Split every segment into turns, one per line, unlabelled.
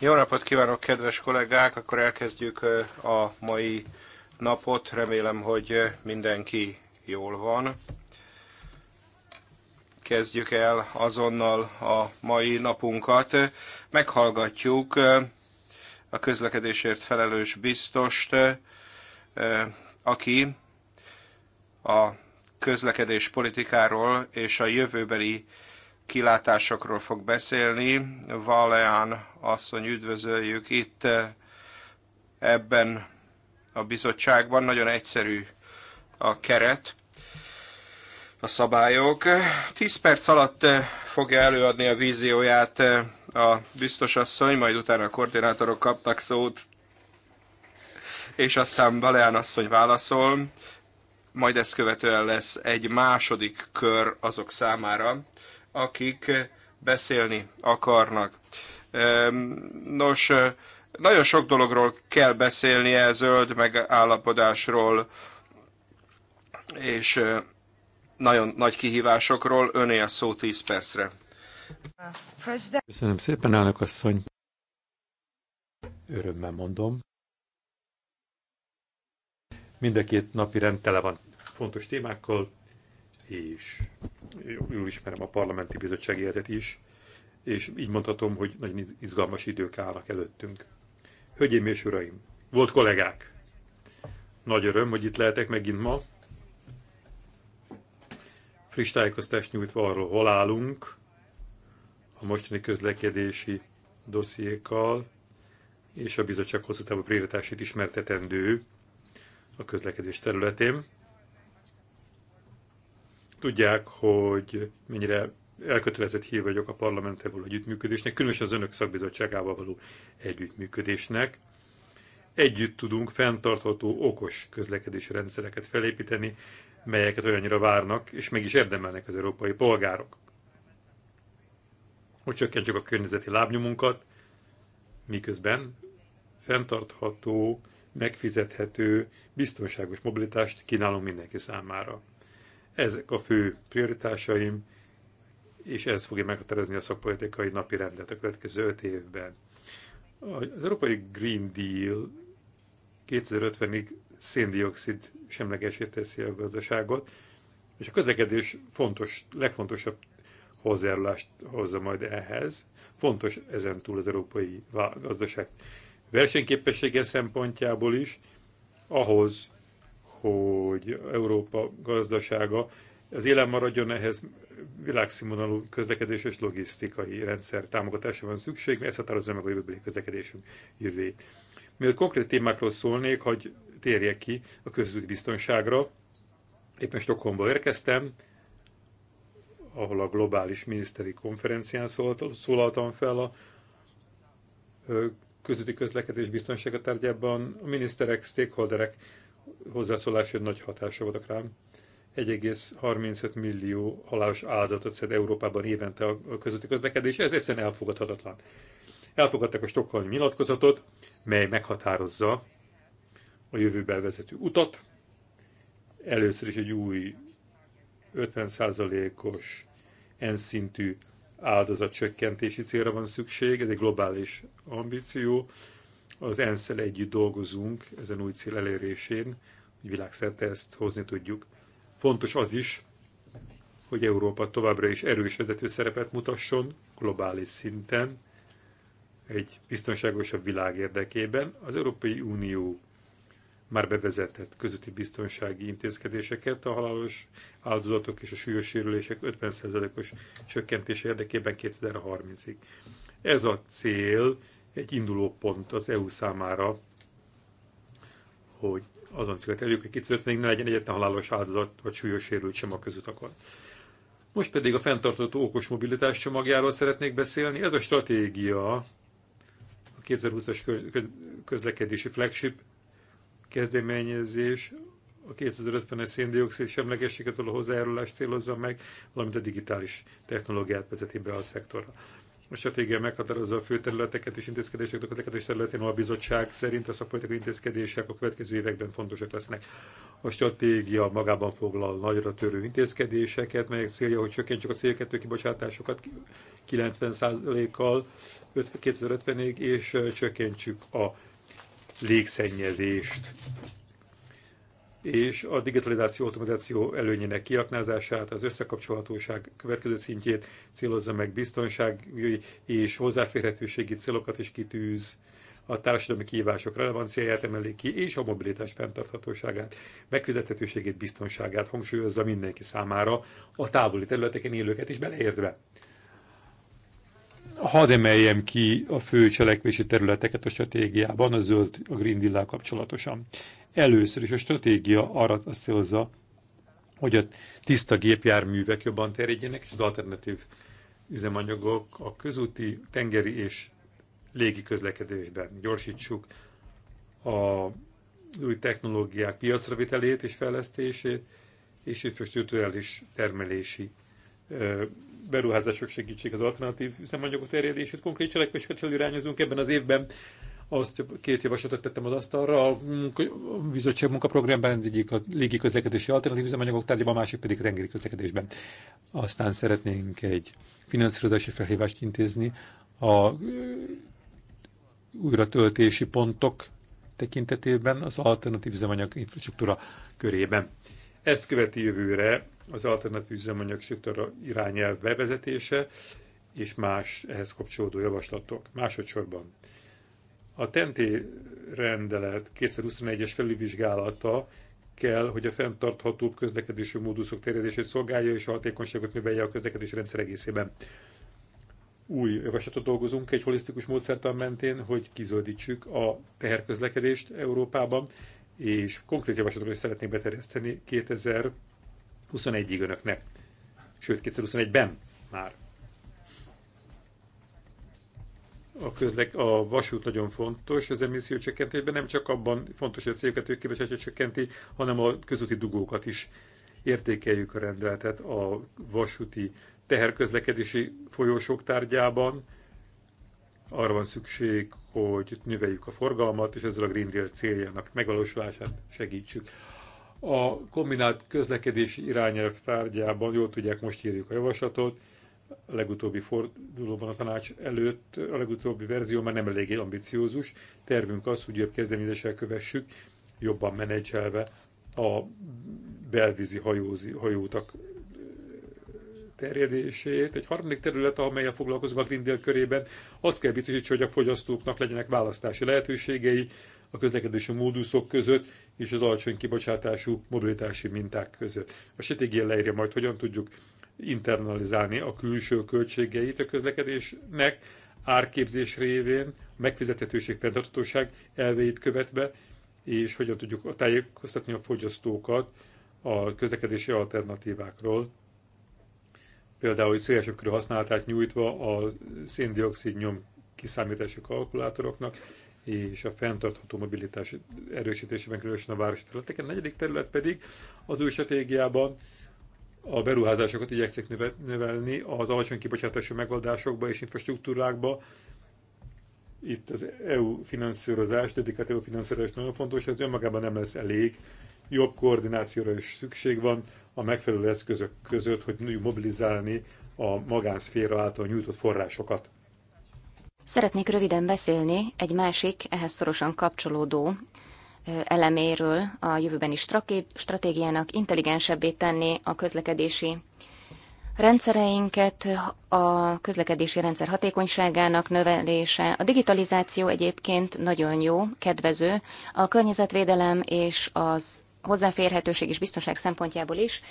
Jó napot kívánok, kedves kollégák! Akkor elkezdjük a mai napot. Remélem, hogy mindenki jól van. Kezdjük el azonnal a mai napunkat. Meghallgatjuk a közlekedésért felelős biztost, aki a közlekedés politikáról és a jövőbeli kilátásokról fog beszélni. Valeán asszony üdvözöljük itt eh, ebben a bizottságban. Nagyon egyszerű a keret, a szabályok. 10 perc alatt eh, fogja előadni a vízióját eh, a biztos asszony, majd utána a koordinátorok kapnak szót, és aztán Baleán asszony válaszol, majd ezt követően lesz egy második kör azok számára, akik beszélni akarnak. Nos, nagyon sok dologról kell beszélni a e zöld megállapodásról, és nagyon nagy kihívásokról. Öné a szó 10 percre.
Köszönöm szépen, elnök asszony. Örömmel mondom. Mind a két napi rend tele van fontos témákkal, és jól ismerem a parlamenti bizottság életet is, és így mondhatom, hogy nagyon izgalmas idők állnak előttünk. Hölgyeim és uraim, volt kollégák! Nagy öröm, hogy itt lehetek megint ma. Friss tájékoztást nyújtva arról, hol állunk a mostani közlekedési dossziékkal, és a bizottság hosszú távú ismertetendő a közlekedés területén. Tudják, hogy mennyire elkötelezett hív vagyok a parlamenttel való együttműködésnek, különösen az önök szakbizottságával való együttműködésnek. Együtt tudunk fenntartható, okos közlekedési rendszereket felépíteni, melyeket olyannyira várnak, és meg is érdemelnek az európai polgárok. Hogy csökkentsük a környezeti lábnyomunkat, miközben fenntartható, megfizethető, biztonságos mobilitást kínálunk mindenki számára. Ezek a fő prioritásaim, és ez fogja meghatározni a szakpolitikai napi rendet a következő öt évben. Az Európai Green Deal 2050-ig széndiokszid semlegesé teszi a gazdaságot, és a közlekedés fontos, legfontosabb hozzájárulást hozza majd ehhez. Fontos ezen túl az európai gazdaság versenyképessége szempontjából is, ahhoz, hogy Európa gazdasága az élen maradjon, ehhez világszínvonalú közlekedés és logisztikai rendszer támogatása van szükség, mert ezt határozza meg a jövőbeli közlekedésünk jövőjét. Mielőtt konkrét témákról szólnék, hogy térjek ki a közügy biztonságra. Éppen Stockholmba érkeztem, ahol a globális miniszteri konferencián szólt, szólaltam fel a közúti közlekedés biztonsága tárgyában. A miniszterek, stakeholderek hozzászólásod nagy hatása voltak rám. 1,35 millió halálos áldozatot szed Európában évente a közötti közlekedés, ez egyszerűen elfogadhatatlan. Elfogadtak a stokholmi nyilatkozatot, mely meghatározza a jövőbe vezető utat. Először is egy új 50%-os N-szintű áldozatcsökkentési célra van szükség, ez egy globális ambíció, az ensz együtt dolgozunk ezen új cél elérésén, hogy világszerte ezt hozni tudjuk. Fontos az is, hogy Európa továbbra is erős vezető szerepet mutasson globális szinten, egy biztonságosabb világ érdekében. Az Európai Unió már bevezetett közötti biztonsági intézkedéseket a halálos áldozatok és a súlyos sérülések 50%-os csökkentés érdekében 2030-ig. Ez a cél egy induló pont az EU számára, hogy azon célt elérjük, hogy 2050-ig ne legyen egyetlen halálos áldozat vagy súlyos sérült sem a közutakon. Most pedig a fenntartott okos mobilitás csomagjáról szeretnék beszélni. Ez a stratégia, a 2020-as közlekedési flagship kezdeményezés a 2050-es széndiokszid semlegességet való hozzájárulást célozza meg, valamint a digitális technológiát vezeti be a szektorra. A stratégia meghatározza a fő területeket és intézkedéseket a közlekedés területén, ahol a bizottság szerint a szakpolitikai intézkedések a következő években fontosak lesznek. A stratégia magában foglal nagyra törő intézkedéseket, melyek célja, hogy csökkentsük a CO2 kibocsátásokat 90%-kal 2050-ig, és csökkentsük a légszennyezést és a digitalizáció automatizáció előnyének kiaknázását, az összekapcsolhatóság következő szintjét célozza meg biztonsági és hozzáférhetőségi célokat is kitűz, a társadalmi kihívások relevanciáját emeli ki, és a mobilitás fenntarthatóságát, megfizethetőségét, biztonságát hangsúlyozza mindenki számára, a távoli területeken élőket is beleértve. Hadd emeljem ki a fő cselekvési területeket a stratégiában, a zöld, a Green deal kapcsolatosan. Először is a stratégia arra célozza, hogy a tiszta gépjárművek jobban terjedjenek, és az alternatív üzemanyagok a közúti, tengeri és légi közlekedésben. Gyorsítsuk a új technológiák piacra és fejlesztését, és infrastruktúrális termelési beruházások segítsék az alternatív üzemanyagok terjedését. Konkrét cselekvéseket irányozunk ebben az évben azt két javaslatot tettem az asztalra, a bizottság munkaprogramban egyik a légi közlekedési alternatív üzemanyagok tárgyában, a másik pedig a tengeri közlekedésben. Aztán szeretnénk egy finanszírozási felhívást intézni a újratöltési pontok tekintetében az alternatív üzemanyag infrastruktúra körében. Ezt követi jövőre az alternatív üzemanyag struktúra irányelv bevezetése és más ehhez kapcsolódó javaslatok. Másodszorban a tenté rendelet 2021-es felülvizsgálata kell, hogy a fenntarthatóbb közlekedési móduszok terjedését szolgálja és a hatékonyságot növelje a közlekedési rendszer egészében. Új javaslatot dolgozunk egy holisztikus módszertan mentén, hogy kizöldítsük a teherközlekedést Európában, és konkrét javaslatot is szeretnénk beterjeszteni 2021-ig önöknek, sőt 2021-ben már. a, közlek, a vasút nagyon fontos az emisszió csökkentésben, nem csak abban fontos, hogy a célokat ők csökkenti, hanem a közúti dugókat is értékeljük a rendeletet a vasúti teherközlekedési folyósok tárgyában. Arra van szükség, hogy növeljük a forgalmat, és ezzel a Green Deal céljának megvalósulását segítsük. A kombinált közlekedési irányelv tárgyában, jól tudják, most írjuk a javaslatot, a legutóbbi fordulóban a tanács előtt, a legutóbbi verzió már nem eléggé ambiciózus. Tervünk az, hogy jobb kezdeményezéssel kövessük, jobban menedzselve a belvízi hajózi, hajótak terjedését. Egy harmadik terület, amelyen foglalkozunk a Green Deal körében, azt kell biztosítsa, hogy a fogyasztóknak legyenek választási lehetőségei a közlekedési móduszok között és az alacsony kibocsátású mobilitási minták között. A stratégia leírja majd, hogyan tudjuk internalizálni a külső költségeit a közlekedésnek, árképzés révén, megfizethetőség, fenntarthatóság elveit követve, és hogyan tudjuk tájékoztatni a fogyasztókat a közlekedési alternatívákról, például hogy szélesebb körű használatát nyújtva a széndiokszid nyom kiszámítási kalkulátoroknak, és a fenntartható mobilitás erősítésében, különösen a városi területeken. A negyedik terület pedig az új stratégiában a beruházásokat igyekszik növelni az alacsony kibocsátású megoldásokba és infrastruktúrákba. Itt az EU finanszírozás, dedikált EU finanszírozás nagyon fontos, ez önmagában nem lesz elég. Jobb koordinációra is szükség van a megfelelő eszközök között, hogy tudjuk mobilizálni a magánszféra által nyújtott forrásokat.
Szeretnék röviden beszélni egy másik, ehhez szorosan kapcsolódó eleméről a jövőbeni stratégiának intelligensebbé tenni a közlekedési rendszereinket, a közlekedési rendszer hatékonyságának növelése. A digitalizáció egyébként nagyon jó, kedvező. A környezetvédelem és az hozzáférhetőség és biztonság szempontjából is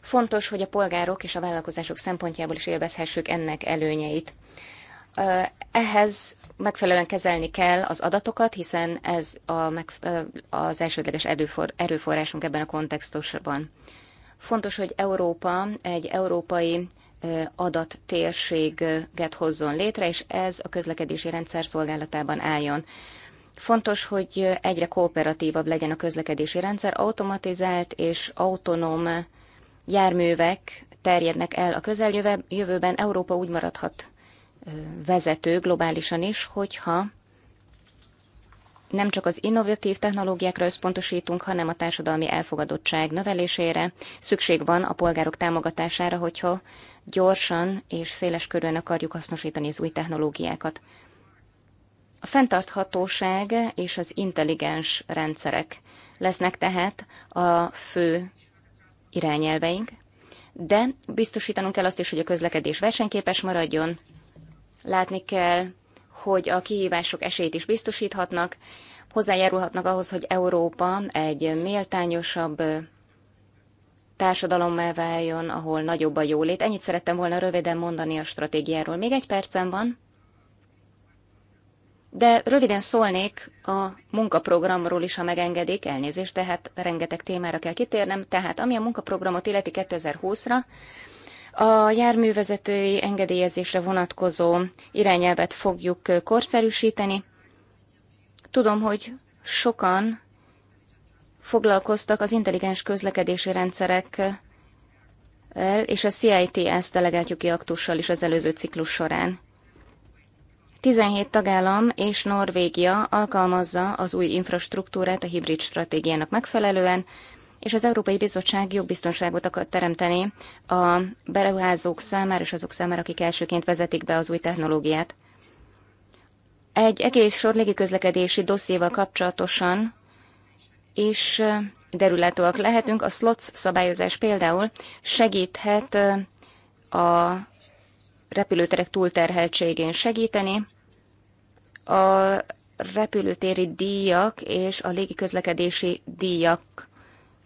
fontos, hogy a polgárok és a vállalkozások szempontjából is élvezhessük ennek előnyeit. Ehhez megfelelően kezelni kell az adatokat, hiszen ez a, az elsődleges erőfor, erőforrásunk ebben a kontextusban. Fontos, hogy Európa egy európai adattérséget hozzon létre, és ez a közlekedési rendszer szolgálatában álljon. Fontos, hogy egyre kooperatívabb legyen a közlekedési rendszer, automatizált és autonóm járművek terjednek el a közeljövőben, Európa úgy maradhat vezető globálisan is, hogyha nem csak az innovatív technológiákra összpontosítunk, hanem a társadalmi elfogadottság növelésére. Szükség van a polgárok támogatására, hogyha gyorsan és széles körülön akarjuk hasznosítani az új technológiákat. A fenntarthatóság és az intelligens rendszerek lesznek tehát a fő irányelveink, de biztosítanunk kell azt is, hogy a közlekedés versenyképes maradjon, Látni kell, hogy a kihívások esélyt is biztosíthatnak, hozzájárulhatnak ahhoz, hogy Európa egy méltányosabb társadalommá váljon, ahol nagyobb a jólét. Ennyit szerettem volna röviden mondani a stratégiáról. Még egy percem van, de röviden szólnék a munkaprogramról is, ha megengedik, elnézést, tehát rengeteg témára kell kitérnem. Tehát ami a munkaprogramot illeti 2020-ra, a járművezetői engedélyezésre vonatkozó irányelvet fogjuk korszerűsíteni. Tudom, hogy sokan foglalkoztak az intelligens közlekedési rendszerek és a CITS delegált ki aktussal is az előző ciklus során. 17 tagállam és Norvégia alkalmazza az új infrastruktúrát a hibrid stratégiának megfelelően, és az Európai Bizottság jogbiztonságot akar teremteni a beruházók számára és azok számára, akik elsőként vezetik be az új technológiát. Egy egész sor légiközlekedési dossziéval kapcsolatosan is derülátóak lehetünk. A slots szabályozás például segíthet a repülőterek túlterheltségén segíteni, a repülőtéri díjak és a légiközlekedési díjak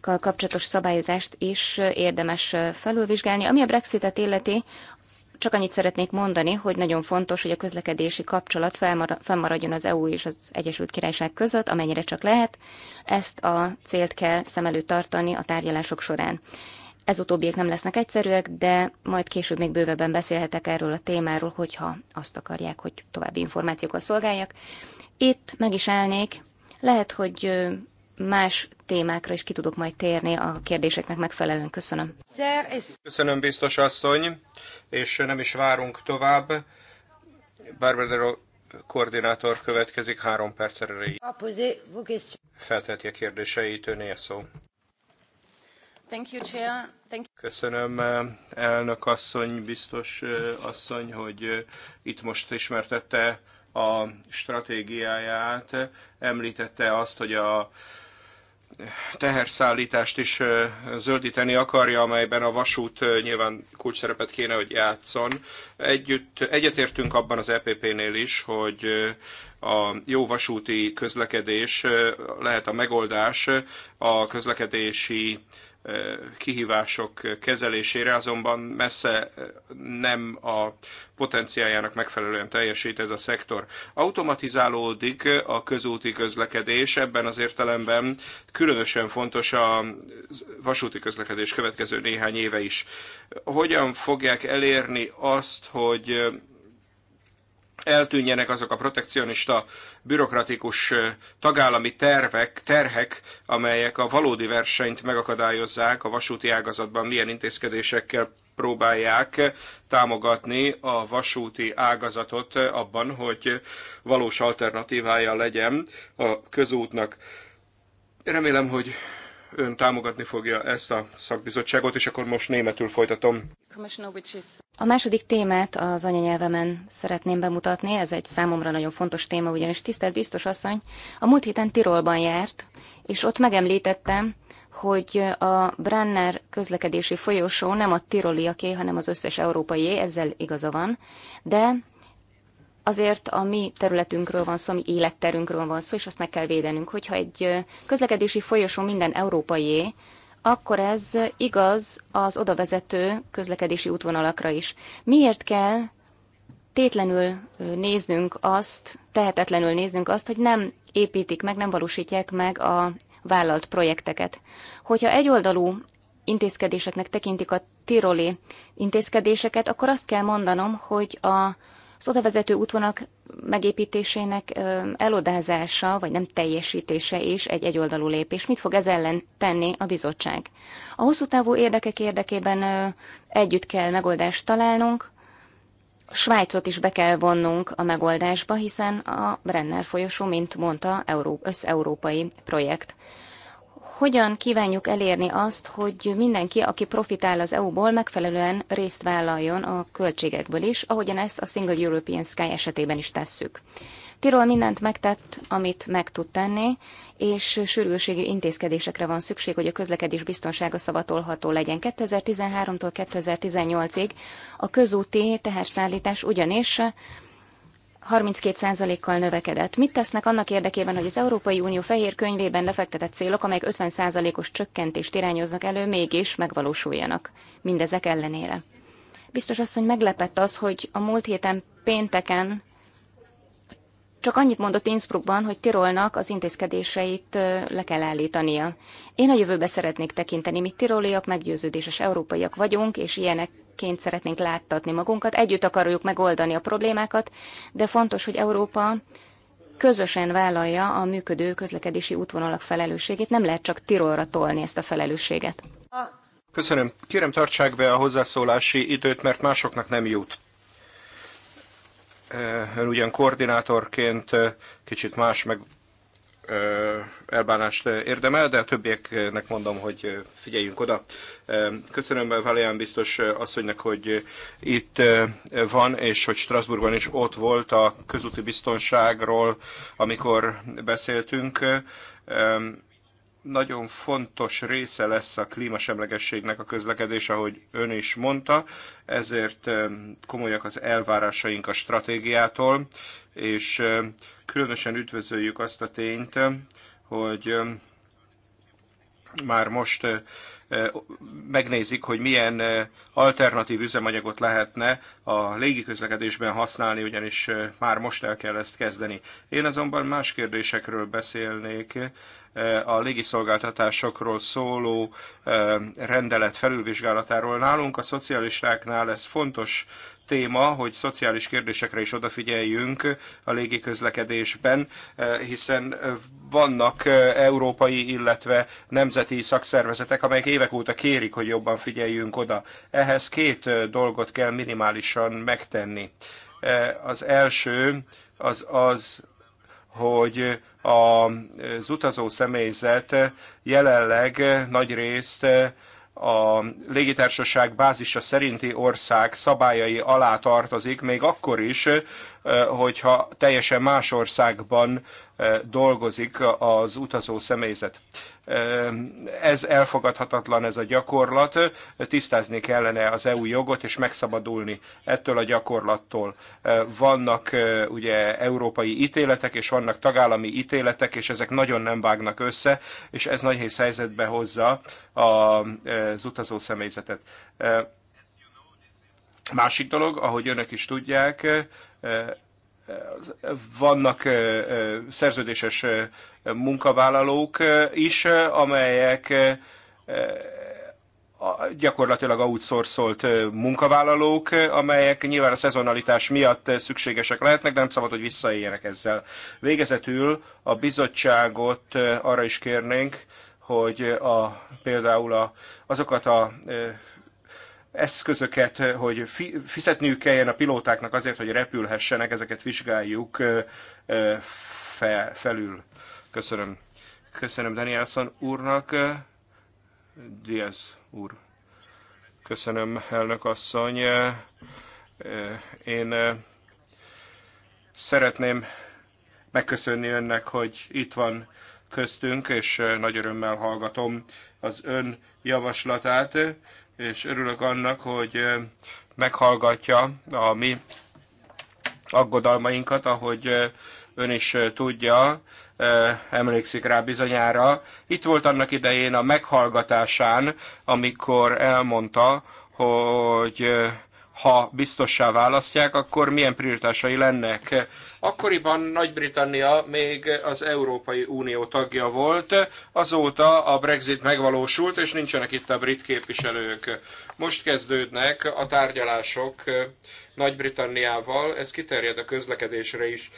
kapcsolatos szabályozást is érdemes felülvizsgálni. Ami a Brexitet illeti, csak annyit szeretnék mondani, hogy nagyon fontos, hogy a közlekedési kapcsolat fennmaradjon az EU és az Egyesült Királyság között, amennyire csak lehet. Ezt a célt kell szem előtt tartani a tárgyalások során. Ez utóbbiek nem lesznek egyszerűek, de majd később még bővebben beszélhetek erről a témáról, hogyha azt akarják, hogy további információkkal szolgáljak. Itt meg is állnék. Lehet, hogy más témákra is ki tudok majd térni a kérdéseknek megfelelően. Köszönöm.
Köszönöm, biztos asszony, és nem is várunk tovább. Barbara koordinátor következik három percre. Feltelti a kérdéseit, önél szó. Köszönöm, elnök asszony, biztos asszony, hogy itt most ismertette a stratégiáját, említette azt, hogy a teherszállítást is zöldíteni akarja, amelyben a vasút nyilván kulcsszerepet kéne, hogy játszon. Együtt, egyetértünk abban az EPP-nél is, hogy a jó vasúti közlekedés lehet a megoldás a közlekedési kihívások kezelésére, azonban messze nem a potenciáljának megfelelően teljesít ez a szektor. Automatizálódik a közúti közlekedés, ebben az értelemben különösen fontos a vasúti közlekedés következő néhány éve is. Hogyan fogják elérni azt, hogy eltűnjenek azok a protekcionista, bürokratikus tagállami tervek, terhek, amelyek a valódi versenyt megakadályozzák a vasúti ágazatban, milyen intézkedésekkel próbálják támogatni a vasúti ágazatot abban, hogy valós alternatívája legyen a közútnak. Remélem, hogy ön támogatni fogja ezt a szakbizottságot, és akkor most németül folytatom.
A második témát az anyanyelvemen szeretném bemutatni, ez egy számomra nagyon fontos téma, ugyanis tisztelt biztos asszony, a múlt héten Tirolban járt, és ott megemlítettem, hogy a Brenner közlekedési folyosó nem a tiroliaké, hanem az összes európaié, ezzel igaza van, de azért a mi területünkről van szó, a mi életterünkről van szó, és azt meg kell védenünk. Hogyha egy közlekedési folyosó minden európaié, akkor ez igaz az odavezető közlekedési útvonalakra is. Miért kell tétlenül néznünk azt, tehetetlenül néznünk azt, hogy nem építik meg, nem valósítják meg a vállalt projekteket. Hogyha egyoldalú intézkedéseknek tekintik a tiroli intézkedéseket, akkor azt kell mondanom, hogy a az odavezető útvonak megépítésének elodázása, vagy nem teljesítése is egy egyoldalú lépés. Mit fog ez ellen tenni a bizottság? A hosszú távú érdekek érdekében együtt kell megoldást találnunk, Svájcot is be kell vonnunk a megoldásba, hiszen a Brenner folyosó, mint mondta, Euró- összeurópai projekt hogyan kívánjuk elérni azt, hogy mindenki, aki profitál az EU-ból, megfelelően részt vállaljon a költségekből is, ahogyan ezt a Single European Sky esetében is tesszük. Tirol mindent megtett, amit meg tud tenni, és sürgőségi intézkedésekre van szükség, hogy a közlekedés biztonsága szavatolható legyen. 2013-tól 2018-ig a közúti teherszállítás ugyanis 32%-kal növekedett. Mit tesznek annak érdekében, hogy az Európai Unió fehér könyvében lefektetett célok, amelyek 50%-os csökkentést irányoznak elő, mégis megvalósuljanak mindezek ellenére? Biztos azt, hogy meglepett az, hogy a múlt héten pénteken csak annyit mondott Innsbruckban, hogy Tirolnak az intézkedéseit le kell állítania. Én a jövőbe szeretnék tekinteni, mi tiroliak meggyőződéses európaiak vagyunk, és ilyenek ként szeretnénk láttatni magunkat, együtt akarjuk megoldani a problémákat, de fontos, hogy Európa közösen vállalja a működő közlekedési útvonalak felelősségét, nem lehet csak Tirolra tolni ezt a felelősséget.
Köszönöm. Kérem, tartsák be a hozzászólási időt, mert másoknak nem jut. Ön ugyan koordinátorként kicsit más meg elbánást érdemel, de a többieknek mondom, hogy figyeljünk oda. Köszönöm Valéán biztos asszonynak, hogy itt van, és hogy Strasbourgban is ott volt a közúti biztonságról, amikor beszéltünk. Nagyon fontos része lesz a klímasemlegességnek a közlekedés, ahogy ön is mondta, ezért komolyak az elvárásaink a stratégiától, és különösen üdvözöljük azt a tényt, hogy már most megnézik, hogy milyen alternatív üzemanyagot lehetne a légiközlekedésben használni, ugyanis már most el kell ezt kezdeni. Én azonban más kérdésekről beszélnék, a légiszolgáltatásokról szóló rendelet felülvizsgálatáról. Nálunk a szocialistáknál ez fontos téma, hogy szociális kérdésekre is odafigyeljünk a légiközlekedésben, eh, hiszen eh, vannak eh, európai, illetve nemzeti szakszervezetek, amelyek évek óta kérik, hogy jobban figyeljünk oda. Ehhez két dolgot kell minimálisan megtenni. Az első az az, hogy az utazó személyzet jelenleg nagy részt a légitársaság bázisa szerinti ország szabályai alá tartozik, még akkor is, hogyha teljesen más országban dolgozik az utazó személyzet. Ez elfogadhatatlan ez a gyakorlat, tisztázni kellene az EU jogot és megszabadulni ettől a gyakorlattól. Vannak ugye európai ítéletek és vannak tagállami ítéletek, és ezek nagyon nem vágnak össze, és ez nehéz helyzetbe hozza az utazó személyzetet. Másik dolog, ahogy önök is tudják, vannak szerződéses munkavállalók is, amelyek gyakorlatilag outsourcolt munkavállalók, amelyek nyilván a szezonalitás miatt szükségesek lehetnek, de nem szabad, hogy visszaéljenek ezzel. Végezetül a bizottságot arra is kérnénk, hogy a, például a, azokat a eszközöket, eh, hogy fizetniük kelljen a pilótáknak azért, hogy repülhessenek, ezeket vizsgáljuk eh, eh, felül. Köszönöm. Köszönöm Danielson úrnak. Diaz úr. Köszönöm, elnök asszony. Én szeretném megköszönni önnek, hogy itt van köztünk, és nagy örömmel hallgatom az ön javaslatát és örülök annak, hogy meghallgatja a mi aggodalmainkat, ahogy ön is tudja, emlékszik rá bizonyára. Itt volt annak idején a meghallgatásán, amikor elmondta, hogy ha biztossá választják, akkor milyen prioritásai lennek. Akkoriban Nagy-Britannia még az Európai Unió tagja volt, azóta a Brexit megvalósult, és nincsenek itt a brit képviselők. Most kezdődnek a tárgyalások Nagy-Britanniával, ez kiterjed a közlekedésre is.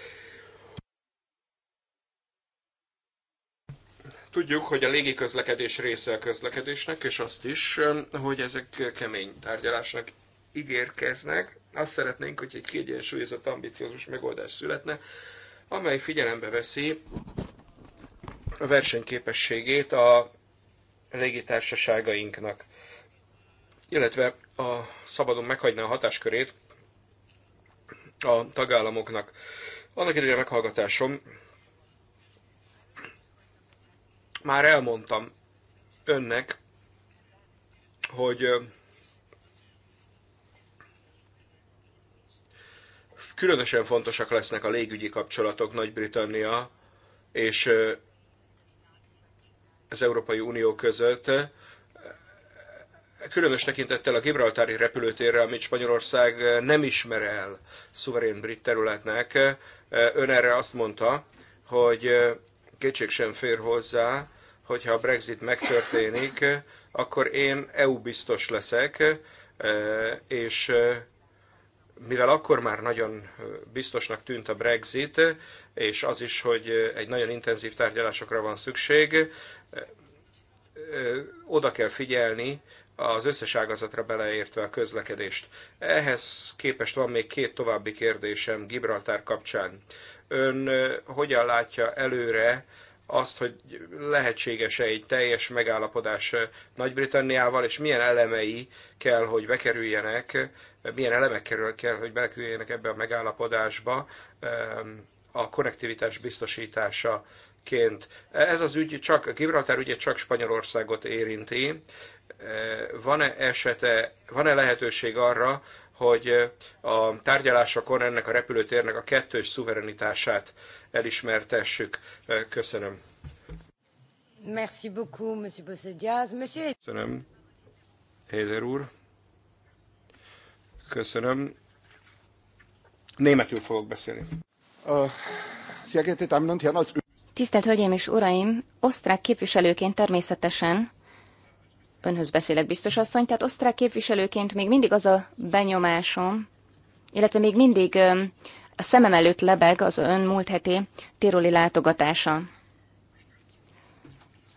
Tudjuk, hogy a légiközlekedés része a közlekedésnek, és azt is, hogy ezek kemény tárgyalásnak ígérkeznek. Azt szeretnénk, hogy egy kiegyensúlyozott, ambiciózus megoldás születne, amely figyelembe veszi a versenyképességét a légitársaságainknak, illetve a szabadon meghagyná a hatáskörét a tagállamoknak. Annak idején meghallgatásom már elmondtam önnek, hogy Különösen fontosak lesznek a légügyi kapcsolatok Nagy-Britannia és az Európai Unió között, különös tekintettel a Gibraltári repülőtérre, amit Spanyolország nem ismer el szuverén brit területnek. Ön erre azt mondta, hogy kétség sem fér hozzá, hogyha a Brexit megtörténik, akkor én EU biztos leszek, és mivel akkor már nagyon biztosnak tűnt a Brexit, és az is, hogy egy nagyon intenzív tárgyalásokra van szükség, oda kell figyelni az összes ágazatra beleértve a közlekedést. Ehhez képest van még két további kérdésem Gibraltár kapcsán. Ön hogyan látja előre azt, hogy lehetséges-e egy teljes megállapodás Nagy-Britanniával, és milyen elemei kell, hogy bekerüljenek, milyen elemek kerül, kell, hogy bekerüljenek ebbe a megállapodásba a konnektivitás biztosítása ként. Ez az ügy csak, a Gibraltár ügye csak Spanyolországot érinti. Van-e esete, van-e lehetőség arra, hogy a tárgyalásokon ennek a repülőtérnek a kettős szuverenitását elismertessük. Köszönöm.
Merci beaucoup, Monsieur Bossediaz. Monsieur...
Köszönöm, Héder úr. Köszönöm. Németül fogok beszélni.
Uh, Tisztelt Hölgyeim és Uraim! Osztrák képviselőként természetesen, önhöz beszélek biztos asszony, tehát osztrák képviselőként még mindig az a benyomásom, illetve még mindig a szemem előtt lebeg az ön múlt heti tiroli látogatása.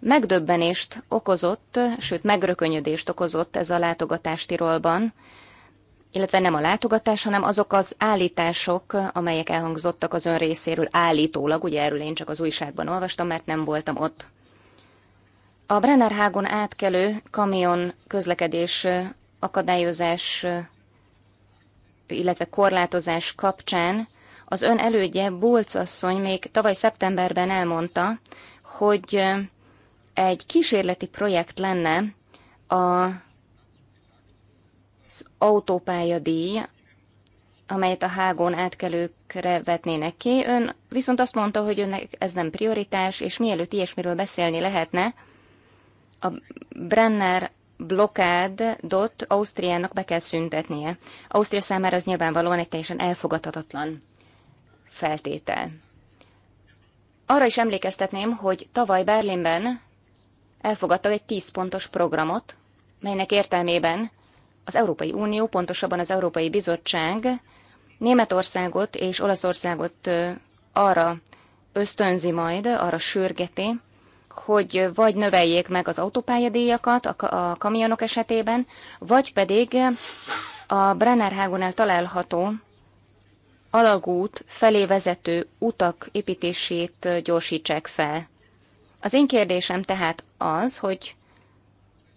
Megdöbbenést okozott, sőt megrökönyödést okozott ez a látogatás Tirolban, illetve nem a látogatás, hanem azok az állítások, amelyek elhangzottak az ön részéről állítólag, ugye erről én csak az újságban olvastam, mert nem voltam ott. A Brennerhágon átkelő kamion közlekedés akadályozás illetve korlátozás kapcsán az ön elődje, Bulc asszony még tavaly szeptemberben elmondta, hogy egy kísérleti projekt lenne a az autópályadíj, amelyet a hágón átkelőkre vetnének ki. Ön viszont azt mondta, hogy önnek ez nem prioritás, és mielőtt ilyesmiről beszélni lehetne, a Brenner blokádot Ausztriának be kell szüntetnie. Ausztria számára az nyilvánvalóan egy teljesen elfogadhatatlan feltétel. Arra is emlékeztetném, hogy tavaly Berlinben elfogadtak egy 10 pontos programot, melynek értelmében az Európai Unió, pontosabban az Európai Bizottság Németországot és Olaszországot arra ösztönzi majd, arra sürgeti, hogy vagy növeljék meg az autópályadíjakat a, kamionok esetében, vagy pedig a Brennerhágonál található alagút felé vezető utak építését gyorsítsák fel. Az én kérdésem tehát az, hogy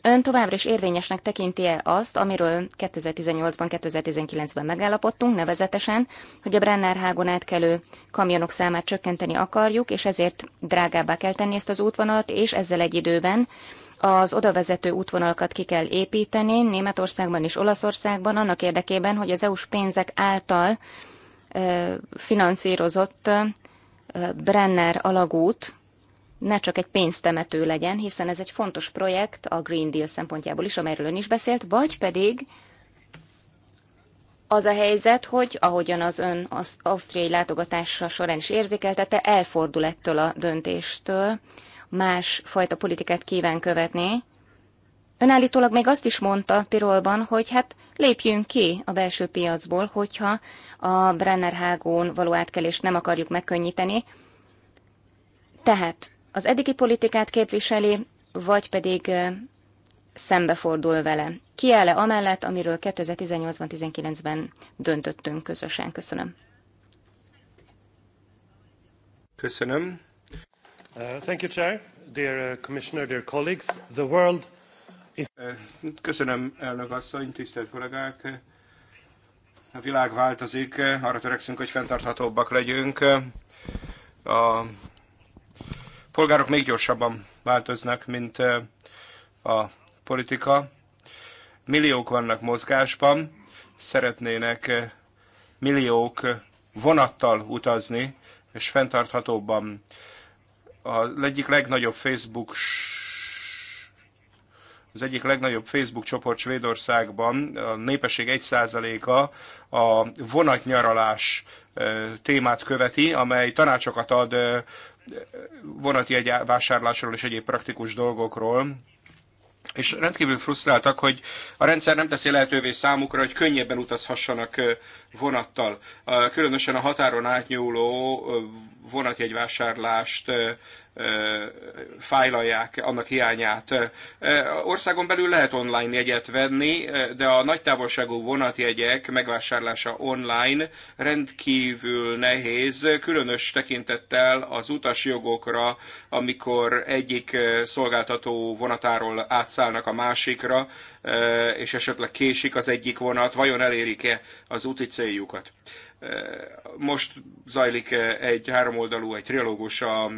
Ön továbbra is érvényesnek tekinti-e azt, amiről 2018-ban, 2019-ben megállapodtunk, nevezetesen, hogy a Brenner hágon átkelő kamionok számát csökkenteni akarjuk, és ezért drágábbá kell tenni ezt az útvonalat, és ezzel egy időben az odavezető útvonalakat ki kell építeni Németországban és Olaszországban, annak érdekében, hogy az EU-s pénzek által ö, finanszírozott ö, Brenner alagút ne csak egy pénztemető legyen, hiszen ez egy fontos projekt a Green Deal szempontjából is, amelyről ön is beszélt, vagy pedig az a helyzet, hogy ahogyan az ön az ausztriai látogatása során is érzékeltette, elfordul ettől a döntéstől, más fajta politikát kíván követni. Ön állítólag még azt is mondta Tirolban, hogy hát lépjünk ki a belső piacból, hogyha a Brennerhágón való átkelést nem akarjuk megkönnyíteni. Tehát az eddigi politikát képviseli, vagy pedig szembefordul vele. Ki áll -e amellett, amiről 2018-ban, 19-ben döntöttünk közösen? Köszönöm.
Köszönöm. Uh, thank you, Chair. Dear uh, Commissioner, dear colleagues, the world is... Uh, köszönöm,
elnök asszony, tisztelt kollégák. A világ változik, arra törekszünk, hogy fenntarthatóbbak legyünk. A polgárok még gyorsabban változnak, mint a politika. Milliók vannak mozgásban, szeretnének milliók vonattal utazni, és fenntarthatóbban. A egyik legnagyobb Facebook az egyik legnagyobb Facebook csoport Svédországban a népesség 1%-a a vonatnyaralás témát követi, amely tanácsokat ad vonati egy vásárlásról és egyéb praktikus dolgokról, és rendkívül frusztráltak, hogy a rendszer nem teszi lehetővé számukra, hogy könnyebben utazhassanak vonattal. Különösen a határon átnyúló vonatjegyvásárlást fájlalják annak hiányát. Országon belül lehet online jegyet venni, de a nagy távolságú vonatjegyek megvásárlása online rendkívül nehéz, különös tekintettel az utasjogokra, amikor egyik szolgáltató vonatáról átszállnak a másikra, és esetleg késik az egyik vonat, vajon elérik-e az úti céljukat. Most zajlik egy háromoldalú, egy trilógus a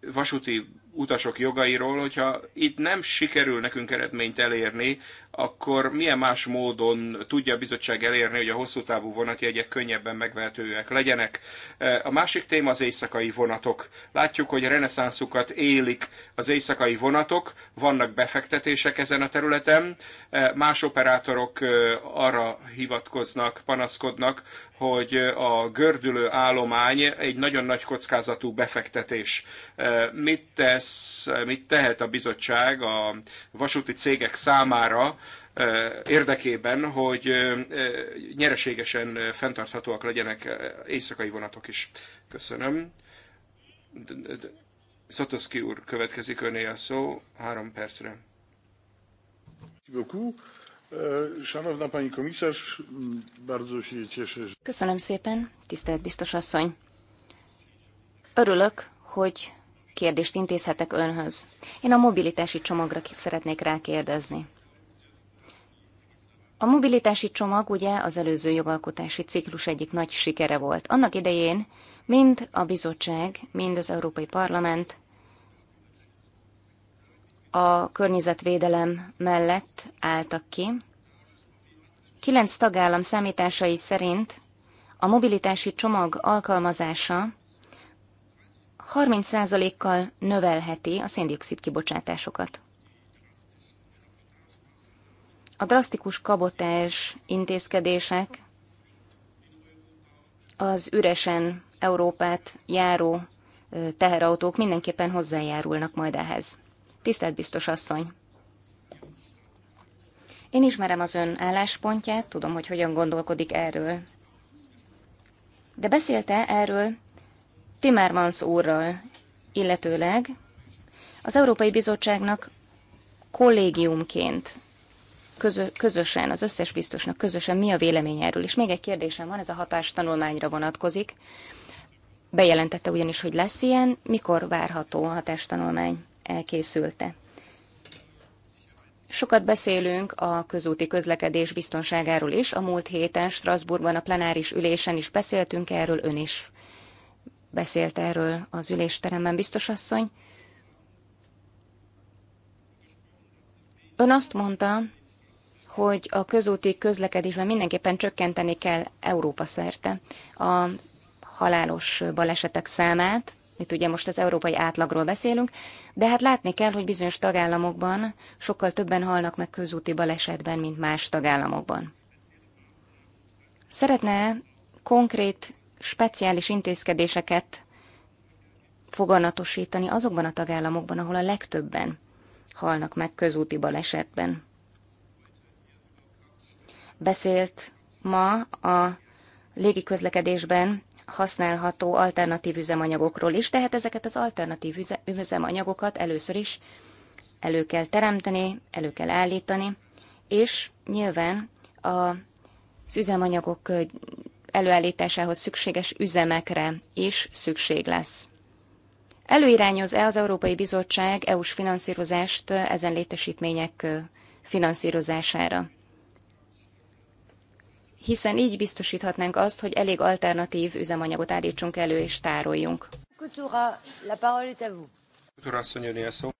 vasúti utasok jogairól, hogyha itt nem sikerül nekünk eredményt elérni, akkor milyen más módon tudja a bizottság elérni, hogy a hosszú távú vonatjegyek könnyebben megvehetőek legyenek. E, a másik téma az éjszakai vonatok. Látjuk, hogy a reneszánszukat élik az éjszakai vonatok, vannak befektetések ezen a területen, e, más operátorok e, arra hivatkoznak, panaszkodnak, hogy a gördülő állomány egy nagyon nagy kockázatú befektetés. Mit tesz, mit tehet a bizottság a vasúti cégek számára, Eh, érdekében, hogy eh, eh, nyereségesen fenntarthatóak legyenek éjszakai vonatok is. Köszönöm. Szotoszki úr következik öné a szó három percre.
Köszönöm szépen, tisztelt biztos asszony. Örülök, hogy kérdést intézhetek önhöz. Én a mobilitási csomagra szeretnék rákérdezni. A mobilitási csomag ugye az előző jogalkotási ciklus egyik nagy sikere volt. Annak idején mind a bizottság, mind az Európai Parlament a környezetvédelem mellett álltak ki. Kilenc tagállam számításai szerint a mobilitási csomag alkalmazása 30%-kal növelheti a széndiokszid kibocsátásokat. A drasztikus kabotás intézkedések az üresen Európát járó teherautók mindenképpen hozzájárulnak majd ehhez. Tisztelt biztos asszony! Én ismerem az ön álláspontját, tudom, hogy hogyan gondolkodik erről. De beszélte erről Timmermans úrral, illetőleg az Európai Bizottságnak kollégiumként közösen, az összes biztosnak közösen mi a vélemény erről. És még egy kérdésem van, ez a hatás tanulmányra vonatkozik. Bejelentette ugyanis, hogy lesz ilyen, mikor várható a hatás tanulmány elkészülte? Sokat beszélünk a közúti közlekedés biztonságáról is. A múlt héten Strasbourgban a plenáris ülésen is beszéltünk erről, ön is beszélt erről az ülésteremben, biztos asszony. Ön azt mondta, hogy a közúti közlekedésben mindenképpen csökkenteni kell Európa szerte a halálos balesetek számát. Itt ugye most az európai átlagról beszélünk, de hát látni kell, hogy bizonyos tagállamokban sokkal többen halnak meg közúti balesetben, mint más tagállamokban. Szeretne konkrét, speciális intézkedéseket foganatosítani azokban a tagállamokban, ahol a legtöbben halnak meg közúti balesetben beszélt ma a légiközlekedésben használható alternatív üzemanyagokról is, tehát ezeket az alternatív üzemanyagokat először is elő kell teremteni, elő kell állítani, és nyilván a üzemanyagok előállításához szükséges üzemekre is szükség lesz. Előirányoz-e az Európai Bizottság EU-s finanszírozást ezen létesítmények finanszírozására? hiszen így biztosíthatnánk azt, hogy elég alternatív üzemanyagot állítsunk elő és tároljunk.
Kultúra, la parole est à vous.
Kultúra asszony, a szó.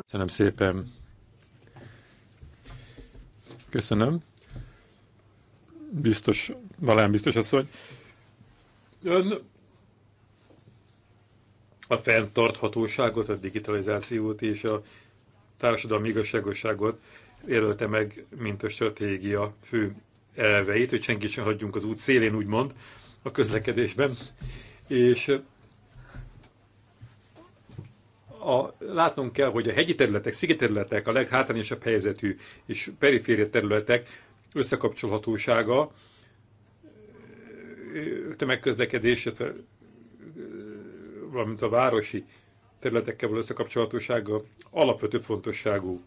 Köszönöm szépen. Köszönöm. Biztos, valán biztos asszony. Ön a fenntarthatóságot, a digitalizációt és a társadalmi igazságosságot jelölte meg, mint a stratégia fő elveit, hogy senki sem hagyjunk az út szélén, úgymond, a közlekedésben. És a, látnunk kell, hogy a hegyi területek, szigeterületek, a leghátrányosabb helyzetű és periféria területek összekapcsolhatósága tömegközlekedés, valamint a városi területekkel való összekapcsolhatósága alapvető fontosságú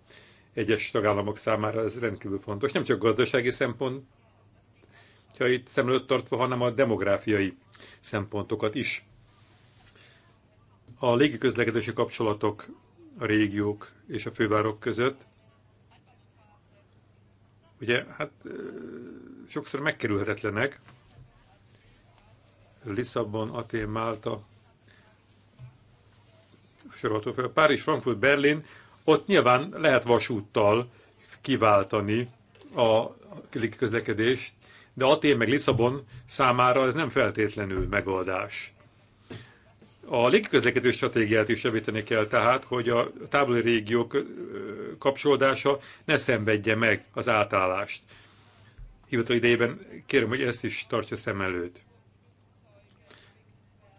egyes tagállamok számára ez rendkívül fontos. Nem csak gazdasági szempont, ha itt szem előtt tartva, hanem a demográfiai szempontokat is. A légiközlekedési kapcsolatok a régiók és a fővárok között, ugye hát sokszor megkerülhetetlenek. Lisszabon, Atén, Málta, sorolható fel. Párizs, Frankfurt, Berlin ott nyilván lehet vasúttal kiváltani a közlekedést, de Atén meg Lisszabon számára ez nem feltétlenül megoldás. A légiközlekedő stratégiát is javítani kell tehát, hogy a távoli régiók kapcsolódása ne szenvedje meg az átállást. Hivatal idejében kérem, hogy ezt is tartsa szem előtt.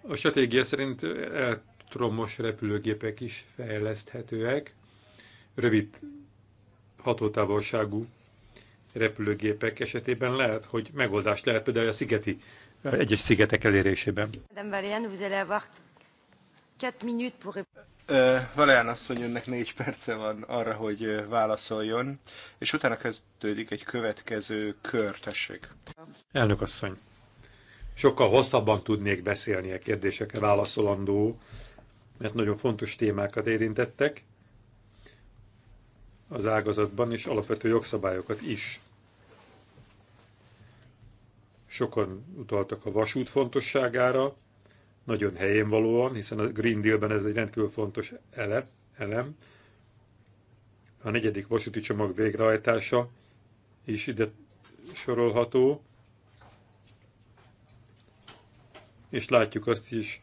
A stratégia szerint elektromos repülőgépek is fejleszthetőek, rövid hatótávolságú repülőgépek esetében lehet, hogy megoldást lehet például a szigeti, eh, egyes szigetek elérésében.
Valéán eh, asszony, önnek négy perce van arra, hogy eh,
válaszoljon, és utána kezdődik egy következő kör, tessék. Elnök asszony, sokkal hosszabban tudnék beszélni a kérdésekre válaszolandó, mert nagyon fontos témákat érintettek, az ágazatban és alapvető jogszabályokat is. Sokan utaltak a vasút fontosságára, nagyon helyén valóan, hiszen a Green Dealben ez egy rendkívül fontos ele, elem. A negyedik vasúti csomag végrehajtása is ide sorolható, és látjuk azt is,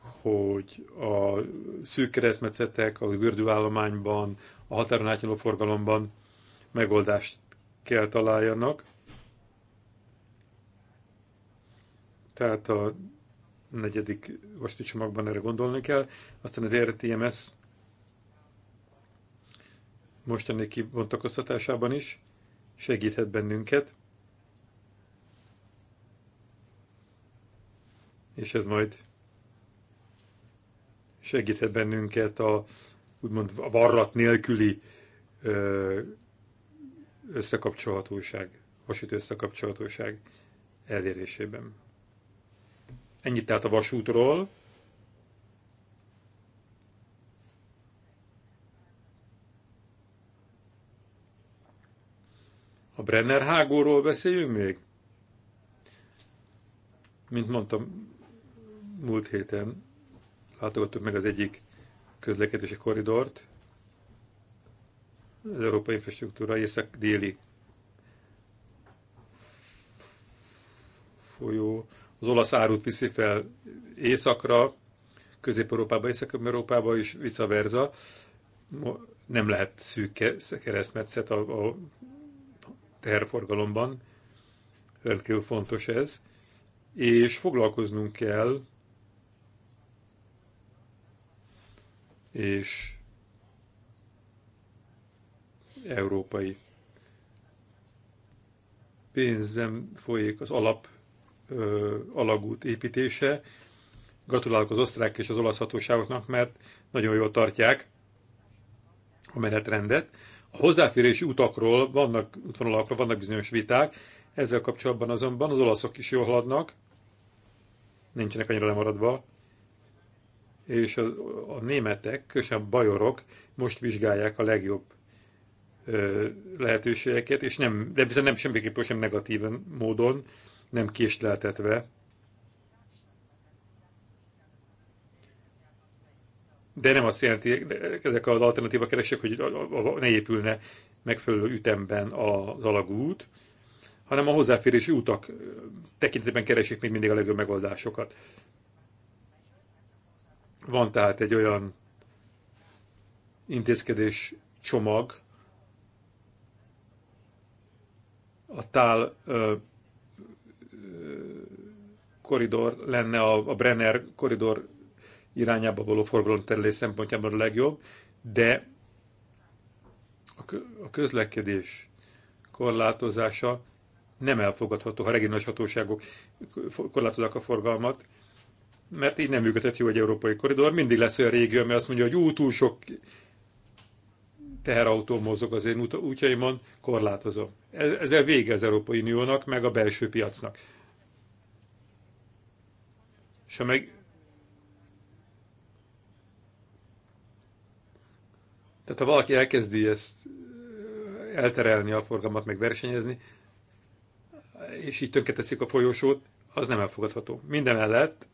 hogy a szűk keresztmetszetek, a gördülállományban, a határon átnyúló forgalomban megoldást kell találjanak. Tehát a negyedik vasti csomagban erre gondolni kell. Aztán az RTMS mostani kibontakoztatásában is segíthet bennünket. És ez majd segíthet bennünket a, úgymond varrat nélküli összekapcsolhatóság, vasúti összekapcsolhatóság elérésében. Ennyit tehát a vasútról. A Brenner hágóról beszéljünk még? Mint mondtam, múlt héten látogattuk meg az egyik közlekedési koridort, az Európai Infrastruktúra észak-déli folyó, az olasz árut viszi fel északra, Közép-Európába, Észak-Európába és vice versa. Nem lehet szűk keresztmetszet a, a teherforgalomban. Rendkívül fontos ez. És foglalkoznunk kell és európai pénzben folyik az alap ö, alagút építése. Gratulálok az osztrák és az olasz hatóságoknak, mert nagyon jól tartják a menetrendet. A hozzáférési utakról vannak, útvonalakról vannak bizonyos viták, ezzel kapcsolatban azonban az olaszok is jól haladnak, nincsenek annyira lemaradva és a, a németek, és a bajorok most vizsgálják a legjobb ö, lehetőségeket, és nem, de viszont nem semmiképpen sem negatív módon, nem késleltetve. De nem azt jelenti, ezek az alternatíva keresek, hogy ne épülne megfelelő ütemben az alagút, hanem a hozzáférési utak tekintetében keresik még mindig a legjobb megoldásokat. Van tehát egy olyan intézkedés csomag a tál ö, ö, koridor lenne a, a Brenner koridor irányába való forgalomterelés szempontjából a legjobb, de a közlekedés korlátozása nem elfogadható, ha regionális hatóságok korlátozzák a forgalmat, mert így nem működhet jó egy európai koridor. Mindig lesz olyan régió, ami azt mondja, hogy ú, túl sok teherautó mozog az én útjaimon, korlátozom. Ezzel vége az Európai Uniónak, meg a belső piacnak. És meg... Tehát ha valaki elkezdi ezt elterelni a forgalmat, meg versenyezni, és így tönketeszik a folyosót, az nem elfogadható. Minden mellett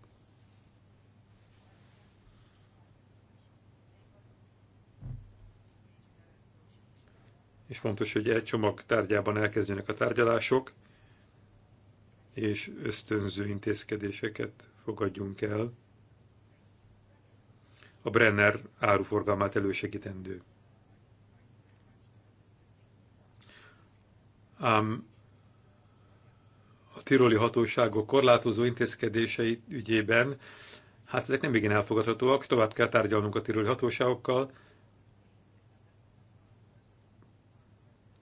és fontos, hogy egy csomag tárgyában elkezdjenek a tárgyalások, és ösztönző intézkedéseket fogadjunk el. A Brenner áruforgalmát elősegítendő. Ám a tiroli hatóságok korlátozó intézkedései ügyében, hát ezek nem igen elfogadhatóak, tovább kell tárgyalnunk a tiroli hatóságokkal,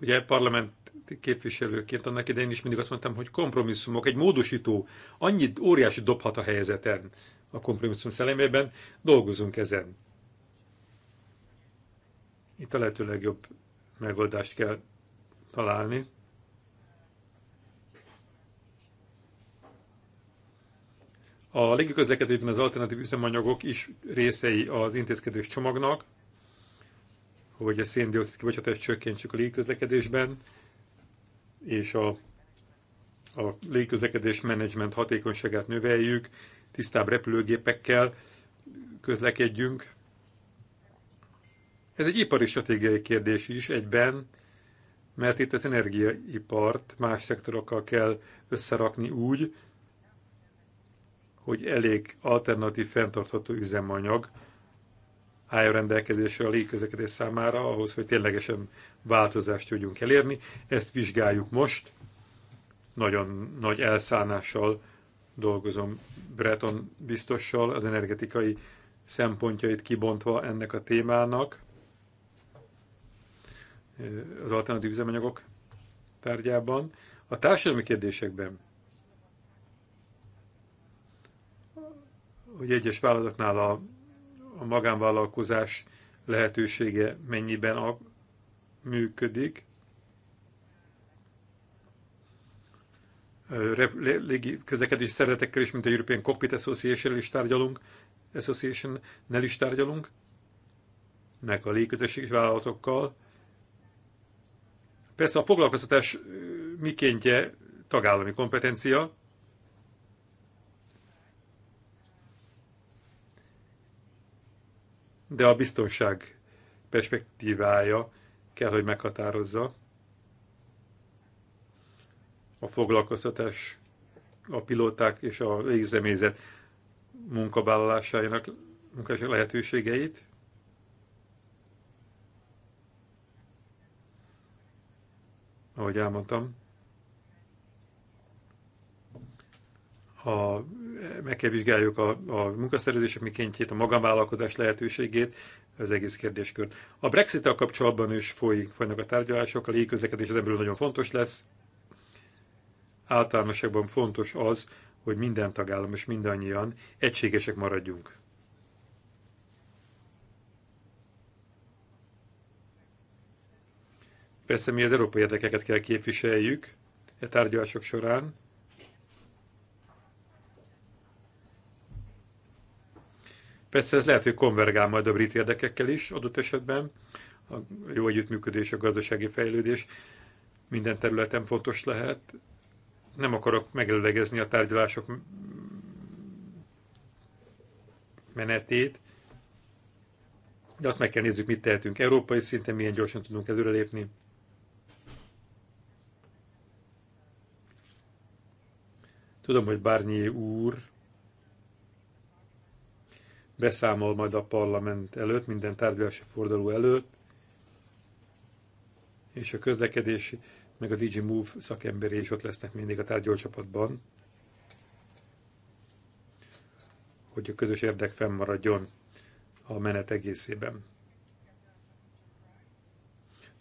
Ugye parlament képviselőként annak idején is mindig azt mondtam, hogy kompromisszumok, egy módosító annyit óriási dobhat a helyzeten a kompromisszum szellemében, dolgozunk ezen. Itt a lehető legjobb megoldást kell találni. A légiközlekedésben az alternatív üzemanyagok is részei az intézkedős csomagnak, hogy a széndiokszid kibocsátást csökkentsük a légközlekedésben, és a, a légközlekedés menedzsment hatékonyságát növeljük, tisztább repülőgépekkel közlekedjünk. Ez egy ipari stratégiai kérdés is egyben, mert itt az energiaipart más szektorokkal kell összerakni úgy, hogy elég alternatív fenntartható üzemanyag álljon rendelkezésre a légközlekedés számára, ahhoz, hogy ténylegesen változást tudjunk elérni. Ezt vizsgáljuk most. Nagyon nagy elszánással dolgozom Breton biztossal, az energetikai szempontjait kibontva ennek a témának, az alternatív üzemanyagok tárgyában. A társadalmi kérdésekben, hogy egyes vállalatoknál a a magánvállalkozás lehetősége mennyiben a, működik. Légi közlekedési szervezetekkel is, mint a European Cockpit Association is tárgyalunk, association nel is tárgyalunk, meg a légközösségi vállalatokkal. Persze a foglalkoztatás mikéntje tagállami kompetencia, de a biztonság perspektívája kell, hogy meghatározza a foglalkoztatás, a pilóták és a légizemélyzet munkavállalásának munkás lehetőségeit. Ahogy elmondtam, a, meg kell vizsgáljuk a, a munkaszerződések mikéntjét, a magánvállalkozás lehetőségét, az egész kérdéskör. A brexit kapcsolatban is folyik, folynak a tárgyalások, a légiközlekedés az ebből nagyon fontos lesz. Általánosságban fontos az, hogy minden tagállam és mindannyian egységesek maradjunk. Persze mi az európai érdekeket kell képviseljük e tárgyalások során, Persze ez lehet, hogy konvergál majd a brit érdekekkel is adott esetben. A jó együttműködés, a gazdasági fejlődés minden területen fontos lehet. Nem akarok megelőlegezni a tárgyalások menetét, de azt meg kell nézzük, mit tehetünk európai szinten, milyen gyorsan tudunk előrelépni. Tudom, hogy Barnier úr beszámol majd a parlament előtt, minden tárgyalási forduló előtt, és a közlekedési, meg a DigiMove Move szakemberi is ott lesznek mindig a tárgyalócsapatban, hogy a közös érdek fennmaradjon a menet egészében.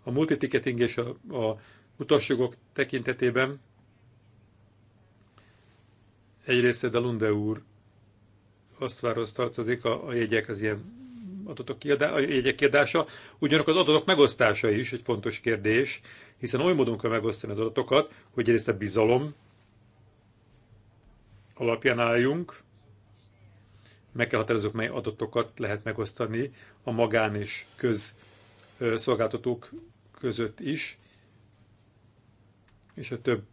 A multiticketing és a, a utasjogok tekintetében egyrészt a Lunde úr asztalához tartozik a, a jegyek, az ilyen adatok kiadá, a jegyek kiadása. Ugyanakkor az adatok megosztása is egy fontos kérdés, hiszen oly módon kell megosztani az adatokat, hogy egyrészt a bizalom alapján álljunk, meg kell határozzuk, mely adatokat lehet megosztani a magán és köz szolgáltatók között is, és a több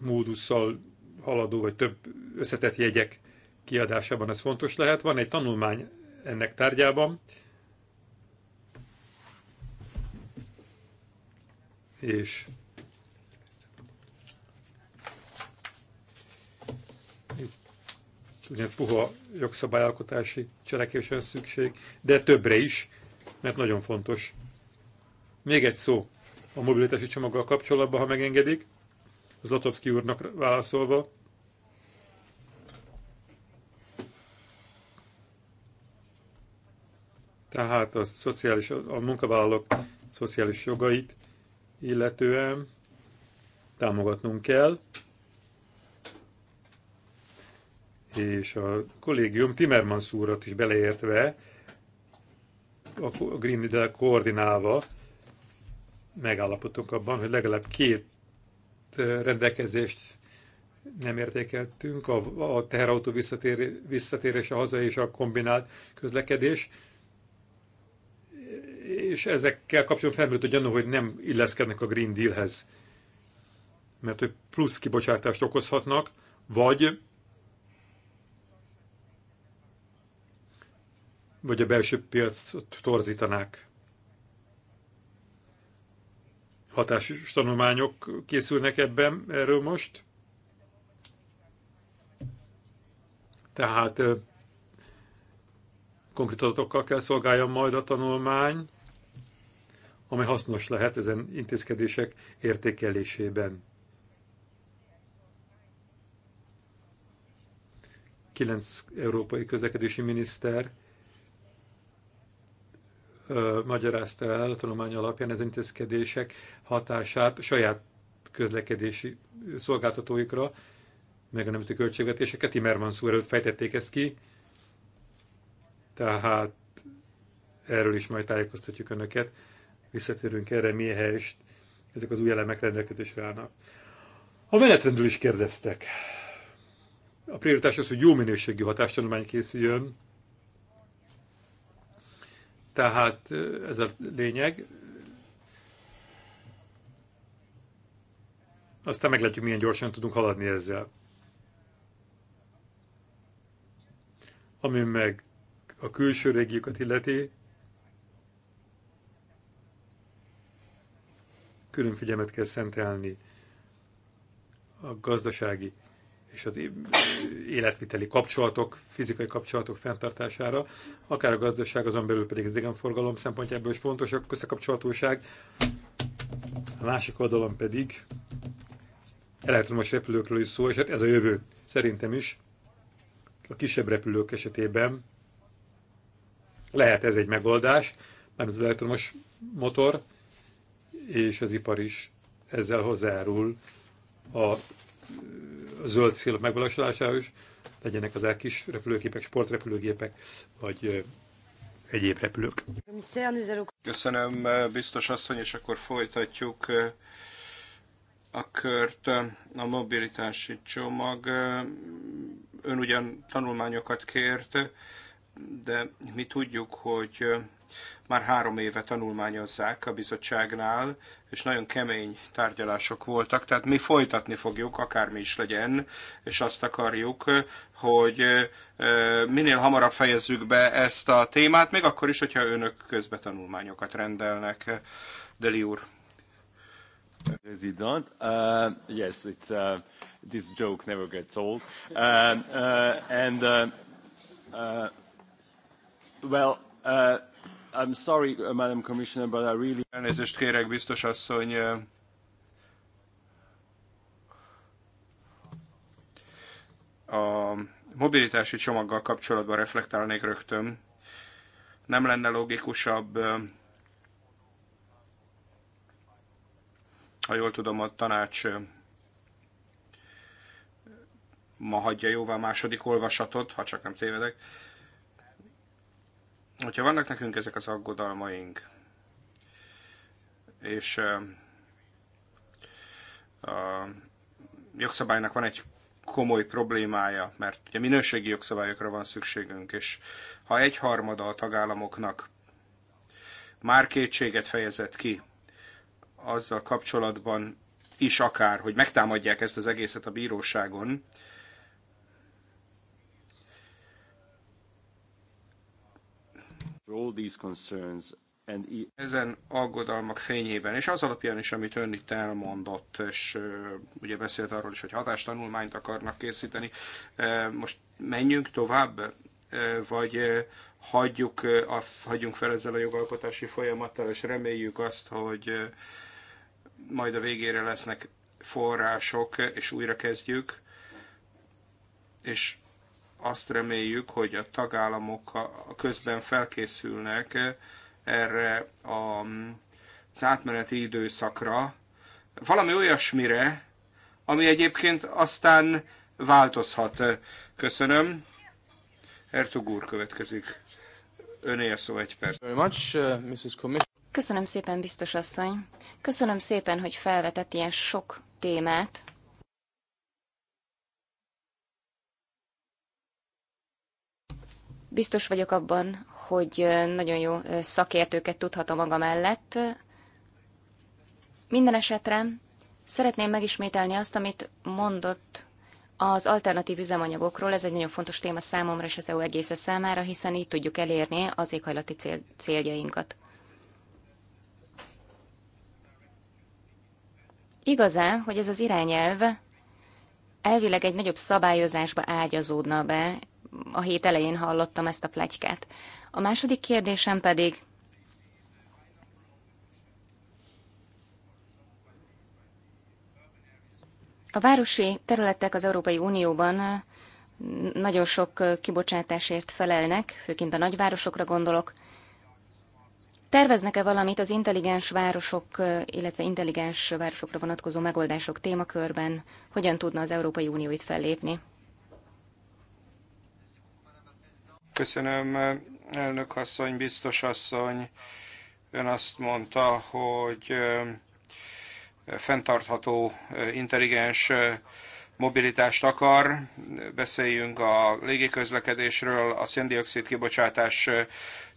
módussal haladó, vagy több összetett jegyek kiadásában ez fontos lehet. Van egy tanulmány ennek tárgyában, és ugye puha jogszabályalkotási cselekvésre szükség, de többre is, mert nagyon fontos. Még egy szó a mobilitási csomaggal kapcsolatban, ha megengedik, Zatovszki úrnak válaszolva. tehát a, szociális, a munkavállalók szociális jogait illetően támogatnunk kell, és a kollégium Timmermans úrat is beleértve, a Green Deal koordinálva megállapodtunk abban, hogy legalább két rendelkezést nem értékeltünk, a, a teherautó visszatér, visszatérése haza és a kombinált közlekedés és ezekkel kapcsolatban felmerült a gyanú, hogy nem illeszkednek a Green Dealhez, mert hogy plusz kibocsátást okozhatnak, vagy vagy a belső piacot torzítanák. Hatásos tanulmányok készülnek ebben erről most. Tehát konkrét adatokkal kell szolgáljon majd a tanulmány, amely hasznos lehet ezen intézkedések értékelésében. 9 európai közlekedési miniszter ö, magyarázta el a tanulmány alapján az intézkedések hatását a saját közlekedési szolgáltatóikra, meg a nemzeti költségvetéseket. Timmermans úr előtt fejtették ezt ki, tehát erről is majd tájékoztatjuk Önöket visszatérünk erre, mi helyest ezek az új elemek rendelkezésre állnak. A menetrendről is kérdeztek. A prioritás az, hogy jó minőségű hatástanulmány készüljön, tehát ez a lényeg. Aztán meglátjuk, milyen gyorsan tudunk haladni ezzel. Ami meg a külső régiókat illeti, külön figyelmet kell szentelni a gazdasági és az életviteli kapcsolatok, fizikai kapcsolatok fenntartására, akár a gazdaság, azon belül pedig az idegenforgalom szempontjából is fontos a összekapcsolatóság. A másik oldalon pedig elektromos repülőkről is szó, és hát ez a jövő szerintem is. A kisebb repülők esetében lehet ez egy megoldás, mert az elektromos motor, és az ipar is ezzel hozzárul a zöld célok megvalósulásához, legyenek az kis repülőgépek, sportrepülőgépek, vagy egyéb repülők.
Köszönöm, biztos asszony, és akkor folytatjuk a kört, a mobilitási csomag. Ön ugyan tanulmányokat kért, de mi tudjuk, hogy már három éve tanulmányozzák a bizottságnál, és nagyon kemény tárgyalások voltak, tehát mi folytatni fogjuk, akármi is legyen, és azt akarjuk, hogy minél hamarabb fejezzük be ezt a témát, még akkor is, hogyha önök közbe tanulmányokat rendelnek.
Deli úr. President, uh, yes, it's, uh, this joke never gets old. Uh, uh, and, uh, uh, well, uh, I'm sorry, uh, Madam Commissioner, but I really...
Elnézést kérek, biztos asszony. Uh, a mobilitási csomaggal kapcsolatban reflektálnék rögtön. Nem lenne logikusabb, uh, ha jól tudom, a tanács ma hagyja jóvá második olvasatot, ha csak nem tévedek Hogyha vannak nekünk ezek az aggodalmaink, és a jogszabálynak van egy komoly problémája, mert ugye minőségi jogszabályokra van szükségünk, és ha egyharmada a tagállamoknak már kétséget fejezett ki azzal kapcsolatban is akár, hogy megtámadják ezt az egészet a bíróságon, E- Ezen aggodalmak fényében, és az alapján is, amit ön itt elmondott, és ugye beszélt arról is, hogy hatástanulmányt akarnak készíteni, most menjünk tovább, vagy hagyjuk, hagyjunk fel ezzel a jogalkotási folyamattal, és reméljük azt, hogy majd a végére lesznek források, és újra kezdjük, és azt reméljük, hogy a tagállamok közben felkészülnek eh, erre mm, az átmeneti időszakra, valami olyasmire, ami egyébként aztán változhat. Köszönöm. Ertug úr következik. a szó egy perc. Uh,
Köszönöm szépen, biztos asszony. Köszönöm szépen, hogy felvetett ilyen sok témát, Biztos vagyok abban, hogy nagyon jó szakértőket tudhat a maga mellett. Minden esetre szeretném megismételni azt, amit mondott az alternatív üzemanyagokról. Ez egy nagyon fontos téma számomra és az EU egésze számára, hiszen így tudjuk elérni az éghajlati cél, céljainkat. Igazán, hogy ez az irányelv elvileg egy nagyobb szabályozásba ágyazódna be, a hét elején hallottam ezt a plegykát. A második kérdésem pedig, A városi területek az Európai Unióban nagyon sok kibocsátásért felelnek, főként a nagyvárosokra gondolok. Terveznek-e valamit az intelligens városok, illetve intelligens városokra vonatkozó megoldások témakörben? Hogyan tudna az Európai Unió itt fellépni?
Köszönöm, elnök asszony, biztos asszony. Ön azt mondta, hogy fenntartható, intelligens mobilitást akar. Beszéljünk a légiközlekedésről, a széndiokszid kibocsátás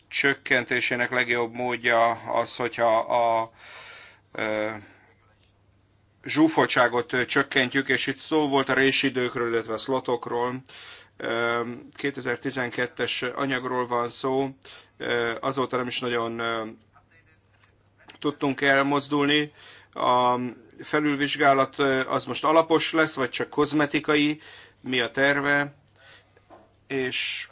csökkentésének legjobb módja az, hogyha a zsúfoltságot csökkentjük, és itt szó volt a résidőkről, illetve a szlotokról. 2012-es anyagról van szó, azóta nem is nagyon tudtunk elmozdulni. A felülvizsgálat az most alapos lesz, vagy csak kozmetikai, mi a terve, és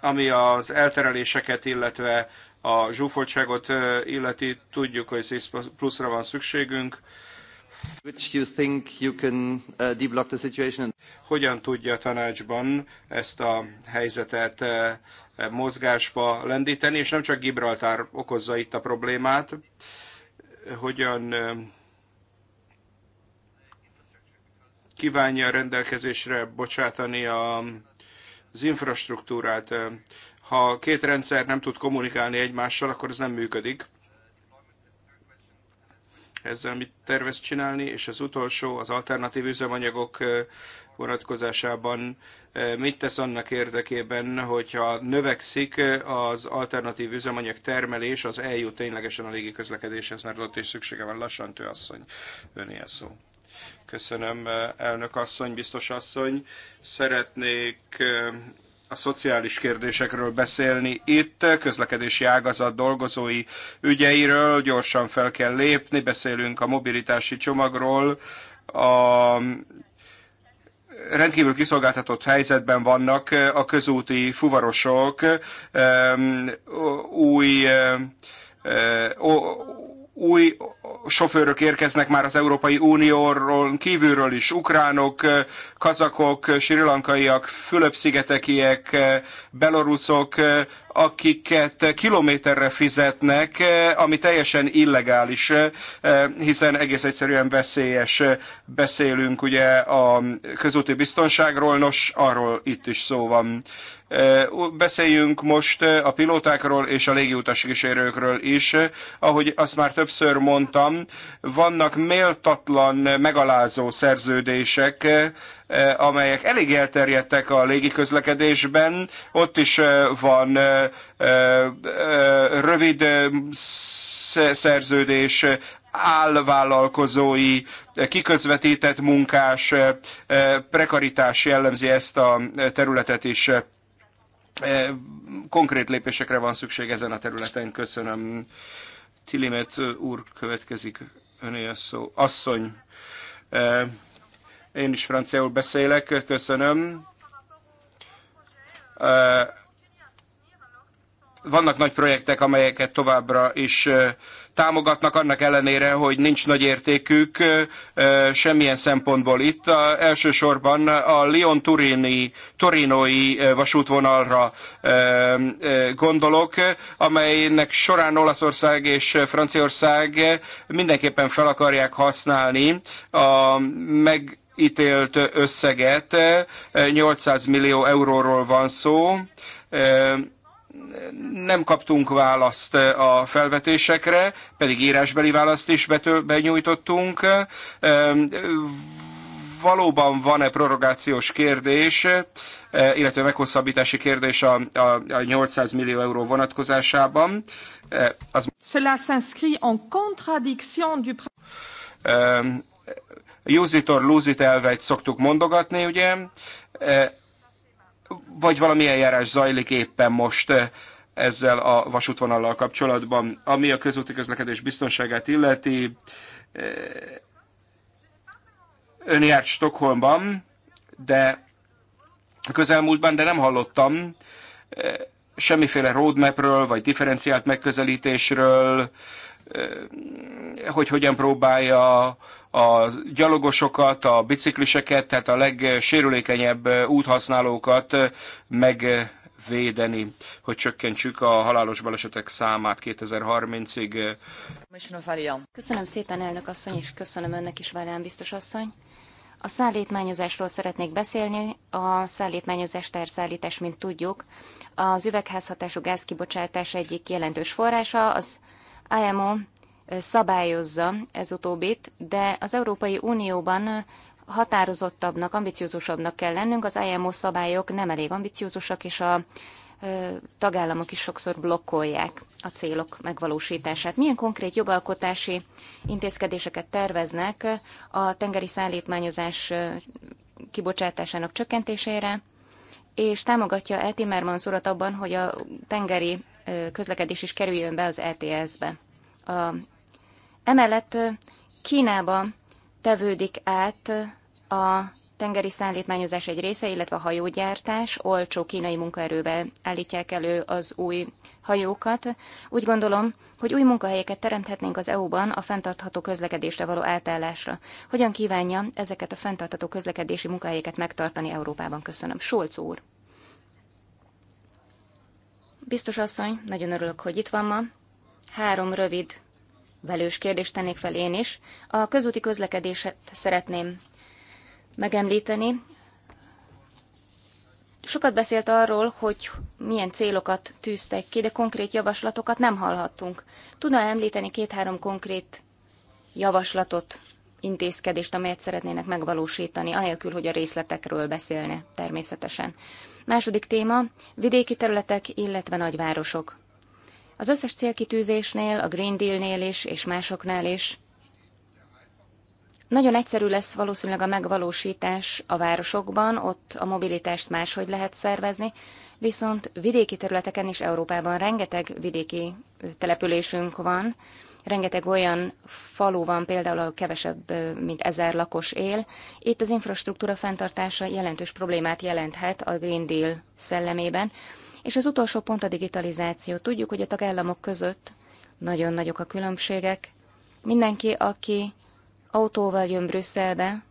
ami az eltereléseket, illetve a zsúfoltságot illeti, tudjuk, hogy plusra pluszra van szükségünk, Uh, hogyan tudja a tanácsban ezt a helyzetet uh, mozgásba lendíteni, és nem csak Gibraltár okozza itt a problémát, hogyan uh, kívánja rendelkezésre bocsátani a, az infrastruktúrát. Ha két rendszer nem tud kommunikálni egymással, akkor ez nem működik ezzel mit tervez csinálni, és az utolsó, az alternatív üzemanyagok vonatkozásában mit tesz annak érdekében, hogyha növekszik az alternatív üzemanyag termelés, az eljut ténylegesen a légi közlekedéshez, mert ott is szüksége van lassan, asszony, öné a szó. Köszönöm, elnök asszony, biztos asszony. Szeretnék a szociális kérdésekről beszélni itt, közlekedési ágazat dolgozói ügyeiről, gyorsan fel kell lépni, beszélünk a mobilitási csomagról, a rendkívül kiszolgáltatott helyzetben vannak a közúti fuvarosok, új új sofőrök érkeznek már az Európai Unióról kívülről is, ukránok, kazakok, srilankaiak, Fülöp-szigetekiek, beloruszok, akiket kilométerre fizetnek, ami teljesen illegális, hiszen egész egyszerűen veszélyes. Beszélünk ugye a közúti biztonságról, nos, arról itt is szó van. Beszéljünk most a pilótákról és a légiutas kísérőkről is. Ahogy azt már többször mondtam, vannak méltatlan, megalázó szerződések, amelyek elég elterjedtek a légiközlekedésben. Ott is van rövid szerződés, állvállalkozói, kiközvetített munkás, prekaritás jellemzi ezt a területet is. Eh, konkrét lépésekre van szükség ezen a területen. Köszönöm. Tilimet eh, úr következik, öné a szó. Asszony, eh, én is franciául beszélek, köszönöm. Vannak nagy projektek, amelyeket továbbra is támogatnak annak ellenére, hogy nincs nagy értékük semmilyen szempontból. Itt a, elsősorban a Lyon-Turini, Torinoi vasútvonalra gondolok, amelynek során Olaszország és Franciaország mindenképpen fel akarják használni a meg ítélt összeget, 800 millió euróról van szó, nem kaptunk választ eh, a felvetésekre, pedig írásbeli választ is benyújtottunk. Valóban van-e prorogációs kérdés, eh, illetve meghosszabbítási kérdés a, a, a 800 millió euró vonatkozásában? Eh, az... Cela
s'inscrit en contradiction du...
Use it or elvet szoktuk mondogatni, ugye? vagy valami eljárás zajlik éppen most eh, ezzel a vasútvonallal kapcsolatban. Ami a közúti közlekedés biztonságát illeti, eh, ön járt Stockholmban, de a közelmúltban, de nem hallottam eh, semmiféle roadmapről, vagy differenciált megközelítésről, hogy hogyan próbálja a gyalogosokat, a bicikliseket, tehát a legsérülékenyebb úthasználókat megvédeni, hogy csökkentsük a halálos balesetek számát 2030-ig.
Köszönöm szépen, elnök asszony, és köszönöm önnek is, Valán biztos asszony. A szállítmányozásról szeretnék beszélni. A szállítmányozás terszállítás, mint tudjuk, az üvegházhatású gázkibocsátás egyik jelentős forrása, az IMO szabályozza ez utóbbit, de az Európai Unióban határozottabbnak, ambiciózusabbnak kell lennünk, az IMO szabályok nem elég ambiciózusak, és a tagállamok is sokszor blokkolják a célok megvalósítását. Milyen konkrét jogalkotási intézkedéseket terveznek a tengeri szállítmányozás kibocsátásának csökkentésére, és támogatja-e Timmermans urat abban, hogy a tengeri közlekedés is kerüljön be az ETS-be, a Emellett Kínába tevődik át a tengeri szállítmányozás egy része, illetve a hajógyártás, olcsó kínai munkaerővel állítják elő az új hajókat. Úgy gondolom, hogy új munkahelyeket teremthetnénk az EU-ban a fenntartható közlekedésre való átállásra. Hogyan kívánja ezeket a fenntartható közlekedési munkahelyeket megtartani Európában? Köszönöm. Solc úr. Biztos asszony, nagyon örülök, hogy itt van ma. Három rövid velős kérdést tennék fel én is. A közúti közlekedéset szeretném megemlíteni. Sokat beszélt arról, hogy milyen célokat tűztek ki, de konkrét javaslatokat nem hallhattunk. Tudna említeni két-három konkrét javaslatot, intézkedést, amelyet szeretnének megvalósítani, anélkül, hogy a részletekről beszélne természetesen. Második téma, vidéki területek, illetve nagyvárosok. Az összes célkitűzésnél, a Green Dealnél is, és másoknál is nagyon egyszerű lesz valószínűleg a megvalósítás a városokban, ott a mobilitást máshogy lehet szervezni, viszont vidéki területeken is Európában rengeteg vidéki településünk van, rengeteg olyan falu van például, ahol kevesebb, mint ezer lakos él. Itt az infrastruktúra fenntartása jelentős problémát jelenthet a Green Deal szellemében, és az utolsó pont a digitalizáció. Tudjuk, hogy a tagállamok között nagyon nagyok a különbségek. Mindenki, aki autóval jön Brüsszelbe,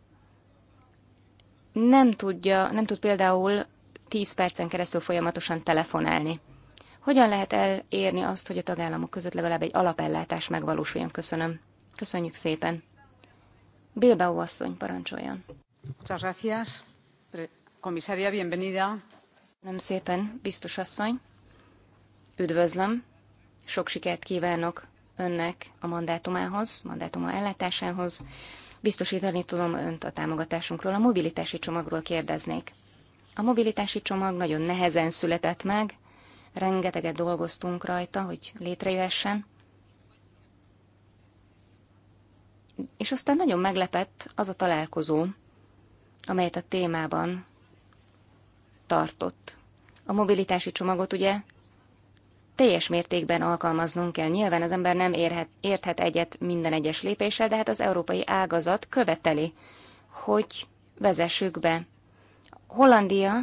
nem tudja, nem tud például 10 percen keresztül folyamatosan telefonálni. Hogyan lehet elérni azt, hogy a tagállamok között legalább egy alapellátás megvalósuljon? Köszönöm. Köszönjük szépen. Bilbao asszony, parancsoljon. Muchas gracias. Comisaria, bienvenida. Nem szépen, biztos asszony. Üdvözlöm. Sok sikert kívánok önnek a mandátumához, mandátuma ellátásához. Biztosítani tudom önt a támogatásunkról. A mobilitási csomagról kérdeznék. A mobilitási csomag nagyon nehezen született meg, rengeteget dolgoztunk rajta, hogy létrejöhessen. És aztán nagyon meglepett az a találkozó, amelyet a témában tartott. A mobilitási csomagot ugye teljes mértékben alkalmaznunk kell. Nyilván az ember nem érhet, érthet egyet minden egyes lépéssel, de hát az európai ágazat követeli, hogy vezessük be. Hollandia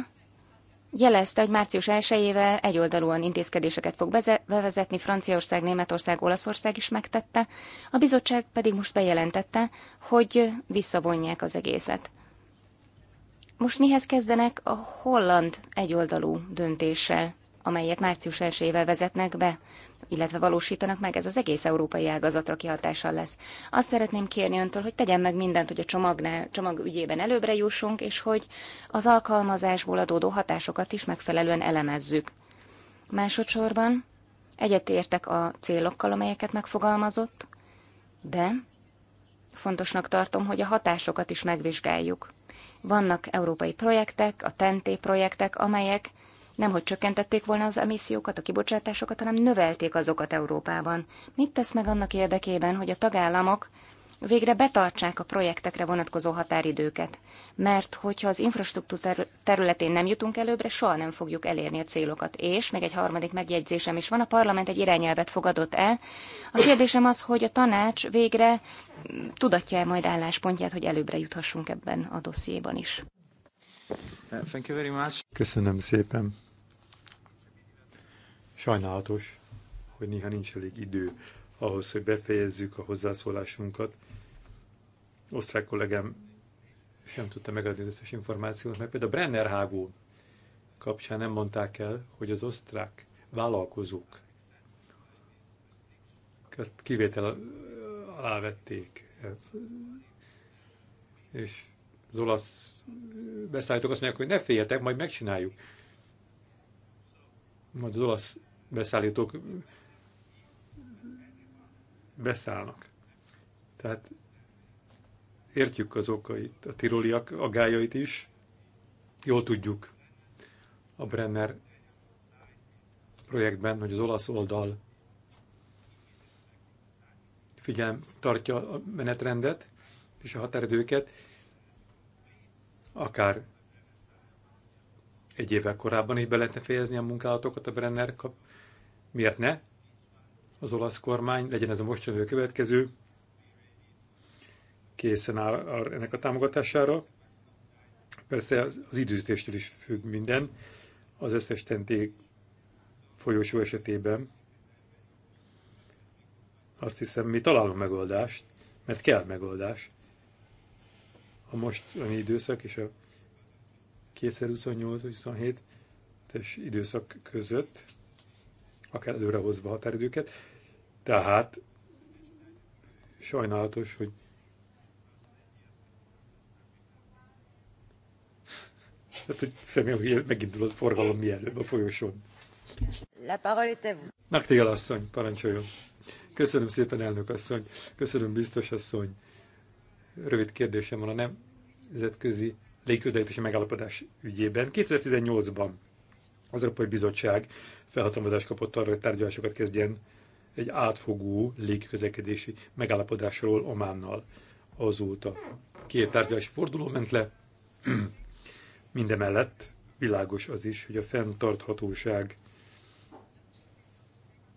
jelezte, hogy március 1-ével egyoldalúan intézkedéseket fog bevezetni, Franciaország, Németország, Olaszország is megtette, a bizottság pedig most bejelentette, hogy visszavonják az egészet. Most mihez kezdenek a holland egyoldalú döntéssel, amelyet március 1 vezetnek be, illetve valósítanak meg, ez az egész európai ágazatra kihatással lesz. Azt szeretném kérni öntől, hogy tegyen meg mindent, hogy a csomagnál, csomag ügyében előbbre jussunk, és hogy az alkalmazásból adódó hatásokat is megfelelően elemezzük. Másodszorban egyetértek a célokkal, amelyeket megfogalmazott, de fontosnak tartom, hogy a hatásokat is megvizsgáljuk. Vannak európai projektek, a TNT projektek, amelyek nemhogy csökkentették volna az emissziókat, a kibocsátásokat, hanem növelték azokat Európában. Mit tesz meg annak érdekében, hogy a tagállamok végre betartsák a projektekre vonatkozó határidőket, mert hogyha az infrastruktúra területén nem jutunk előbbre, soha nem fogjuk elérni a célokat. És még egy harmadik megjegyzésem is van, a parlament egy irányelvet fogadott el. A kérdésem az, hogy a tanács végre tudatja-e majd álláspontját, hogy előbbre juthassunk ebben a dossziéban is.
Thank you very much. Köszönöm szépen. Sajnálatos, hogy néha nincs elég idő ahhoz, hogy befejezzük a hozzászólásunkat osztrák kollégám sem tudta megadni az összes információt, mert például a Brenner hágó kapcsán nem mondták el, hogy az osztrák vállalkozók kivétel alá vették. És az olasz beszállítók azt mondják, hogy ne féljetek, majd megcsináljuk. Majd az olasz beszállítók beszállnak. Tehát Értjük az okait, a tiroliak agájait is. Jól tudjuk a Brenner projektben, hogy az olasz oldal figyelm tartja a menetrendet és a határidőket, akár egy évvel korábban is be lehetne fejezni a munkálatokat a Brenner kap. Miért ne? Az olasz kormány, legyen ez a mostanában következő, készen áll ennek a támogatására. Persze az, az időzítéstől is függ minden, az összes tenté folyósó esetében. Azt hiszem, mi találunk megoldást, mert kell megoldás. A mostani időszak és a 2028-27-es időszak között, akár előrehozva határidőket. Tehát sajnálatos, hogy Tehát, hogy személy, hogy megindul a forgalom mielőbb a folyosón.
La parole est à vous.
Magtél asszony, parancsoljon. Köszönöm szépen, elnök asszony. Köszönöm, biztos asszony. Rövid kérdésem van a nemzetközi légközlekedési megállapodás ügyében. 2018-ban az Európai Bizottság felhatalmazást kapott arra, hogy tárgyalásokat kezdjen egy átfogó légközlekedési megállapodásról Ománnal. Azóta két tárgyalási forduló ment le, Mindemellett világos az is, hogy a fenntarthatóság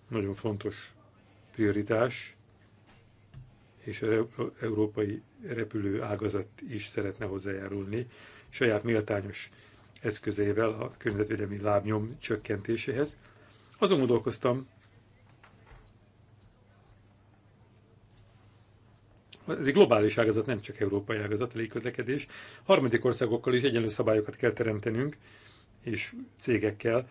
nagyon fontos prioritás, és az európai repülő ágazat is szeretne hozzájárulni saját méltányos eszközeivel a környezetvédelmi lábnyom csökkentéséhez. Azon gondolkoztam, ez egy globális ágazat, nem csak európai ágazat, a légközlekedés. Harmadik országokkal is egyenlő szabályokat kell teremtenünk, és cégekkel.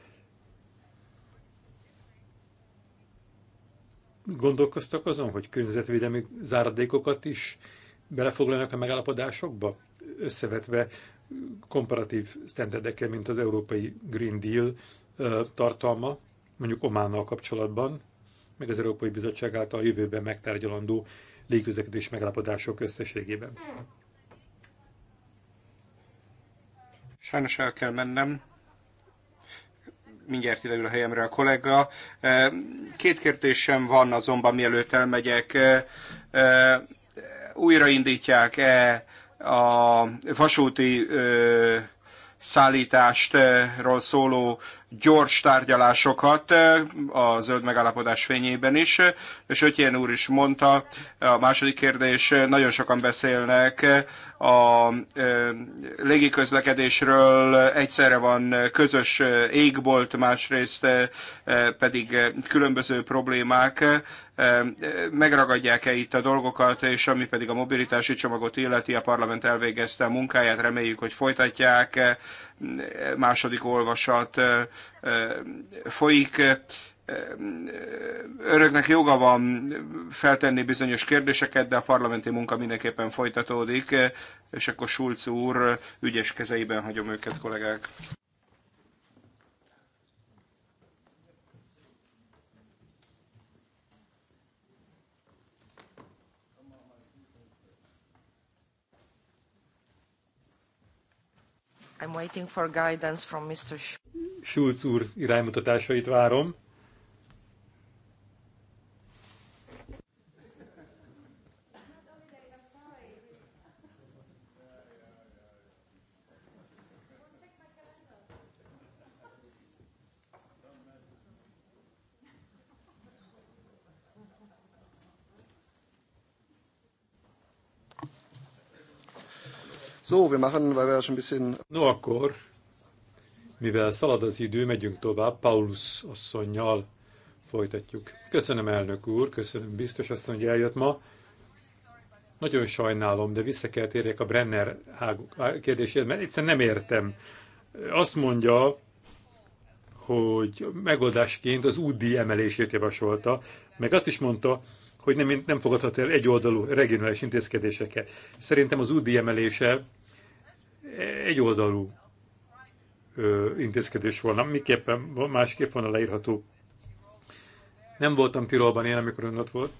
Gondolkoztak azon, hogy környezetvédelmi záradékokat is belefoglalnak a megállapodásokba, összevetve komparatív standardekkel, mint az Európai Green Deal tartalma, mondjuk Ománnal kapcsolatban, meg az Európai Bizottság által a jövőben megtárgyalandó légüzekedés megállapodások összességében. Sajnos
el kell mennem. Mindjárt ideül a helyemre a kollega. E, két kérdésem van azonban, mielőtt elmegyek. E, e, újraindítják-e a vasúti szállítástról szóló gyors tárgyalásokat a zöld megállapodás fényében is. És Ötjén úr is mondta, a második kérdés, nagyon sokan beszélnek a légiközlekedésről egyszerre van közös égbolt, másrészt pedig különböző problémák megragadják-e itt a dolgokat, és ami pedig a mobilitási csomagot illeti, a parlament elvégezte a munkáját, reméljük, hogy folytatják, második olvasat folyik öröknek joga van feltenni bizonyos kérdéseket, de a parlamenti munka mindenképpen folytatódik, és akkor Schulz úr ügyes kezeiben hagyom őket, kollégák.
I'm waiting for guidance from Mr.
Schulz úr iránymutatásait várom. So, wir machen, weil wir schon ein bisschen... No, akkor, mivel szalad az idő, megyünk tovább, Paulus asszonynal folytatjuk. Köszönöm, elnök úr, köszönöm, biztos asszony, hogy eljött ma. Nagyon sajnálom, de vissza kell térjek a Brenner kérdésére, mert egyszerűen nem értem. Azt mondja, hogy megoldásként az UDI emelését javasolta, meg azt is mondta, hogy nem, nem fogadhat el egyoldalú regionális intézkedéseket. Szerintem az UDI emelése egy ö, intézkedés volna, miképpen másképp volna leírható. Nem voltam Tirolban én, amikor ön ott volt,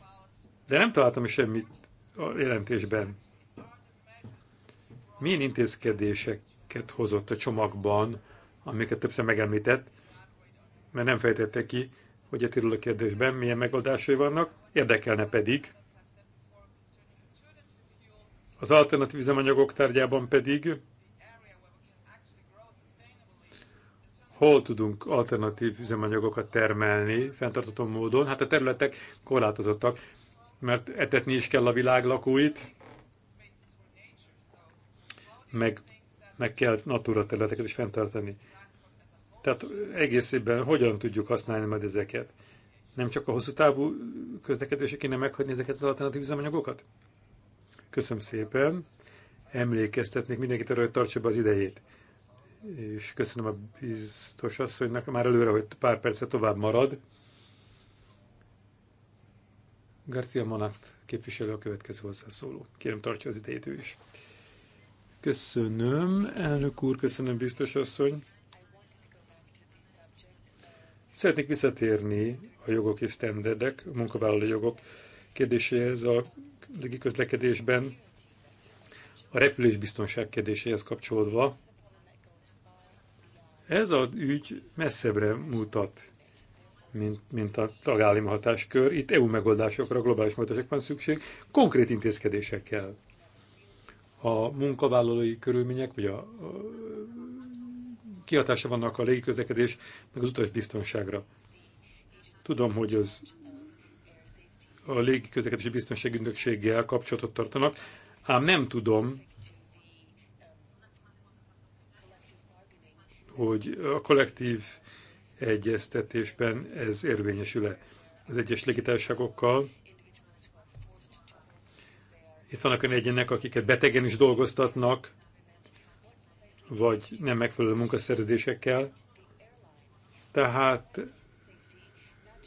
de nem találtam semmit a jelentésben. Milyen intézkedéseket hozott a csomagban, amiket többször megemlített, mert nem fejtette ki, hogy a Tirol a kérdésben milyen megoldásai vannak, érdekelne pedig. Az alternatív üzemanyagok tárgyában pedig hol tudunk alternatív üzemanyagokat termelni fenntartató módon. Hát a területek korlátozottak, mert etetni is kell a világ lakóit, meg, meg kell natura területeket is fenntartani. Tehát egész évben hogyan tudjuk használni majd ezeket? Nem csak a hosszú távú közlekedésre kéne meghagyni ezeket az alternatív üzemanyagokat? Köszönöm szépen. Emlékeztetnék mindenkit arra, hogy tartsa be az idejét és köszönöm a biztos asszonynak már előre, hogy pár percet tovább marad. Garcia Monat képviselő a következő hozzászóló. Kérem, tartja az idejét ő is. Köszönöm, elnök úr, köszönöm, biztos asszony. Szeretnék visszatérni a jogok és standardek, a munkavállalói jogok kérdéséhez a légiközlekedésben, a repülés biztonság kérdéséhez kapcsolódva. Ez az ügy messzebbre mutat, mint, mint a tagállami hatáskör. Itt EU megoldásokra, globális megoldásokra van szükség, konkrét intézkedésekkel. A munkavállalói körülmények, vagy a, a kihatása vannak a légiközlekedés, meg az utas biztonságra. Tudom, hogy az a légiközlekedési biztonsági ügynökséggel kapcsolatot tartanak, ám nem tudom, hogy a kollektív egyeztetésben ez érvényesül-e az egyes légitársaságokkal. Itt vannak olyan egyenek, akiket betegen is dolgoztatnak, vagy nem megfelelő munkaszerzésekkel. Tehát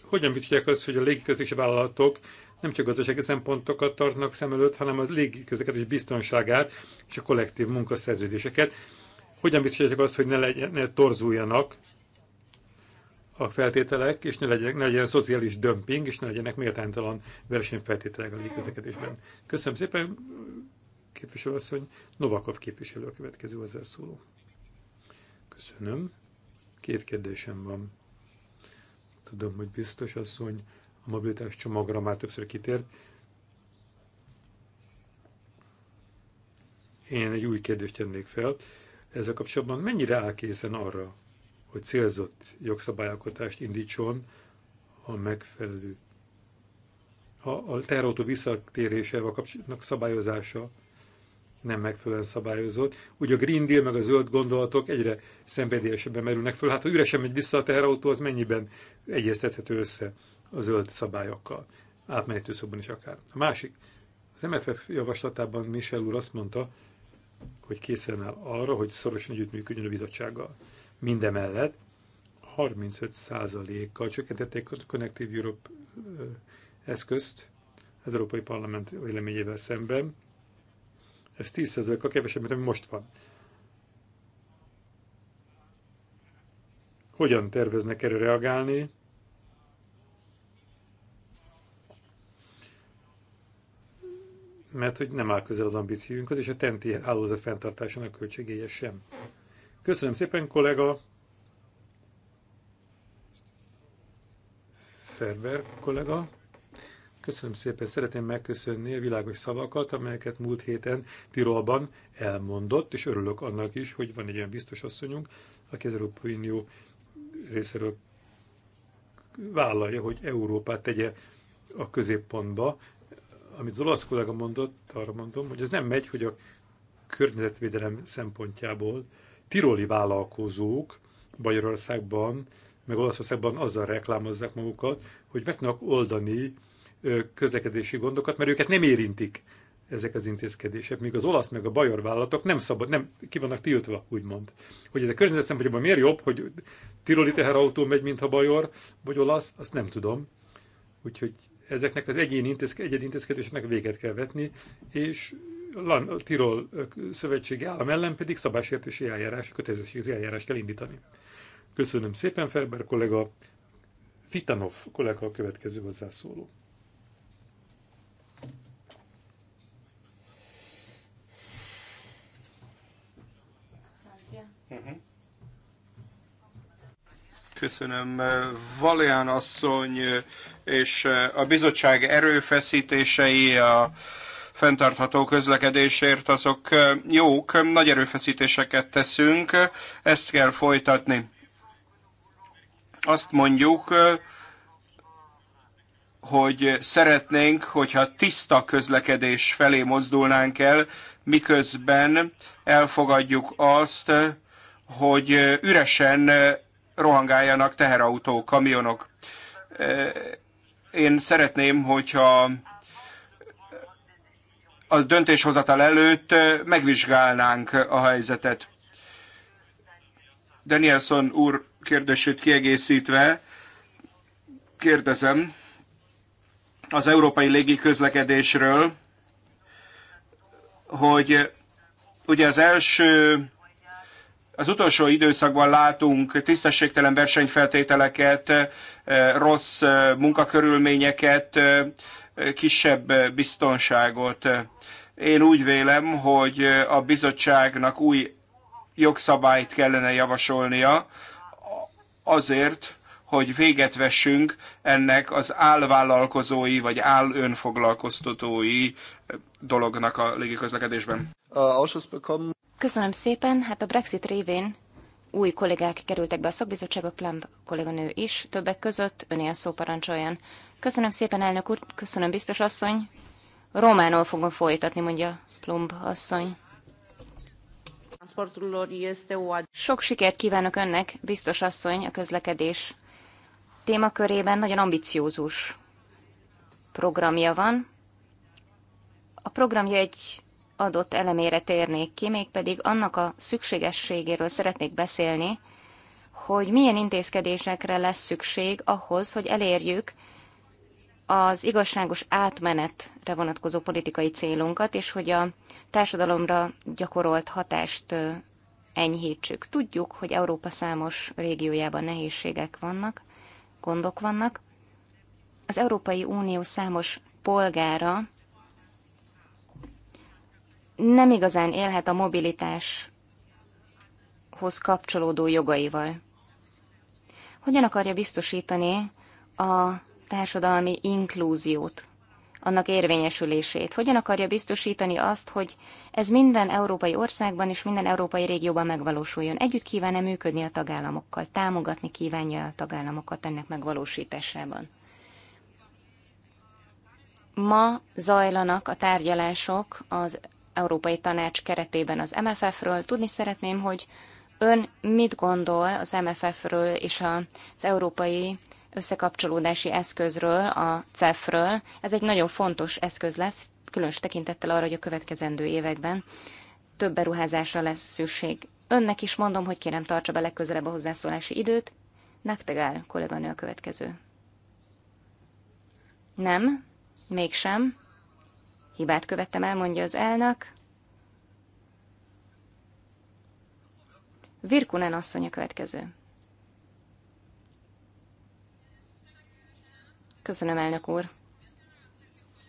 hogyan biztosítják azt, hogy a légiközlési vállalatok nem csak gazdasági szempontokat tartnak szem előtt, hanem a légiközlekedés biztonságát és a kollektív munkaszerződéseket. Hogyan biztosítják azt, hogy ne, legyen, ne torzuljanak a feltételek, és ne legyen, ne legyen szociális dömping, és ne legyenek méltánytalan versenyfeltételek a légközlekedésben. Köszönöm szépen, képviselőasszony. Novakov képviselő a következő hozzászóló. Köszönöm. Két kérdésem van. Tudom, hogy biztos asszony a mobilitás csomagra már többször kitért. Én egy új kérdést tennék fel ezzel kapcsolatban mennyire áll készen arra, hogy célzott jogszabályalkotást indítson, ha megfelelő. Ha a terrautó visszatérésével kapcsolatnak szabályozása nem megfelelően szabályozott. Ugye a Green Deal meg a zöld gondolatok egyre szenvedélyesebben merülnek föl. Hát ha üresen megy vissza a teherautó, az mennyiben egyeztethető össze a zöld szabályokkal. Átmenetőszakban is akár. A másik, az MFF javaslatában Michel úr azt mondta, hogy készen áll arra, hogy szorosan együttműködjön a bizottsággal. Mindemellett 35%-kal csökkentették a Connective Europe eszközt az Európai Parlament véleményével szemben. Ez 10%-kal kevesebb, mint ami most van. Hogyan terveznek erre reagálni? mert hogy nem áll közel az ambíciónkat, és a TENTI hálózat fenntartásának költségéje sem. Köszönöm szépen, kollega! Ferber kollega. Köszönöm szépen, szeretném megköszönni a világos szavakat, amelyeket múlt héten Tirolban elmondott, és örülök annak is, hogy van egy olyan biztos asszonyunk, aki az Európai Unió részéről vállalja, hogy Európát tegye a középpontba amit az olasz kollega mondott, arra mondom, hogy ez nem megy, hogy a környezetvédelem szempontjából tiroli vállalkozók Magyarországban, meg Olaszországban azzal reklámozzák magukat, hogy meg tudnak oldani közlekedési gondokat, mert őket nem érintik ezek az intézkedések, míg az olasz meg a bajor vállalatok nem szabad, nem, ki vannak tiltva, úgymond. Hogy ez a környezet szempontjából miért jobb, hogy tiroli teherautó megy, mint bajor, vagy olasz, azt nem tudom. Úgyhogy ezeknek az egyéni intézke, egyedi intézkedéseknek véget kell vetni, és a Tirol szövetségi állam ellen pedig szabásértési eljárás, kötelezettségi eljárás kell indítani. Köszönöm szépen, Ferber kollega. Fitanov kollega a következő hozzászóló.
Köszönöm. Valján asszony és eh, a bizottság erőfeszítései a fenntartható közlekedésért azok eh, jók, nagy erőfeszítéseket teszünk, ezt kell folytatni. Azt mondjuk, eh, hogy szeretnénk, hogyha tiszta közlekedés felé mozdulnánk el, miközben elfogadjuk azt, hogy üresen rohangáljanak teherautók, kamionok. Én szeretném, hogyha a döntéshozatal előtt megvizsgálnánk a helyzetet. Danielson úr kérdését kiegészítve kérdezem az európai légi közlekedésről, hogy ugye az első az utolsó időszakban látunk tisztességtelen versenyfeltételeket, eh, rossz eh, munkakörülményeket, eh, kisebb biztonságot. Én úgy vélem, hogy a bizottságnak új jogszabályt kellene javasolnia azért, hogy véget vessünk ennek az állvállalkozói vagy állönfoglalkoztatói dolognak a légiközlekedésben.
Köszönöm szépen, hát a Brexit révén új kollégák kerültek be a szakbizottságba, Plumb kolléganő is, többek között öné a szó parancsoljon. Köszönöm szépen, elnök úr, köszönöm biztos asszony. Románul fogom folytatni, mondja Plumb asszony. Sok sikert kívánok önnek, biztos asszony, a közlekedés témakörében nagyon ambiciózus programja van. A programja egy adott elemére térnék ki, mégpedig annak a szükségességéről szeretnék beszélni, hogy milyen intézkedésekre lesz szükség ahhoz, hogy elérjük az igazságos átmenetre vonatkozó politikai célunkat, és hogy a társadalomra gyakorolt hatást enyhítsük. Tudjuk, hogy Európa számos régiójában nehézségek vannak, gondok vannak. Az Európai Unió számos polgára nem igazán élhet a mobilitáshoz kapcsolódó jogaival. Hogyan akarja biztosítani a társadalmi inklúziót, annak érvényesülését? Hogyan akarja biztosítani azt, hogy ez minden európai országban és minden európai régióban megvalósuljon? Együtt kíván-e működni a tagállamokkal? Támogatni kívánja a tagállamokat ennek megvalósításában? Ma zajlanak a tárgyalások az Európai Tanács keretében az MFF-ről. Tudni szeretném, hogy ön mit gondol az MFF-ről és az Európai Összekapcsolódási Eszközről, a CEF-ről. Ez egy nagyon fontos eszköz lesz, különös tekintettel arra, hogy a következendő években több beruházásra lesz szükség. Önnek is mondom, hogy kérem tartsa be legközelebb a hozzászólási időt. áll, kolléganő a következő. Nem, mégsem. Hibát követtem el, az elnök. Virkunen asszony a következő. Köszönöm, elnök úr.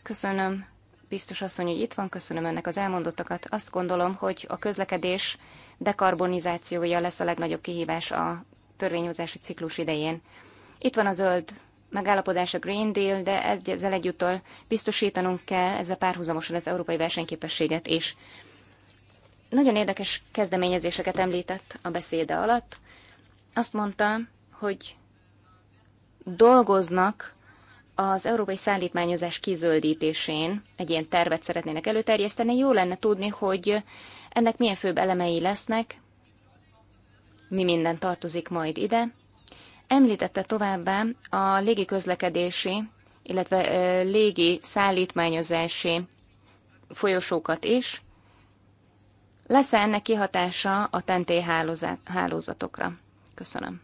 Köszönöm, biztos asszony, hogy itt van, köszönöm ennek az elmondottakat. Azt gondolom, hogy a közlekedés dekarbonizációja lesz a legnagyobb kihívás a törvényhozási ciklus idején. Itt van a zöld megállapodás a Green Deal, de ezzel egyúttal biztosítanunk kell ezzel párhuzamosan az európai versenyképességet is. Nagyon érdekes kezdeményezéseket említett a beszéde alatt. Azt mondta, hogy dolgoznak az európai szállítmányozás kizöldítésén egy ilyen tervet szeretnének előterjeszteni. Jó lenne tudni, hogy ennek milyen főbb elemei lesznek, mi minden tartozik majd ide, Említette továbbá a légiközlekedési, illetve légi szállítmányozási folyosókat is. Lesz-e ennek kihatása a TNT hálózatokra? Köszönöm.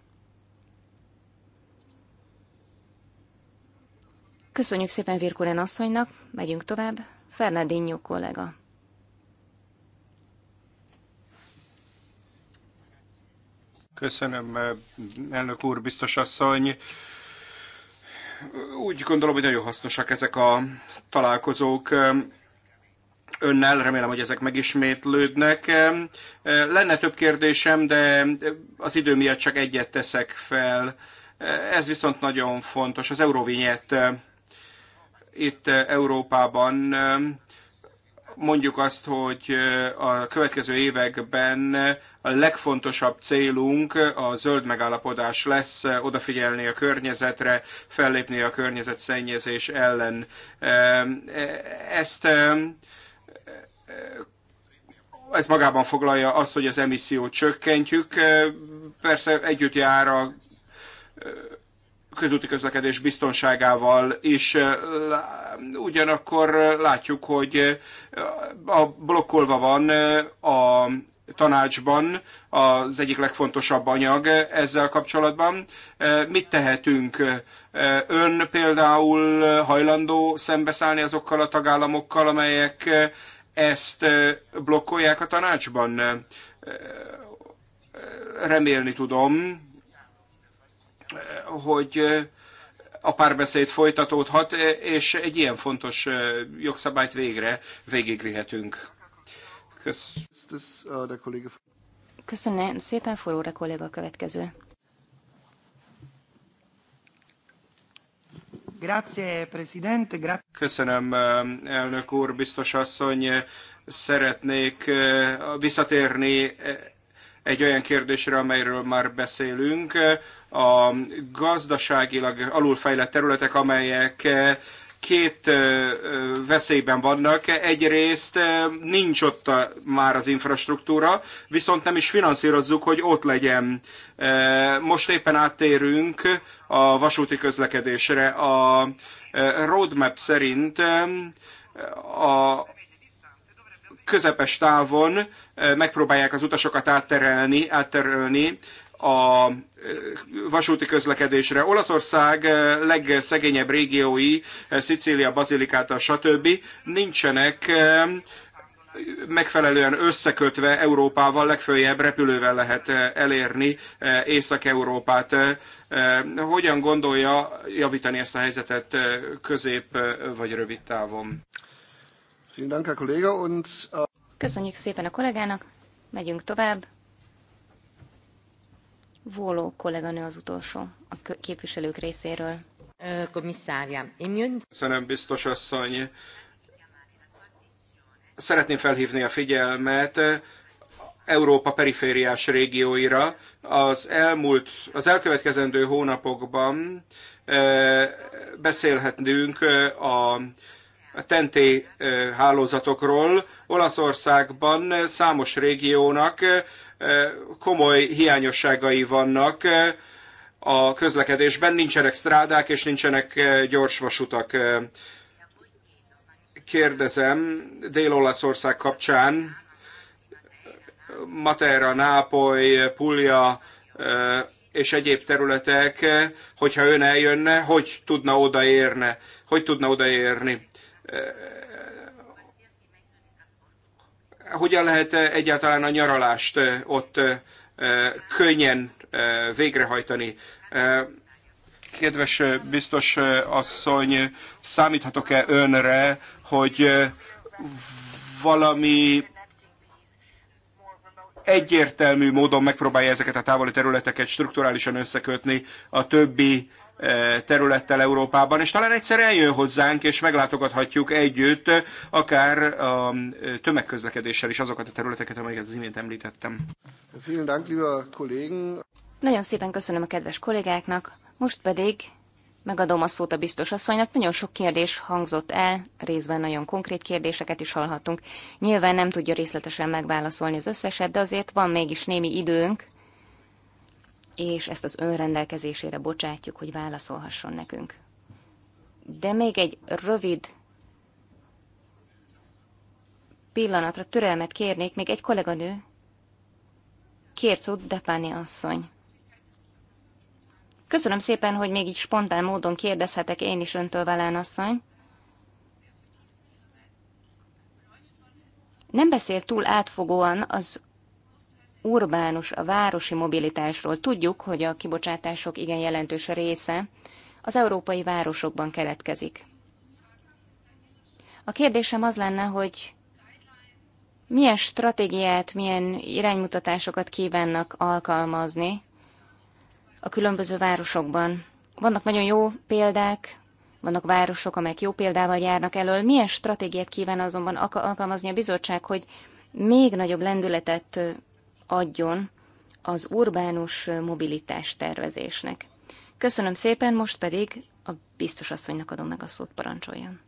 Köszönjük szépen Virkulen asszonynak, megyünk tovább. Fernandinho kollega.
Köszönöm, eh, elnök úr, biztos asszony. Úgy gondolom, hogy nagyon hasznosak ezek a találkozók önnel, remélem, hogy ezek megismétlődnek. Eh, lenne több kérdésem, de az idő miatt csak egyet teszek fel. Eh, ez viszont nagyon fontos, az Eurovinyet itt Európában mondjuk azt, hogy a következő években a legfontosabb célunk a zöld megállapodás lesz, odafigyelni a környezetre, fellépni a környezetszennyezés ellen. E, ezt ez magában foglalja azt, hogy az emissziót csökkentjük. Persze együtt jár a közúti közlekedés biztonságával is. Ugyanakkor látjuk, hogy a blokkolva van a tanácsban az egyik legfontosabb anyag ezzel kapcsolatban. Mit tehetünk? Ön például hajlandó szembeszállni azokkal a tagállamokkal, amelyek ezt blokkolják a tanácsban? Remélni tudom, hogy a párbeszéd folytatódhat, és egy ilyen fontos jogszabályt végre végigvihetünk. Köszönöm.
Köszönöm szépen, a kolléga következő. Grazie, Presidente.
Grazie.
Köszönöm, elnök úr, biztos asszony. Szeretnék visszatérni egy olyan kérdésre, amelyről már beszélünk, a gazdaságilag alulfejlett területek, amelyek két veszélyben vannak. Egyrészt nincs ott már az infrastruktúra, viszont nem is finanszírozzuk, hogy ott legyen. Most éppen áttérünk a vasúti közlekedésre. A roadmap szerint a közepes távon eh, megpróbálják az utasokat átterelni, átterelni a eh, vasúti közlekedésre. Olaszország eh, legszegényebb régiói, Szicília, Bazilikáta, stb. nincsenek megfelelően összekötve Európával, legfőjebb repülővel lehet elérni Észak-Európát. Hogyan gondolja javítani ezt a helyzetet közép vagy rövid távon?
Äh, Köszönjük szépen a kollégának, megyünk tovább. Voló kolléganő az utolsó a képviselők részéről.
Köszönöm, biztos asszony. Szeretném felhívni a figyelmet Európa perifériás régióira. Az elmúlt, az elkövetkezendő hónapokban beszélhetünk a a tenté hálózatokról. Olaszországban számos régiónak komoly hiányosságai vannak a közlekedésben, nincsenek strádák és nincsenek gyorsvasutak. Kérdezem Dél-Olaszország kapcsán, Matera, Nápoly, Puglia és egyéb területek, hogyha ön eljönne, hogy tudna odaérne, hogy tudna odaérni hogyan lehet eh, egyáltalán a nyaralást eh, ott eh, könnyen végrehajtani. Kedves biztos asszony, számíthatok-e önre, hogy valami egyértelmű módon megpróbálja ezeket a távoli területeket strukturálisan összekötni a többi E, területtel Európában, és talán egyszer eljön hozzánk, és meglátogathatjuk együtt e, akár a e, tömegközlekedéssel is azokat a területeket, amelyeket az imént említettem.
Nagyon szépen köszönöm a kedves kollégáknak, most pedig megadom a szót a biztos asszonynak. Nagyon sok kérdés hangzott el, részben nagyon konkrét kérdéseket is hallhattunk. Nyilván nem tudja részletesen megválaszolni az összeset, de azért van mégis némi időnk, és ezt az önrendelkezésére bocsátjuk, hogy válaszolhasson nekünk. De még egy rövid pillanatra türelmet kérnék, még egy kolléganő, kért szót Depáni asszony. Köszönöm szépen, hogy még így spontán módon kérdezhetek én is öntől, Velán asszony. Nem beszél túl átfogóan az urbánus, a városi mobilitásról. Tudjuk, hogy a kibocsátások igen jelentős része az európai városokban keletkezik. A kérdésem az lenne, hogy milyen stratégiát, milyen iránymutatásokat kívánnak alkalmazni a különböző városokban. Vannak nagyon jó példák, vannak városok, amelyek jó példával járnak elől. Milyen stratégiát kíván azonban alkalmazni a bizottság, hogy még nagyobb lendületet adjon az urbánus mobilitás tervezésnek. Köszönöm szépen, most pedig a biztos asszonynak adom meg a szót, parancsoljon.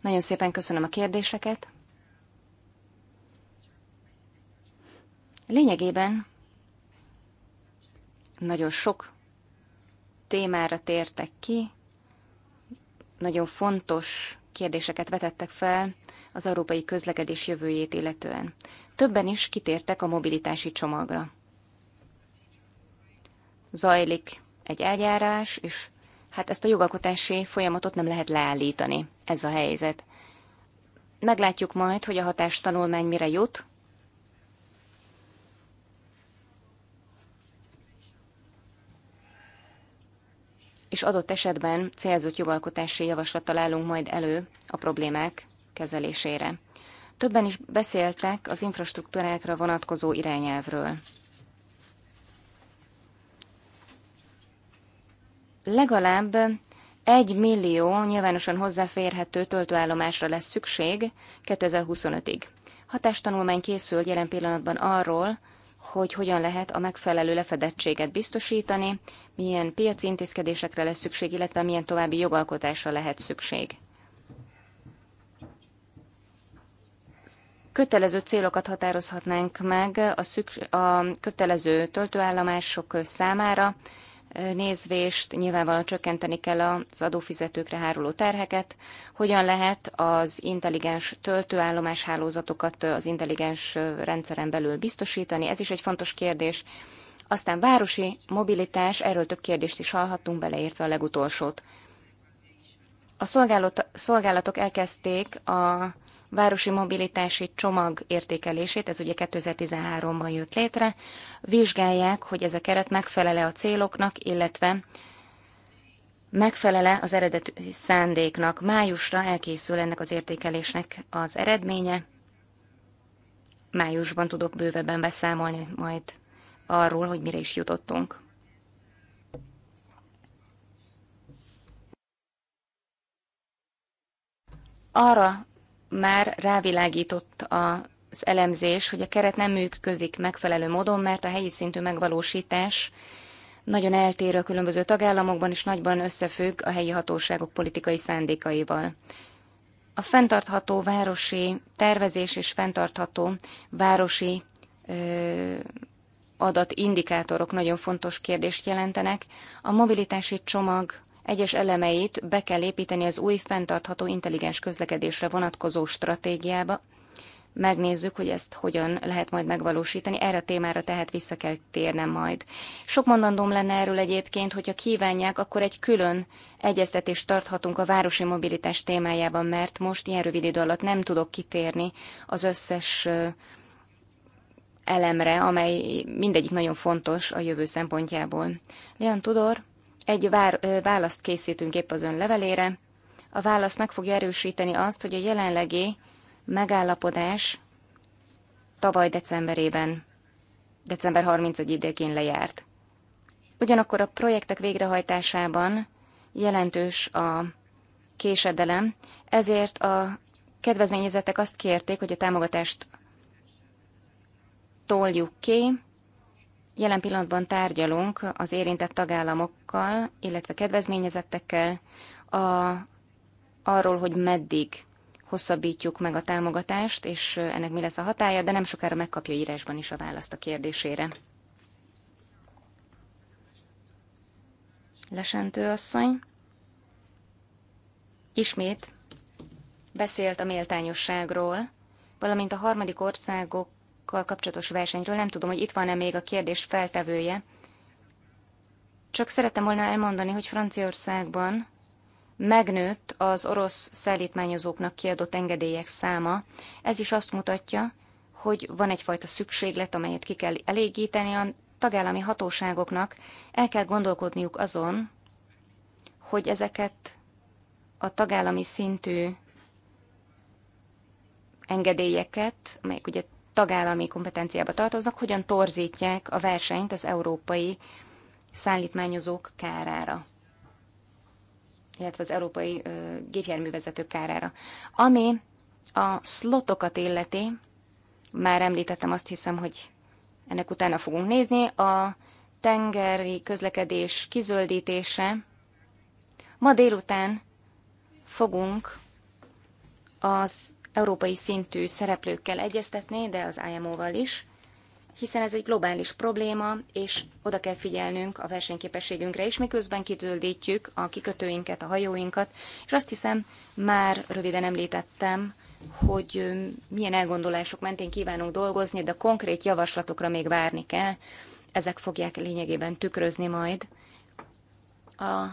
Nagyon szépen köszönöm a kérdéseket. Lényegében nagyon sok témára tértek ki, nagyon fontos kérdéseket vetettek fel az európai közlekedés jövőjét illetően. Többen is kitértek a mobilitási csomagra. Zajlik egy eljárás, és hát ezt a jogalkotási folyamatot nem lehet leállítani. Ez a helyzet. Meglátjuk majd, hogy a hatástanulmány mire jut, és adott esetben célzott jogalkotási javaslat találunk majd elő a problémák kezelésére. Többen is beszéltek az infrastruktúrákra vonatkozó irányelvről. Legalább egy millió nyilvánosan hozzáférhető töltőállomásra lesz szükség 2025-ig. Hatástanulmány készül jelen pillanatban arról, hogy hogyan lehet a megfelelő lefedettséget biztosítani, milyen piaci intézkedésekre lesz szükség, illetve milyen további jogalkotásra lehet szükség. Kötelező célokat határozhatnánk meg a, szüks- a kötelező töltőállomások számára, nézvést nyilvánvalóan csökkenteni kell az adófizetőkre háruló terheket, hogyan lehet az intelligens töltőállomás hálózatokat az intelligens rendszeren belül biztosítani, ez is egy fontos kérdés. Aztán városi mobilitás, erről több kérdést is hallhattunk, beleértve a legutolsót. A szolgálatok elkezdték a városi mobilitási csomag értékelését, ez ugye 2013-ban jött létre, vizsgálják, hogy ez a keret megfelele a céloknak, illetve megfelele az eredeti szándéknak. Májusra elkészül ennek az értékelésnek az eredménye. Májusban tudok bővebben beszámolni majd arról, hogy mire is jutottunk. Arra már rávilágított az elemzés, hogy a keret nem működik megfelelő módon, mert a helyi szintű megvalósítás nagyon eltér a különböző tagállamokban, és nagyban összefügg a helyi hatóságok politikai szándékaival. A fenntartható városi tervezés és fenntartható városi ö, adatindikátorok nagyon fontos kérdést jelentenek. A mobilitási csomag egyes elemeit be kell építeni az új fenntartható intelligens közlekedésre vonatkozó stratégiába. Megnézzük, hogy ezt hogyan lehet majd megvalósítani. Erre a témára tehát vissza kell térnem majd. Sok mondandóm lenne erről egyébként, hogyha kívánják, akkor egy külön egyeztetést tarthatunk a városi mobilitás témájában, mert most ilyen rövid idő alatt nem tudok kitérni az összes elemre, amely mindegyik nagyon fontos a jövő szempontjából. Leon Tudor egy vár, választ készítünk épp az ön levelére. A válasz meg fogja erősíteni azt, hogy a jelenlegi megállapodás tavaly decemberében, december 31 idegén lejárt. Ugyanakkor a projektek végrehajtásában jelentős a késedelem, ezért a kedvezményezettek azt kérték, hogy a támogatást toljuk ki, Jelen pillanatban tárgyalunk az érintett tagállamokkal, illetve kedvezményezettekkel a, arról, hogy meddig hosszabbítjuk meg a támogatást, és ennek mi lesz a hatája, de nem sokára megkapja írásban is a választ a kérdésére. Lesentő asszony. Ismét beszélt a méltányosságról, valamint a harmadik országok kutatásokkal kapcsolatos versenyről. Nem tudom, hogy itt van-e még a kérdés feltevője. Csak szerettem volna elmondani, hogy Franciaországban megnőtt az orosz szállítmányozóknak kiadott engedélyek száma. Ez is azt mutatja, hogy van egyfajta szükséglet, amelyet ki kell elégíteni a tagállami hatóságoknak. El kell gondolkodniuk azon, hogy ezeket a tagállami szintű engedélyeket, amelyek ugye tagállami kompetenciába tartoznak, hogyan torzítják a versenyt az európai szállítmányozók kárára illetve az európai ö, gépjárművezetők kárára. Ami a szlotokat illeti, már említettem azt hiszem, hogy ennek utána fogunk nézni, a tengeri közlekedés kizöldítése. Ma délután fogunk az európai szintű szereplőkkel egyeztetni, de az IMO-val is, hiszen ez egy globális probléma, és oda kell figyelnünk a versenyképességünkre is, miközben kitöldítjük a kikötőinket, a hajóinkat, és azt hiszem, már röviden említettem, hogy milyen elgondolások mentén kívánunk dolgozni, de konkrét javaslatokra még várni kell. Ezek fogják lényegében tükrözni majd a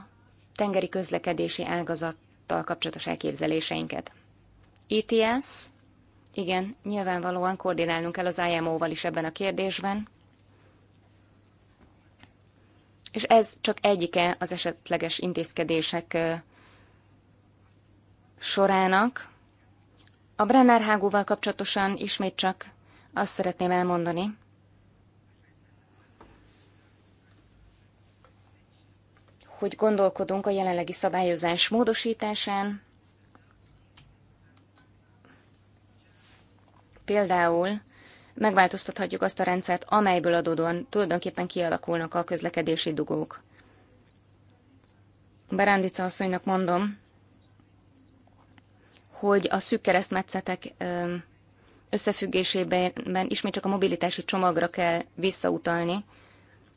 tengeri közlekedési ágazattal kapcsolatos elképzeléseinket. ETS, igen, nyilvánvalóan koordinálnunk kell az IMO-val is ebben a kérdésben. És ez csak egyike az esetleges intézkedések sorának. A Brenner hágóval kapcsolatosan ismét csak azt szeretném elmondani, hogy gondolkodunk a jelenlegi szabályozás módosításán, Például megváltoztathatjuk azt a rendszert, amelyből adódóan tulajdonképpen kialakulnak a közlekedési dugók. Berándica asszonynak mondom, hogy a szűk keresztmetszetek összefüggésében ismét csak a mobilitási csomagra kell visszautalni,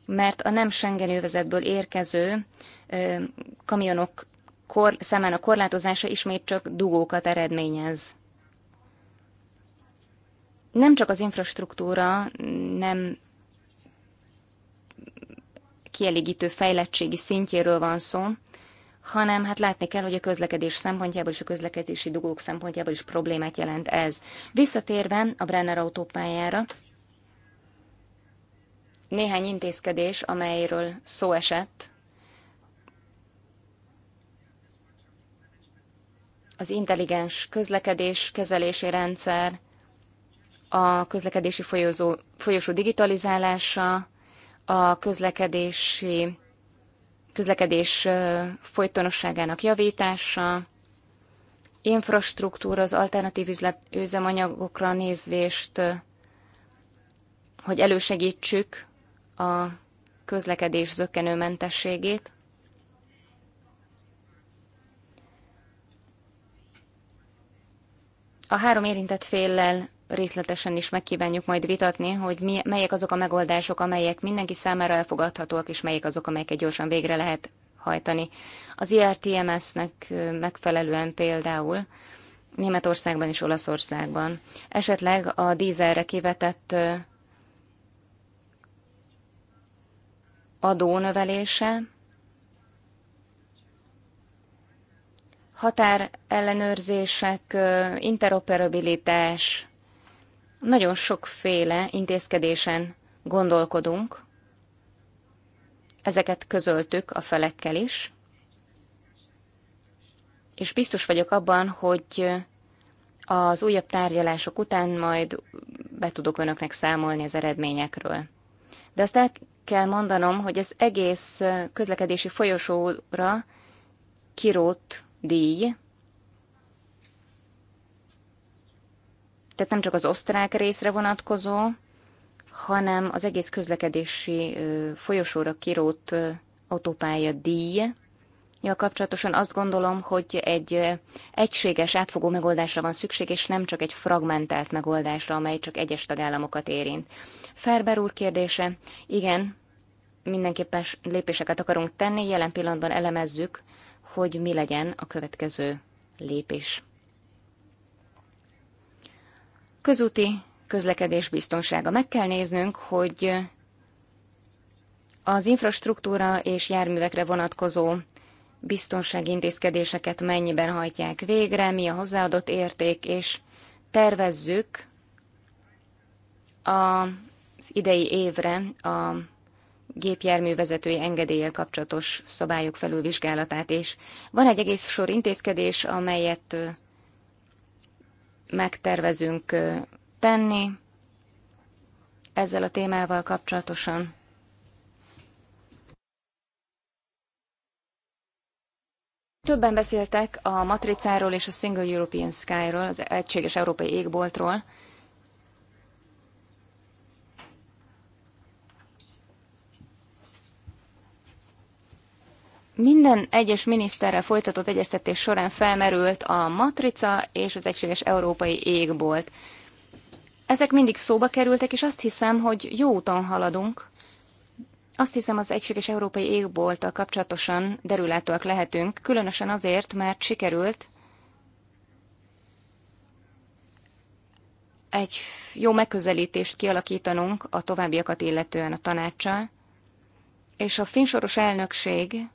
mert a nem Schengen övezetből érkező kamionok szemén a korlátozása ismét csak dugókat eredményez nem csak az infrastruktúra nem kielégítő fejlettségi szintjéről van szó, hanem hát látni kell, hogy a közlekedés szempontjából és a közlekedési dugók szempontjából is problémát jelent ez. Visszatérve a Brenner autópályára, néhány intézkedés, amelyről szó esett, az intelligens közlekedés kezelési rendszer, a közlekedési folyosó, folyosó digitalizálása, a közlekedési közlekedés folytonosságának javítása, infrastruktúra, az alternatív üzlet, üzemanyagokra nézvést, hogy elősegítsük a közlekedés zökkenőmentességét. A három érintett féllel részletesen is megkívánjuk majd vitatni, hogy mi, melyek azok a megoldások, amelyek mindenki számára elfogadhatóak, és melyek azok, amelyeket gyorsan végre lehet hajtani. Az IRTMS-nek megfelelően például Németországban és Olaszországban. Esetleg a dízelre kivetett adó határellenőrzések, interoperabilitás, nagyon sokféle intézkedésen gondolkodunk, ezeket közöltük a felekkel is, és biztos vagyok abban, hogy az újabb tárgyalások után majd be tudok önöknek számolni az eredményekről. De azt el kell mondanom, hogy az egész közlekedési folyosóra kirót díj, tehát nem csak az osztrák részre vonatkozó, hanem az egész közlekedési folyosóra kirót autópálya díj, Ja, kapcsolatosan azt gondolom, hogy egy egységes, átfogó megoldásra van szükség, és nem csak egy fragmentált megoldásra, amely csak egyes tagállamokat érint. Ferber úr kérdése, igen, mindenképpen lépéseket akarunk tenni, jelen pillanatban elemezzük, hogy mi legyen a következő lépés. Közúti közlekedés biztonsága. Meg kell néznünk, hogy az infrastruktúra és járművekre vonatkozó biztonsági intézkedéseket mennyiben hajtják végre, mi a hozzáadott érték, és tervezzük az idei évre a gépjárművezetői engedéllyel kapcsolatos szabályok felülvizsgálatát is. Van egy egész sor intézkedés, amelyet megtervezünk tenni ezzel a témával kapcsolatosan. Többen beszéltek a matricáról és a Single European Sky-ról, az egységes európai égboltról. Minden egyes miniszterrel folytatott egyeztetés során felmerült a matrica és az egységes európai égbolt. Ezek mindig szóba kerültek, és azt hiszem, hogy jó úton haladunk. Azt hiszem, az egységes európai égbolttal kapcsolatosan derülátóak lehetünk, különösen azért, mert sikerült egy jó megközelítést kialakítanunk a továbbiakat illetően a tanácsal, és a finsoros elnökség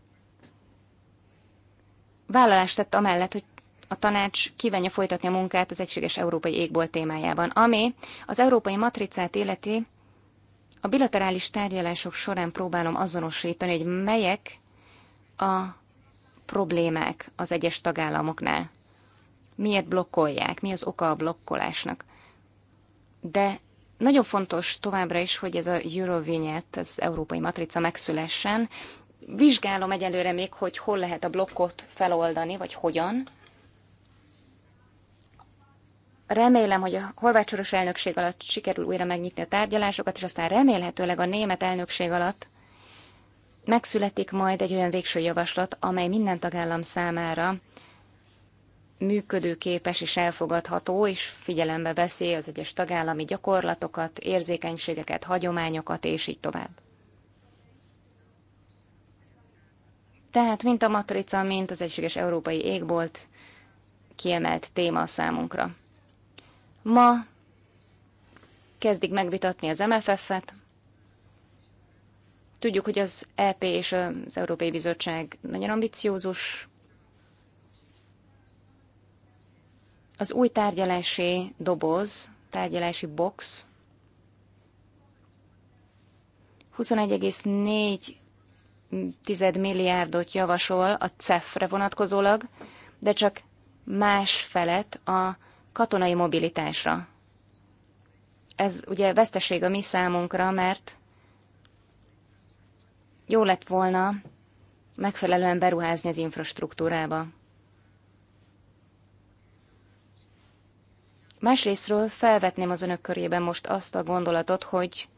vállalást tett amellett, hogy a tanács kívánja folytatni a munkát az egységes európai égbolt témájában, ami az európai matricát életi a bilaterális tárgyalások során próbálom azonosítani, hogy melyek a problémák az egyes tagállamoknál. Miért blokkolják, mi az oka a blokkolásnak. De nagyon fontos továbbra is, hogy ez a Eurovinyet, az európai matrica megszülessen, Vizsgálom egyelőre még, hogy hol lehet a blokkot feloldani, vagy hogyan. Remélem, hogy a horvát soros elnökség alatt sikerül újra megnyitni a tárgyalásokat, és aztán remélhetőleg a német elnökség alatt megszületik majd egy olyan végső javaslat, amely minden tagállam számára működőképes és elfogadható, és figyelembe veszi az egyes tagállami gyakorlatokat, érzékenységeket, hagyományokat, és így tovább. Tehát mint a matrica, mint az egységes európai égbolt kiemelt téma a számunkra. Ma kezdik megvitatni az MFF-et. Tudjuk, hogy az EP és az Európai Bizottság nagyon ambiciózus. Az új tárgyalási doboz, tárgyalási box tized milliárdot javasol a CEF-re vonatkozólag, de csak más felet a katonai mobilitásra. Ez ugye veszteség a mi számunkra, mert jó lett volna megfelelően beruházni az infrastruktúrába. Másrésztről felvetném az önök körében most azt a gondolatot, hogy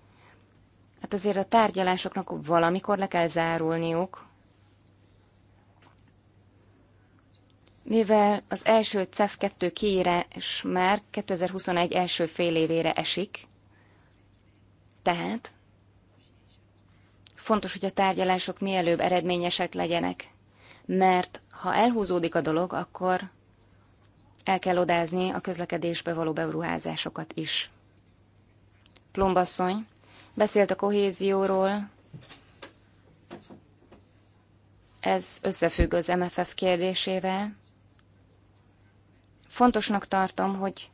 hát azért a tárgyalásoknak valamikor le kell zárulniuk. Mivel az első CEF 2 kiírás már 2021 első fél évére esik, tehát fontos, hogy a tárgyalások mielőbb eredményesek legyenek, mert ha elhúzódik a dolog, akkor el kell odázni a közlekedésbe való beruházásokat is. Plombasszony, beszélt a kohézióról, ez összefügg az MFF kérdésével. Fontosnak tartom, hogy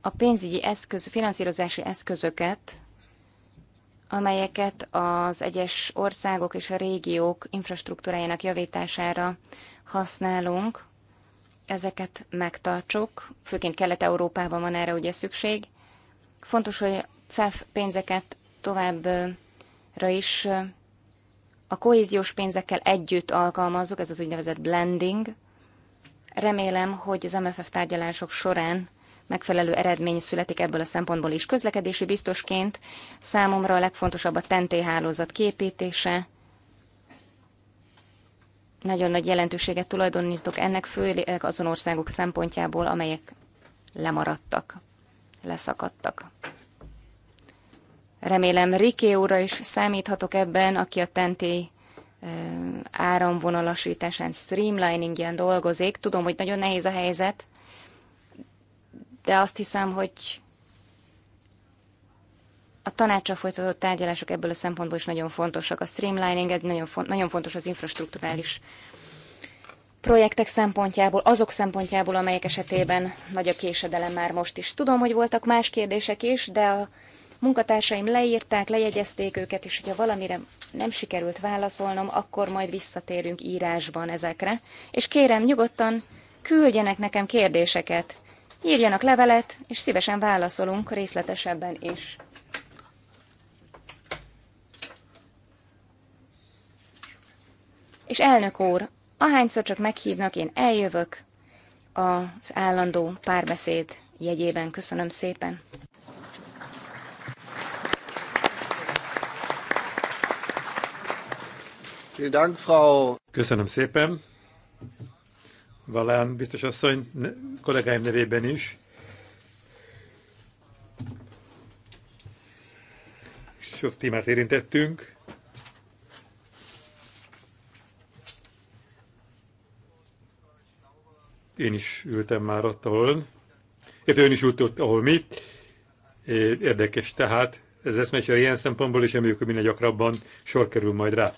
a pénzügyi eszköz, finanszírozási eszközöket, amelyeket az egyes országok és a régiók infrastruktúrájának javítására használunk, ezeket megtartsuk, főként Kelet-Európában van erre ugye szükség. Fontos, hogy CEF pénzeket továbbra is a kohéziós pénzekkel együtt alkalmazzuk, ez az úgynevezett blending. Remélem, hogy az MFF tárgyalások során megfelelő eredmény születik ebből a szempontból is. Közlekedési biztosként számomra a legfontosabb a TNT hálózat képítése. Nagyon nagy jelentőséget tulajdonítok ennek, főleg eh, azon országok szempontjából, amelyek lemaradtak, leszakadtak. Remélem Riké óra is számíthatok ebben, aki a tenté áramvonalasításán, streamliningen dolgozik. Tudom, hogy nagyon nehéz a helyzet, de azt hiszem, hogy a tanácsa folytatott tárgyalások ebből a szempontból is nagyon fontosak. A streamlining, egy nagyon, font, nagyon fontos az infrastruktúrális projektek szempontjából, azok szempontjából, amelyek esetében nagy a késedelem már most is. Tudom, hogy voltak más kérdések is, de a Munkatársaim leírták, lejegyezték őket, és hogyha valamire nem sikerült válaszolnom, akkor majd visszatérünk írásban ezekre. És kérem, nyugodtan küldjenek nekem kérdéseket. Írjanak levelet, és szívesen válaszolunk részletesebben is. És elnök úr, ahányszor csak meghívnak, én eljövök az állandó párbeszéd jegyében. Köszönöm szépen.
Köszönöm szépen. Valán biztos asszony, kollégáim nevében is. Sok témát érintettünk. Én is ültem már ott, ahol ön. Érte, ön is ült ott, ahol mi. Érdekes tehát, ez eszmecsere ilyen szempontból, és reméljük, hogy minél gyakrabban sor kerül majd rá.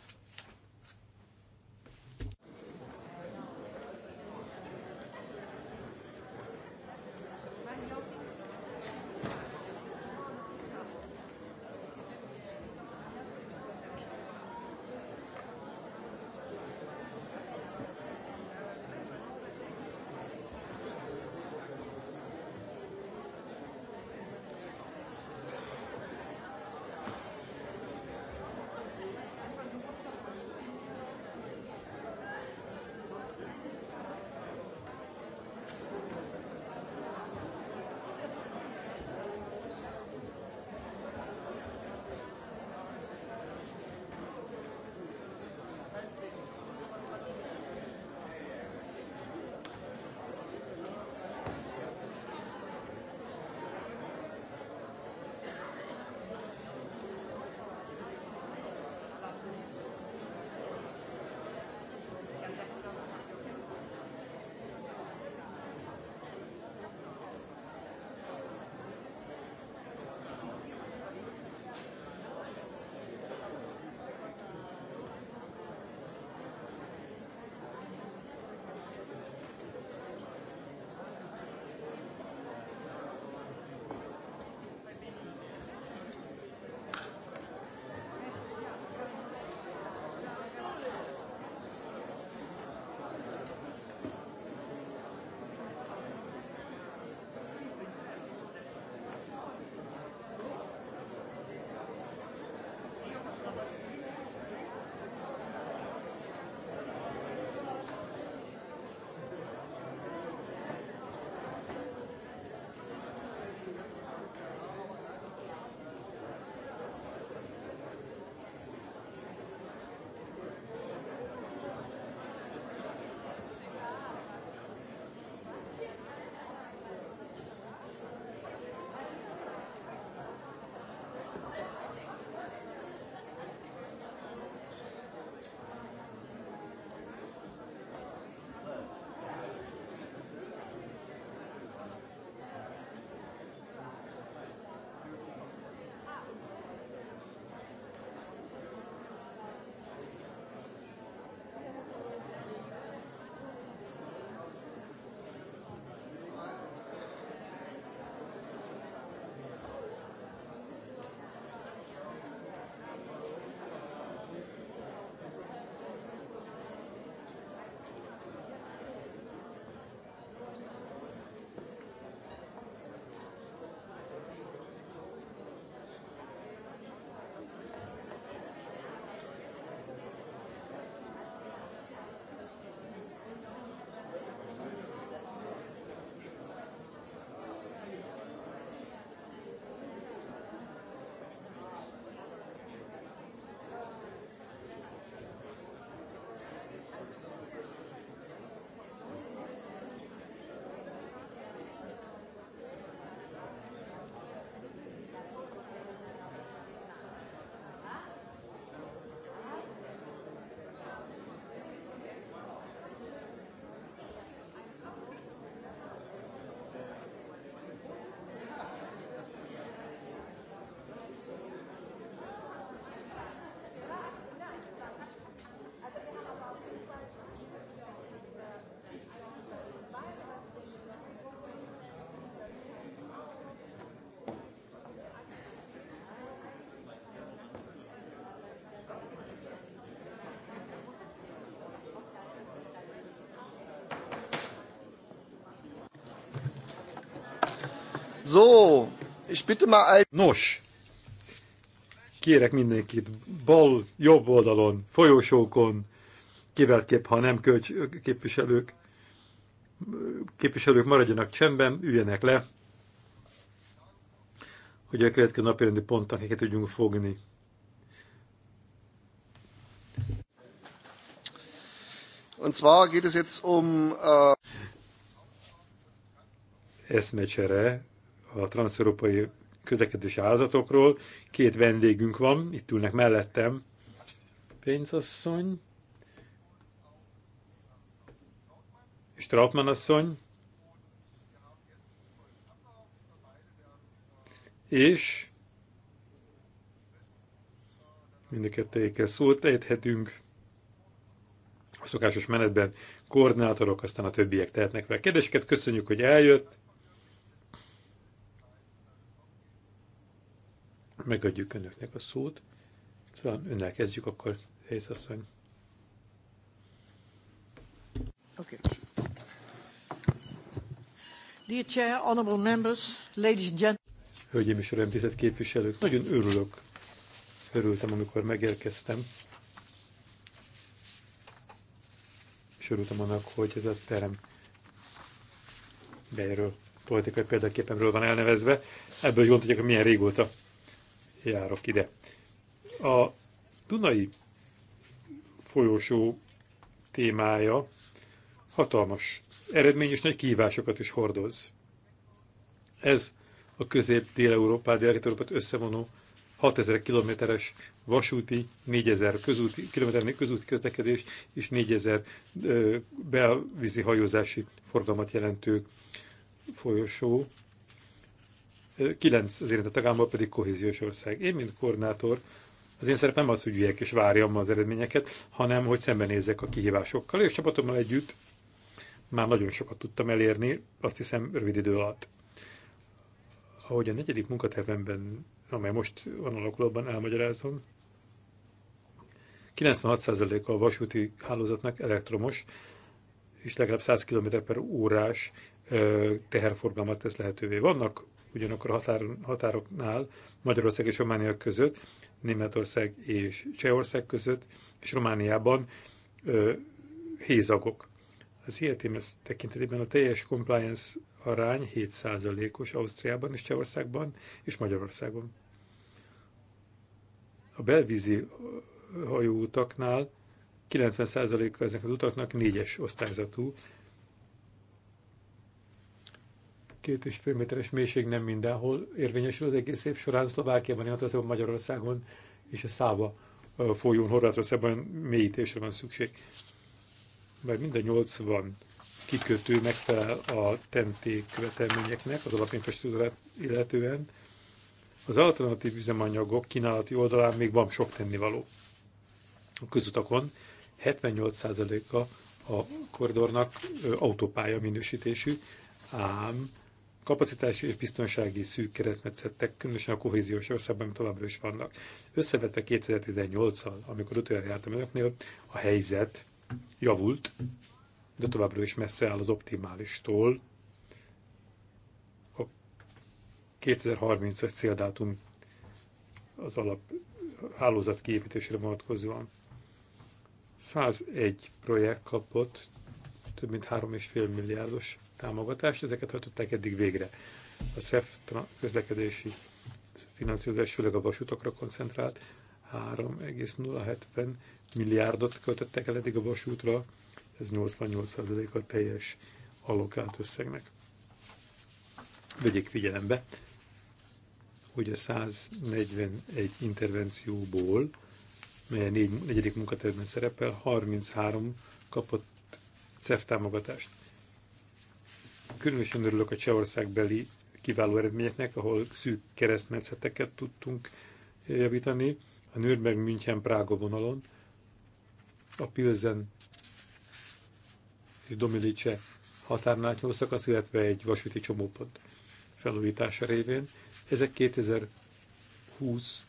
So, és bitte már egy... Nos, kérek mindenkit, bal, jobb oldalon, folyosókon, kiveltképp, ha nem kölcs, képviselők, képviselők maradjanak csendben, üljenek le, hogy a következő rendi pont, akiket tudjunk fogni. Und zwar geht es jetzt um... Uh... Eszmecsere a transzeurópai közlekedési házatokról. Két vendégünk van, itt ülnek mellettem. Pénzasszony és Trautmann asszony. És mind a kettőjékkel szót ejthetünk a szokásos menetben koordinátorok, aztán a többiek tehetnek fel. Kedvesket köszönjük, hogy eljött. megadjuk önöknek a szót. szóval önnel kezdjük, akkor Rész asszony.
Okay. Dear Chair, Honorable Members, Ladies and Gentlemen.
Hölgyeim és Uraim, tisztelt képviselők, nagyon örülök. Örültem, amikor megérkeztem. És örültem annak, hogy ez a terem bejről politikai példaképemről van elnevezve. Ebből gondolják, hogy milyen régóta járok ide. A Dunai folyósó témája hatalmas eredmény és nagy kihívásokat is hordoz. Ez a közép-dél-európát, dél-európát összevonó 6000 kilométeres vasúti, 4000 közúti, kilométernyi közúti közlekedés és 4000 belvízi hajózási forgalmat jelentő folyosó, kilenc az érintett tagállamból pedig kohéziós ország. Én, mint koordinátor, az én szerepem az, hogy üljek és várjam az eredményeket, hanem hogy szembenézek a kihívásokkal, és csapatommal együtt már nagyon sokat tudtam elérni, azt hiszem rövid idő alatt. Ahogy a negyedik munkatervemben, amely most van alakulóban, elmagyarázom, 96% a vasúti hálózatnak elektromos, és legalább 100 km per órás teherforgalmat tesz lehetővé. Vannak ugyanakkor a határ, határoknál Magyarország és Románia között, Németország és Csehország között, és Romániában ö, hézagok. Az IETMS tekintetében a teljes compliance arány 7%-os Ausztriában és Csehországban és Magyarországon. A belvízi hajóutaknál 90%-a ezeknek az utaknak négyes osztályzatú, két és fél méteres mélység nem mindenhol érvényesül az egész év során, Szlovákiában, Németországban, Magyarországon és a Száva folyón Horvátországban mélyítésre van szükség. Mert minden 80 kikötő megfelel a tenték követelményeknek az alapinfrastruktúrát illetően. Az alternatív üzemanyagok kínálati oldalán még van sok tennivaló. A közutakon 78%-a a koridornak autópálya minősítésű, ám kapacitási és biztonsági szűk keresztmetszettek, különösen a kohéziós országban továbbra is vannak. Összevetve 2018-al, amikor utoljára jártam önöknél, a helyzet javult, de továbbra is messze áll az optimálistól. A 2030-as céldátum az alap hálózat kiépítésére vonatkozóan. 101 projekt kapott több mint 3,5 milliárdos támogatást, ezeket hajtották eddig végre. A SZEF közlekedési finanszírozás főleg a vasutakra koncentrált, 3,070 milliárdot költöttek el eddig a vasútra, ez 88% a teljes allokált összegnek. Vegyék figyelembe, hogy a 141 intervencióból, mely a negyedik munkatervben szerepel, 33 kapott CEF támogatást. Különösen örülök a Csehországbeli kiváló eredményeknek, ahol szűk keresztmetszeteket tudtunk eh, javítani, a Nürnberg München Prága vonalon, a Pilzen és Domilice határnál szakasz, illetve egy vasúti csomópont felújítása révén. Ezek 2020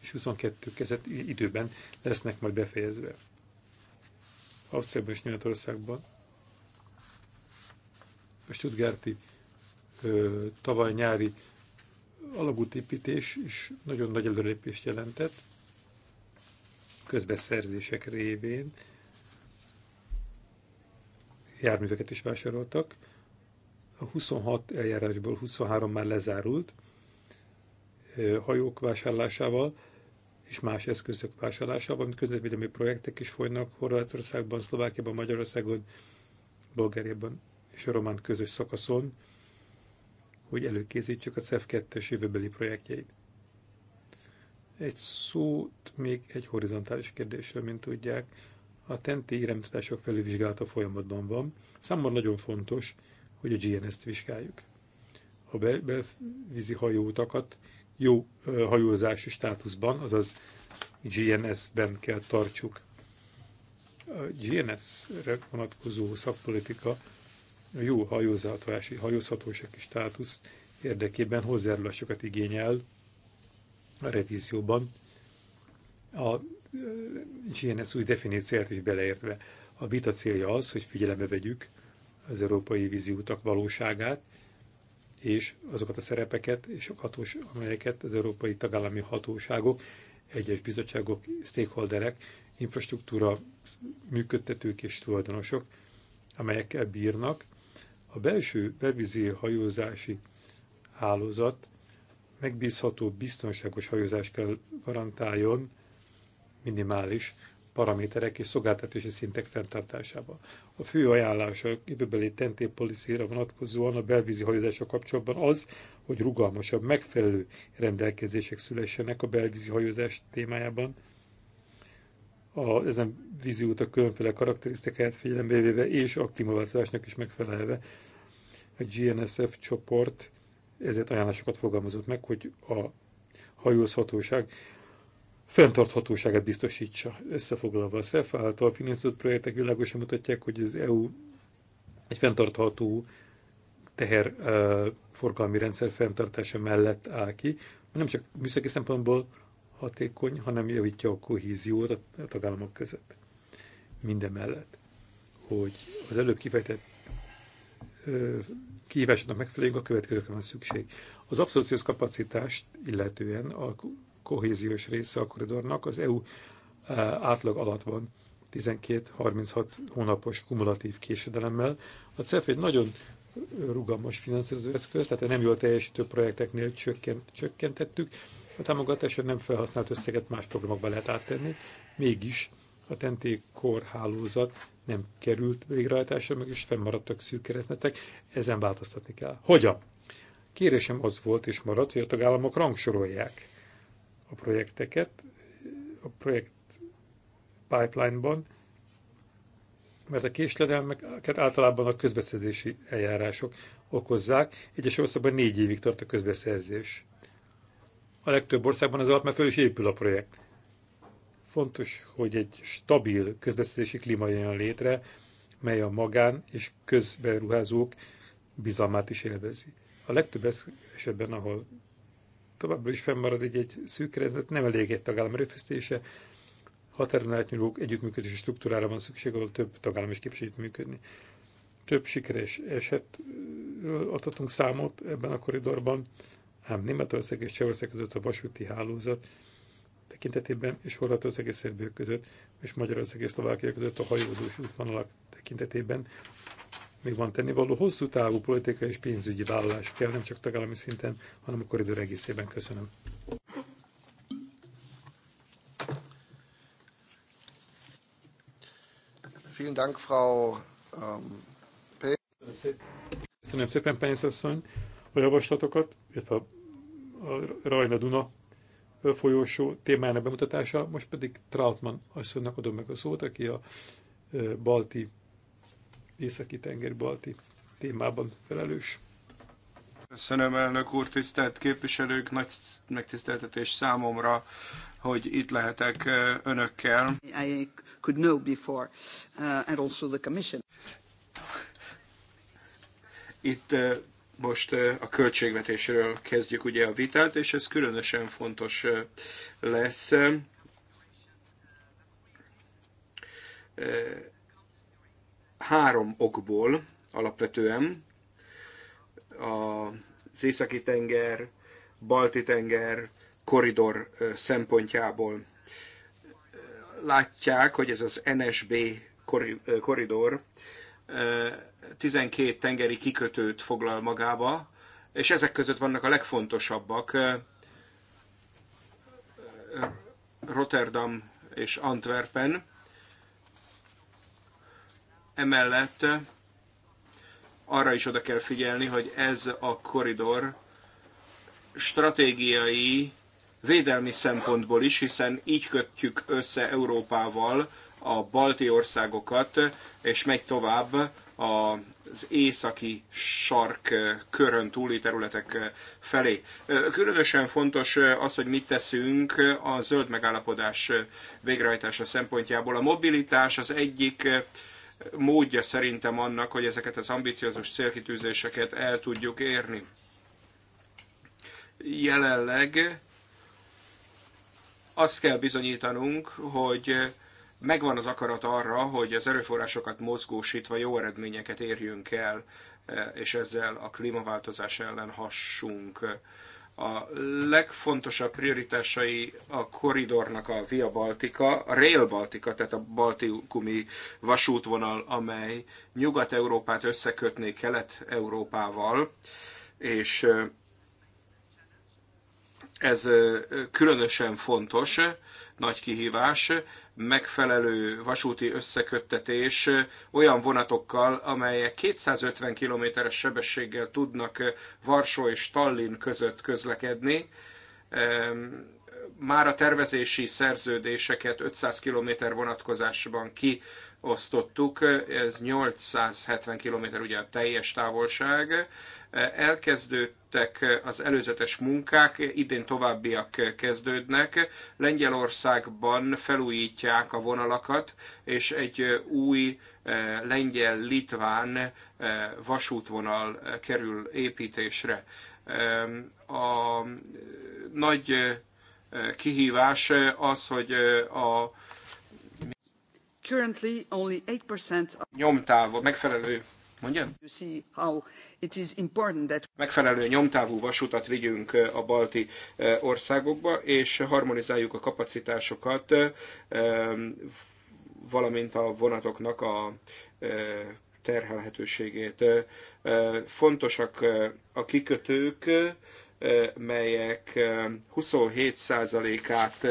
és 22 kezet időben lesznek majd befejezve. Ausztriában és Németországban a Stuttgarti ö, tavaly nyári alagútépítés is nagyon nagy előrelépést jelentett közbeszerzések révén. Járműveket is vásároltak. A 26 eljárásból 23 már lezárult hajók vásárlásával és más eszközök vásárlásával, mint közvetvédelmi projektek is folynak Horvátországban, Szlovákiában, Magyarországon, Bulgáriában, és a román közös szakaszon, hogy előkészítsük a CEF 2 jövőbeli projektjeit. Egy szót még egy horizontális kérdésről, mint tudják, a tenti irányítások felülvizsgálata folyamatban van. Számomra nagyon fontos, hogy a GNS-t vizsgáljuk. A bel belvízi hajóutakat jó hajózási státuszban, azaz GNS-ben kell tartsuk. A GNS-re vonatkozó szakpolitika a jó hajózhatósági, hajózhatósági státusz érdekében hozzájárulásokat igényel a revízióban, a GNS új definíciát is beleértve. A vita célja az, hogy figyelembe vegyük az európai vízi utak valóságát, és azokat a szerepeket, és hatós, amelyeket az európai tagállami hatóságok, egyes bizottságok, stakeholderek, infrastruktúra működtetők és tulajdonosok, amelyekkel bírnak, a belső bevízi hajózási hálózat megbízható, biztonságos hajózást kell garantáljon minimális paraméterek és szolgáltatási szintek fenntartásába. A fő ajánlása a jövőbeli TNT policy vonatkozóan a belvízi hajózásra kapcsolatban az, hogy rugalmasabb, megfelelő rendelkezések szülessenek a belvízi hajózás témájában, a, ezen vízi útok különféle karakterisztikáját figyelembe véve és a klímaváltozásnak is megfelelve a GNSF csoport ezért ajánlásokat fogalmazott meg, hogy a hajózhatóság fenntarthatóságát biztosítsa. Összefoglalva a SZEF által finanszírozott projektek világosan mutatják, hogy az EU egy fenntartható teherforgalmi uh, rendszer fenntartása mellett áll ki, nem csak műszaki szempontból, hatékony, hanem javítja a kohéziót a tagállamok között. Minden mellett, hogy az előbb kifejtett kihívásoknak megfeleljünk, a következőkre van szükség. Az abszorciós kapacitást illetően a kohéziós része a koridornak az EU átlag alatt van 12-36 hónapos kumulatív késedelemmel. A CEF egy nagyon rugalmas finanszírozó eszköz, tehát a nem jól teljesítő projekteknél csökkent, csökkentettük, a támogatásra nem felhasznált összeget más programokba lehet áttenni, mégis a tenté hálózat nem került végrehajtásra, is fennmaradtak szűk keresztmetek, ezen változtatni kell. Hogyan? Kérésem az volt és maradt, hogy a tagállamok rangsorolják a projekteket a projekt pipeline-ban, mert a késledelmeket általában a közbeszerzési eljárások okozzák. Egyes országban négy évig tart a közbeszerzés. A legtöbb országban ez alatt már föl is épül a projekt. Fontos, hogy egy stabil közbeszélési klíma jön létre, mely a magán és közberuházók bizalmát is élvezi. A legtöbb esetben, ahol továbbra is fennmarad egy, egy szűk keresztet, nem elég egy tagállam erőfeszítése, határon átnyúló együttműködési struktúrára van szükség, ahol több tagállam is képes működni. Több sikeres esetről adhatunk számot ebben a koridorban, ám Németország és Csehország között a vasúti hálózat tekintetében és Horvátország és Szerbia között és Magyarország és Szlovákia között a hajózós útvonalak tekintetében még van tennivaló. Hosszú távú politikai és pénzügyi vállalás kell, nem csak tagállami szinten, hanem a koridor egészében. Köszönöm.
Vielen Dank, Frau ähm,
Köszönöm szépen, Pénzasszony, a javaslatokat, illetve a Rajna-Duna folyósó témájának bemutatása, most pedig Trautmann asszonynak adom meg a szót, aki a balti, északi tenger balti témában felelős.
Köszönöm, elnök úr, tisztelt képviselők, nagy megtiszteltetés számomra, hogy itt lehetek önökkel. I could know before, uh,
and also the commission.
Itt most a költségvetésről kezdjük ugye a vitát, és ez különösen fontos lesz. Három okból alapvetően az Északi-tenger, Balti-tenger koridor szempontjából látják, hogy ez az NSB koridor 12 tengeri kikötőt foglal magába, és ezek között vannak a legfontosabbak. Rotterdam és Antwerpen. Emellett arra is oda kell figyelni, hogy ez a koridor stratégiai védelmi szempontból is, hiszen így kötjük össze Európával a balti országokat, és megy tovább az északi sark körön túli területek felé. Különösen fontos az, hogy mit teszünk a zöld megállapodás végrehajtása szempontjából. A mobilitás az egyik módja szerintem annak, hogy ezeket az ambiciózus célkitűzéseket el tudjuk érni. Jelenleg azt kell bizonyítanunk, hogy megvan az akarat arra, hogy az erőforrásokat mozgósítva jó eredményeket érjünk el, e, és ezzel a klímaváltozás ellen hassunk. A legfontosabb prioritásai a koridornak a Via Baltica, a Rail Baltica, tehát a Baltikumi vasútvonal, amely Nyugat-Európát összekötné Kelet-Európával, és e, ez különösen fontos, nagy kihívás, megfelelő vasúti összeköttetés olyan vonatokkal, amelyek 250 km-es sebességgel tudnak Varsó és Tallinn között közlekedni. Már a tervezési szerződéseket 500 km vonatkozásban kiosztottuk, ez 870 km ugye a teljes távolság, Elkezdődtek az előzetes munkák, idén továbbiak kezdődnek. Lengyelországban felújítják a vonalakat, és egy új eh, lengyel-litván eh, vasútvonal kerül építésre. Eh, a nagy kihívás az, hogy a Currently only 8% nyomtáv, megfelelő Mondjam? You see how Megfelelő nyomtávú vasutat vigyünk a balti országokba, és harmonizáljuk a kapacitásokat, valamint a vonatoknak a terhelhetőségét. Fontosak a kikötők, melyek 27%-át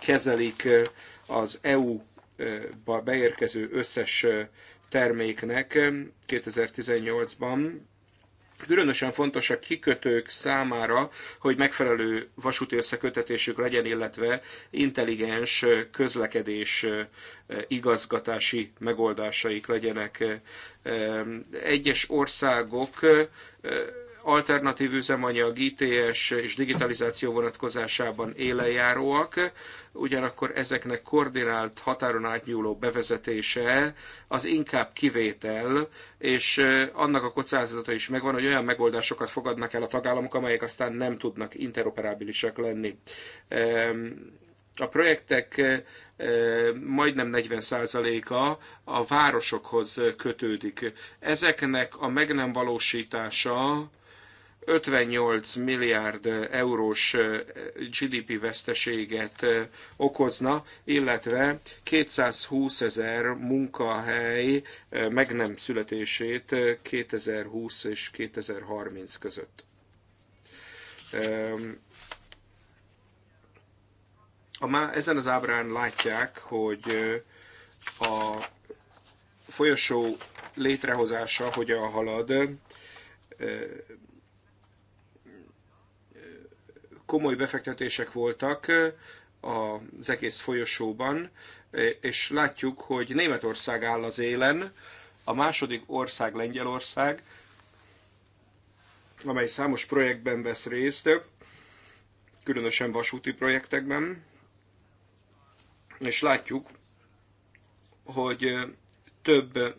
kezelik az EU-ba beérkező összes terméknek 2018-ban. Különösen fontos a kikötők számára, hogy megfelelő vasúti összekötetésük legyen, illetve intelligens közlekedés igazgatási megoldásaik legyenek. Egyes országok alternatív üzemanyag, ITS és digitalizáció vonatkozásában élejáróak, ugyanakkor ezeknek koordinált határon átnyúló bevezetése az inkább kivétel, és annak a kockázata is megvan, hogy olyan megoldásokat fogadnak el a tagállamok, amelyek aztán nem tudnak interoperábilisek lenni. A projektek majdnem 40%-a a városokhoz kötődik. Ezeknek a meg nem valósítása 58 milliárd eurós GDP veszteséget okozna, illetve 220 ezer munkahely meg nem születését 2020 és 2030 között. A má, ezen az ábrán látják, hogy a folyosó létrehozása hogyan halad komoly befektetések voltak az egész folyosóban, és látjuk, hogy Németország áll az élen, a második ország Lengyelország, amely számos projektben vesz részt, különösen vasúti projektekben, és látjuk, hogy több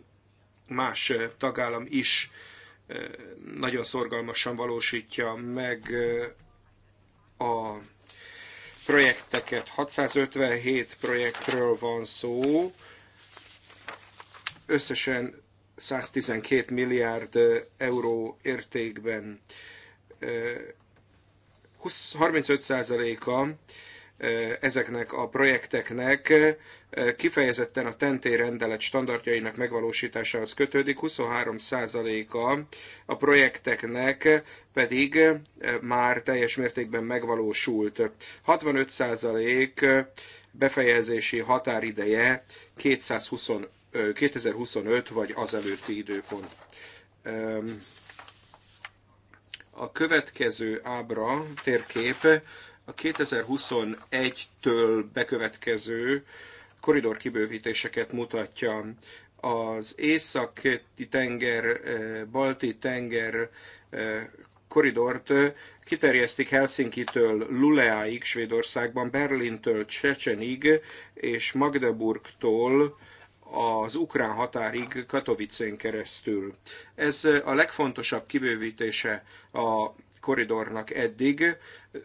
más tagállam is nagyon szorgalmasan valósítja meg a projekteket. 657 projektről van szó, összesen 112 milliárd euró értékben. 35%-a ezeknek a projekteknek kifejezetten a TENTÉ rendelet standardjainak megvalósításához kötődik, 23%-a a projekteknek pedig már teljes mértékben megvalósult. 65% befejezési határideje 220, 2025 vagy azelőtti időpont. A következő ábra, térkép a 2021-től bekövetkező koridor kibővítéseket mutatja. Az északi tenger, eh, balti tenger eh, koridort eh, kiterjesztik Helsinki-től Luleáig Svédországban, Berlintől Csecsenig és Magdeburgtól az ukrán határig Katowicén keresztül. Ez a legfontosabb kibővítése a koridornak eddig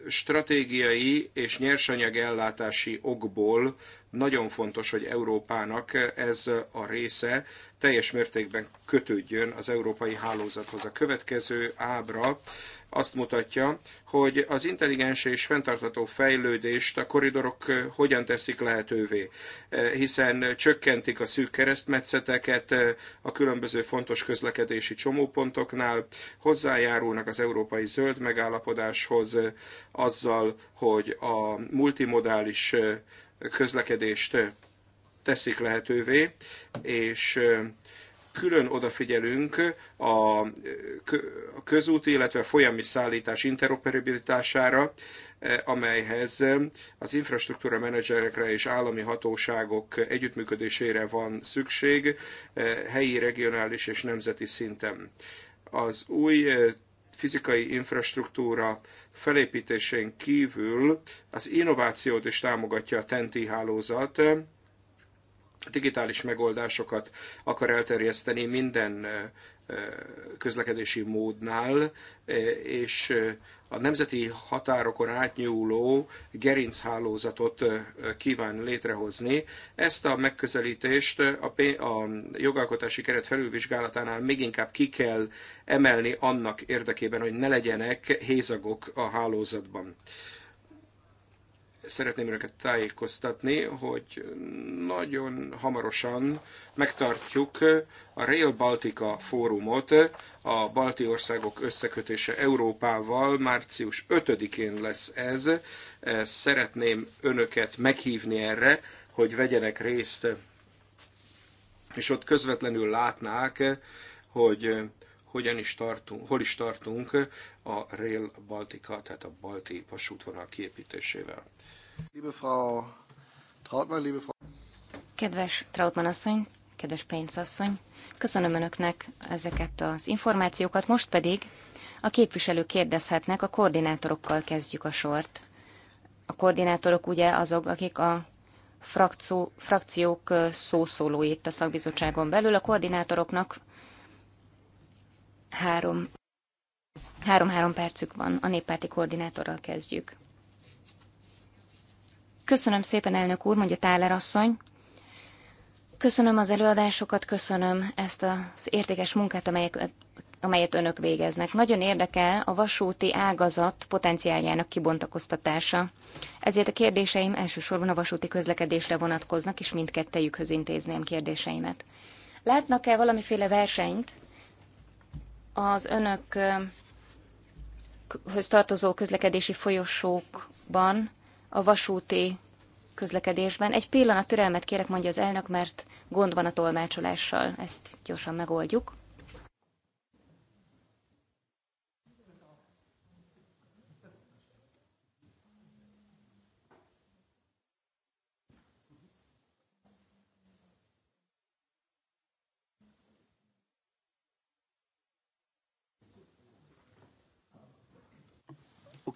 stratégiai és nyersanyagellátási okból nagyon fontos, hogy Európának ez a része teljes mértékben kötődjön az európai hálózathoz. A következő ábra azt mutatja, hogy az intelligens és fenntartató fejlődést a koridorok eh, hogyan teszik lehetővé, eh, hiszen csökkentik a szűk keresztmetszeteket eh, a különböző fontos közlekedési csomópontoknál, hozzájárulnak az európai zöld megállapodáshoz azzal, hogy a multimodális közlekedést teszik lehetővé, és külön odafigyelünk a közúti, illetve a folyami szállítás interoperabilitására, amelyhez az infrastruktúra menedzserekre és állami hatóságok együttműködésére van szükség helyi, regionális és nemzeti szinten. Az új fizikai infrastruktúra felépítésén kívül az innovációt is támogatja a TENTI hálózat, digitális megoldásokat akar elterjeszteni minden közlekedési módnál, és a nemzeti határokon átnyúló gerinchálózatot kíván létrehozni. Ezt a megközelítést a, jogalkotási keret felülvizsgálatánál még inkább ki kell emelni annak érdekében, hogy ne legyenek hézagok a hálózatban szeretném önöket tájékoztatni, hogy nagyon hamarosan megtartjuk a Rail Baltica fórumot, a balti országok összekötése Európával, március 5-én lesz ez. Szeretném önöket meghívni erre, hogy vegyenek részt, és ott közvetlenül látnák, hogy hogyan is tartunk, hol is tartunk a Rail Baltica, tehát a balti vasútvonal kiépítésével.
Liebe Frau Trautmann, liebe Frau...
Kedves Trautmann asszony, kedves Pénz asszony, köszönöm Önöknek ezeket az információkat, most pedig a képviselők kérdezhetnek, a koordinátorokkal kezdjük a sort. A koordinátorok ugye azok, akik a frakció, frakciók szószólóit a szakbizottságon belül, a koordinátoroknak három, három-három percük van. A néppárti koordinátorral kezdjük. Köszönöm szépen, elnök úr, mondja Táler asszony. Köszönöm az előadásokat, köszönöm ezt az értékes munkát, amelyek, amelyet önök végeznek. Nagyon érdekel a vasúti ágazat potenciáljának kibontakoztatása. Ezért a kérdéseim elsősorban a vasúti közlekedésre vonatkoznak, és mindkettejükhöz intézném kérdéseimet. Látnak-e valamiféle versenyt az önökhöz tartozó közlekedési folyosókban, a vasúti közlekedésben. Egy pillanat türelmet kérek, mondja az elnök, mert gond van a tolmácsolással. Ezt gyorsan megoldjuk.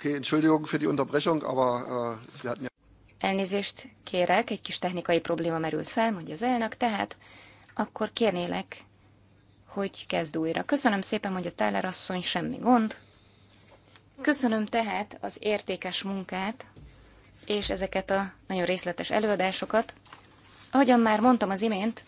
Okay, Entschuldigung für die Unterbrechung, aber uh, wir hatten ja...
Elnézést kérek, egy kis technikai probléma merült fel, mondja az elnök, tehát akkor kérnélek, hogy kezd újra. Köszönöm szépen, mondja Tyler asszony, semmi gond. Köszönöm tehát az értékes munkát, és ezeket a nagyon részletes előadásokat. Ahogyan már mondtam az imént,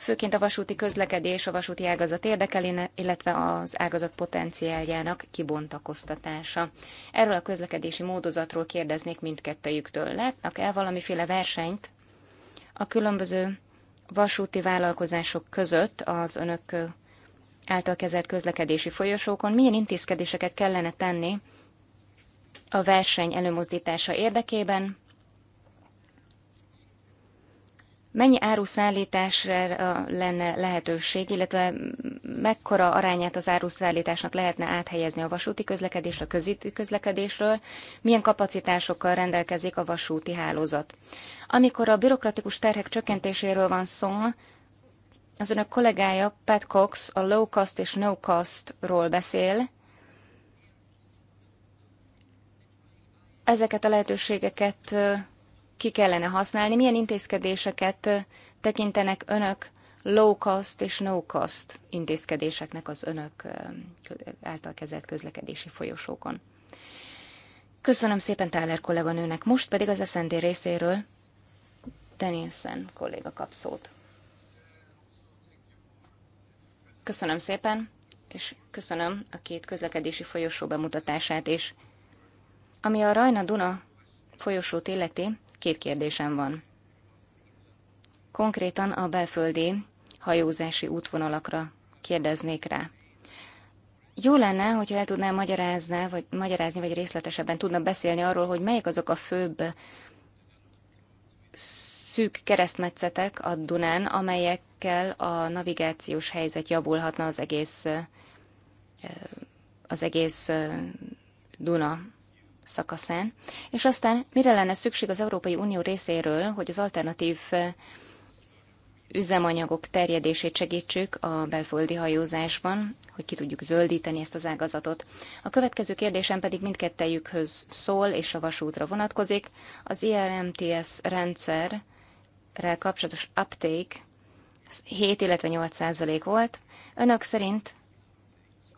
főként a vasúti közlekedés, a vasúti ágazat érdekel, illetve az ágazat potenciáljának kibontakoztatása. Erről a közlekedési módozatról kérdeznék mindkettejüktől. Látnak-e valamiféle versenyt a különböző vasúti vállalkozások között az önök által kezelt közlekedési folyosókon milyen intézkedéseket kellene tenni a verseny előmozdítása érdekében, mennyi áruszállításra lenne lehetőség, illetve mekkora arányát az áruszállításnak lehetne áthelyezni a vasúti közlekedésre, a közíti közlekedésről, milyen kapacitásokkal rendelkezik a vasúti hálózat. Amikor a bürokratikus terhek csökkentéséről van szó, az önök kollégája Pat Cox a low cost és no costról beszél. Ezeket a lehetőségeket ki kellene használni. Milyen intézkedéseket tekintenek önök low cost és no cost intézkedéseknek az önök által kezelt közlekedési folyosókon? Köszönöm szépen Táler kolléganőnek, most pedig az SND részéről Danielsen kolléga kap szót. Köszönöm szépen, és köszönöm a két közlekedési folyosó bemutatását is. Ami a Rajna-Duna folyosót illeti, Két kérdésem van. Konkrétan a belföldi hajózási útvonalakra kérdeznék rá. Jó lenne, hogyha el tudnám magyarázni, vagy, magyarázni, vagy részletesebben tudna beszélni arról, hogy melyik azok a főbb szűk keresztmetszetek a Dunán, amelyekkel a navigációs helyzet javulhatna az egész, az egész Duna szakaszán, és aztán mire lenne szükség az Európai Unió részéről, hogy az alternatív eh, üzemanyagok terjedését segítsük a belföldi hajózásban, hogy ki tudjuk zöldíteni ezt az ágazatot. A következő kérdésem pedig mindkettejükhöz szól és a vasútra vonatkozik. Az IRMTS rendszerrel kapcsolatos uptake 7, illetve 8 százalék volt. Önök szerint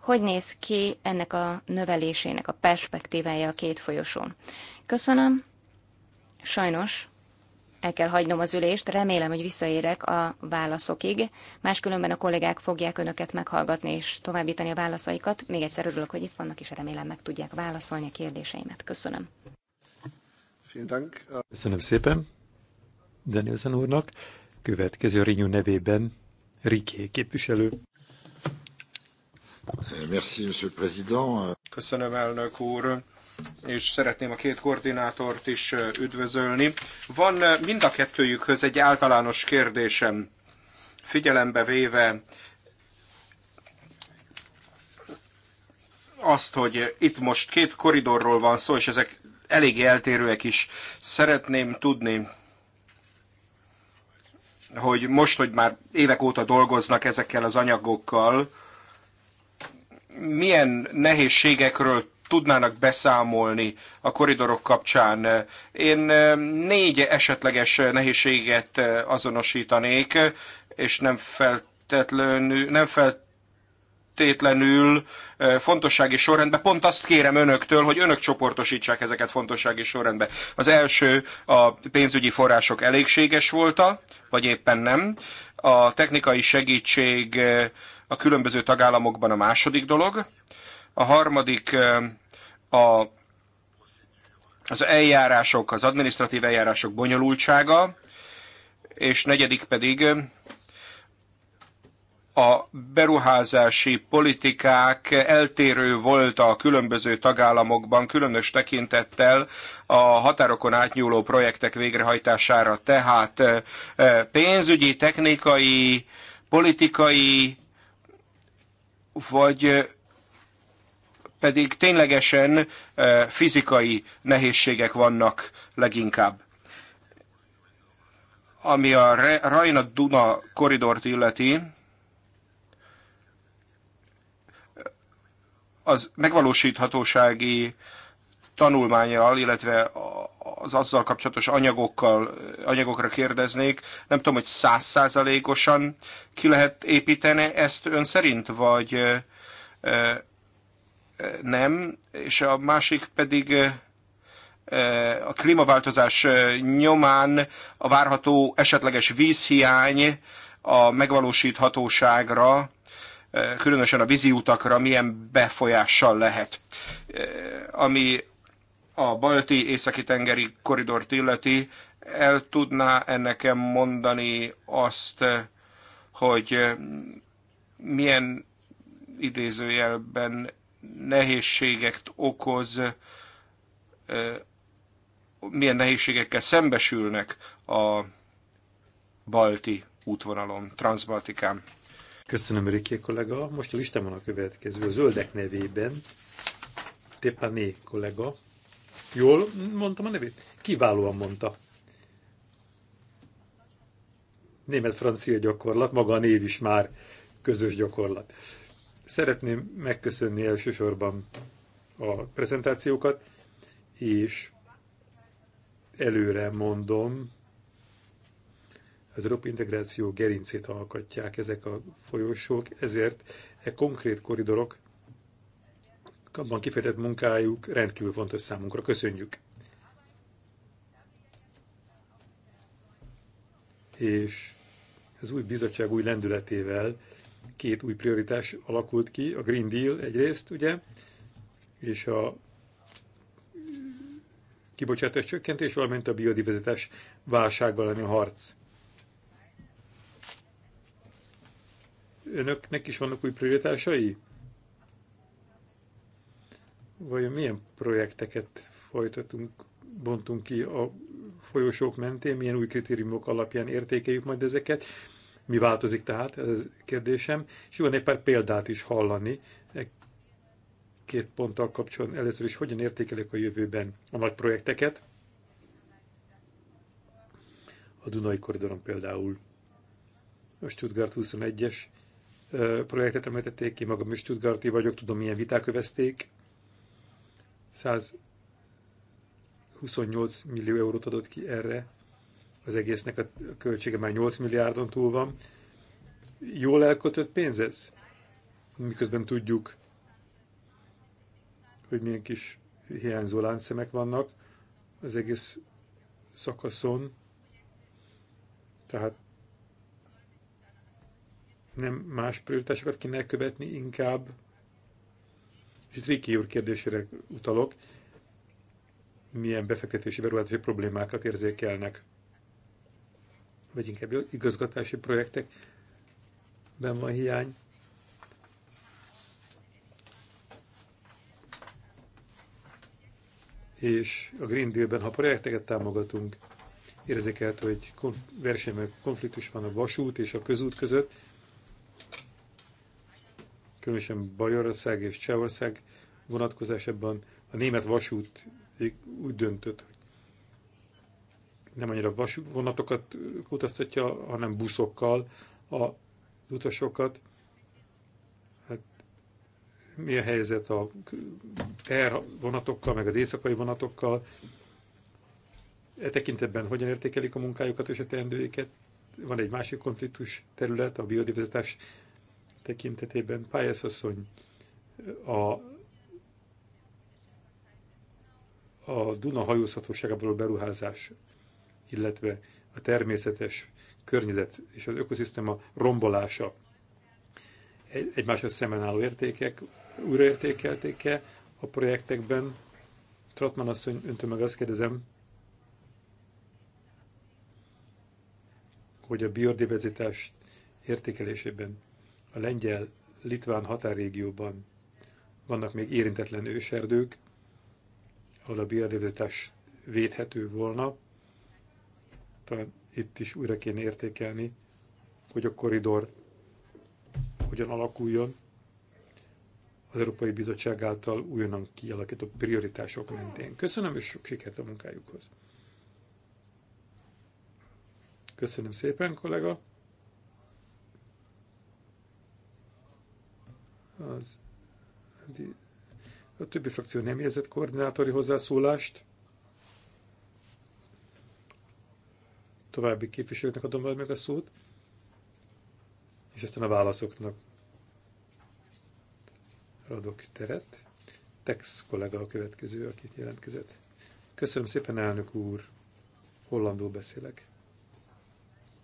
hogy néz ki ennek a növelésének a perspektívája a két folyosón. Köszönöm. Sajnos el kell hagynom az ülést, remélem, hogy visszaérek a válaszokig, máskülönben a kollégák fogják önöket meghallgatni és továbbítani a válaszaikat. Még egyszer örülök, hogy itt vannak, és remélem meg tudják válaszolni a kérdéseimet. Köszönöm.
Köszönöm szépen Danielsen úrnak. Következő Rinyú nevében Riké képviselő. Euh, merci, Monsieur le Président.
Köszönöm, elnök úr és szeretném a két koordinátort is üdvözölni. Van mind a kettőjükhöz egy általános kérdésem, figyelembe véve azt, hogy itt most két koridorról van szó, és ezek elég eltérőek is. Szeretném tudni, hogy most, hogy már évek óta dolgoznak ezekkel az anyagokkal, milyen nehézségekről tudnának beszámolni a koridorok kapcsán. Én négy esetleges nehézséget azonosítanék, és nem feltétlenül, nem feltétlenül fontossági sorrendben. Pont azt kérem önöktől, hogy önök csoportosítsák ezeket fontossági sorrendben. Az első a pénzügyi források elégséges volta, vagy éppen nem. A technikai segítség a különböző tagállamokban a második dolog. A harmadik a, az eljárások, az administratív eljárások bonyolultsága, és negyedik pedig a beruházási politikák eltérő volt a különböző tagállamokban, különös tekintettel a határokon átnyúló projektek végrehajtására. Tehát pénzügyi, technikai, politikai vagy pedig ténylegesen fizikai nehézségek vannak leginkább. Ami a Rajna-Duna koridort illeti, az megvalósíthatósági tanulmányjal, illetve az azzal kapcsolatos anyagokkal, anyagokra kérdeznék. Nem tudom, hogy százszázalékosan ki lehet építeni ezt ön szerint, vagy nem. És a másik pedig a klímaváltozás nyomán a várható esetleges vízhiány a megvalósíthatóságra, különösen a víziutakra milyen befolyással lehet. Ami a balti északi tengeri koridort illeti, el tudná -e nekem mondani azt, hogy milyen idézőjelben nehézségeket okoz, milyen nehézségekkel szembesülnek
a balti útvonalon, Transbaltikán. Köszönöm, Riké kollega. Most a listán van a következő. A zöldek nevében Tepané kollega. Jól mondtam a nevét? Kiválóan mondta. Német-francia gyakorlat, maga a név is már közös gyakorlat. Szeretném megköszönni elsősorban a prezentációkat, és előre mondom, az Európai Integráció gerincét alkotják ezek a folyosók, ezért e konkrét koridorok abban kifejtett munkájuk rendkívül fontos számunkra. Köszönjük! És az új bizottság új lendületével két új prioritás alakult ki, a Green Deal egyrészt, ugye, és a kibocsátás csökkentés, valamint a biodiverzitás válsággal elleni harc. Önöknek is vannak új prioritásai? vajon milyen projekteket folytatunk, bontunk ki a folyosók mentén, milyen új kritériumok alapján értékeljük majd ezeket, mi változik tehát, ez a kérdésem, és jó egy pár példát is hallani, e két ponttal kapcsolatban először is hogyan értékelik a jövőben a nagy projekteket, a Dunai Koridoron például a Stuttgart 21-es projektet említették ki, magam is Stuttgarti vagyok, tudom milyen viták övezték, 128 millió eurót adott ki erre, az egésznek a költsége már 8 milliárdon túl van. Jól elkötött pénz ez? Miközben tudjuk, hogy milyen kis hiányzó láncszemek vannak az egész szakaszon. Tehát nem más prioritásokat kéne követni, inkább és Riki úr kérdésére utalok, milyen befektetési beruházási problémákat érzékelnek, vagy inkább igazgatási projektekben van hiány. És a Green Deal-ben, ha projekteket támogatunk, érzékelt, hogy versenyben konfliktus van a vasút és a közút között, különösen Bajorország és Csehország vonatkozásában a német vasút úgy döntött, hogy nem annyira vasútvonatokat vonatokat utaztatja, hanem buszokkal a utasokat. Hát, mi a helyzet a TER vonatokkal, meg az éjszakai vonatokkal? E tekintetben hogyan értékelik a munkájukat és a teendőiket? Van egy másik konfliktus terület, a biodiverzitás tekintetében pályászasszony a, a Duna hajózhatóságából beruházás, illetve a természetes környezet és az ökoszisztéma rombolása egymáshoz szemben álló értékek újraértékelték-e a projektekben. Trotman asszony, öntől meg azt kérdezem, hogy a biodiverzitás értékelésében a lengyel-litván határrégióban vannak még érintetlen őserdők, ahol a biodiverzitás védhető volna. Talán itt is újra kéne értékelni, hogy a koridor hogyan alakuljon az Európai Bizottság által újonnan kialakított prioritások mentén. Köszönöm, és sok sikert a munkájukhoz. Köszönöm szépen, kollega! Az, a többi frakció nem érzett koordinátori hozzászólást. További képviselőknek adom majd meg a szót, és aztán a válaszoknak adok teret. Tex kollega a következő, akit jelentkezett. Köszönöm szépen, elnök úr. hollandó beszélek.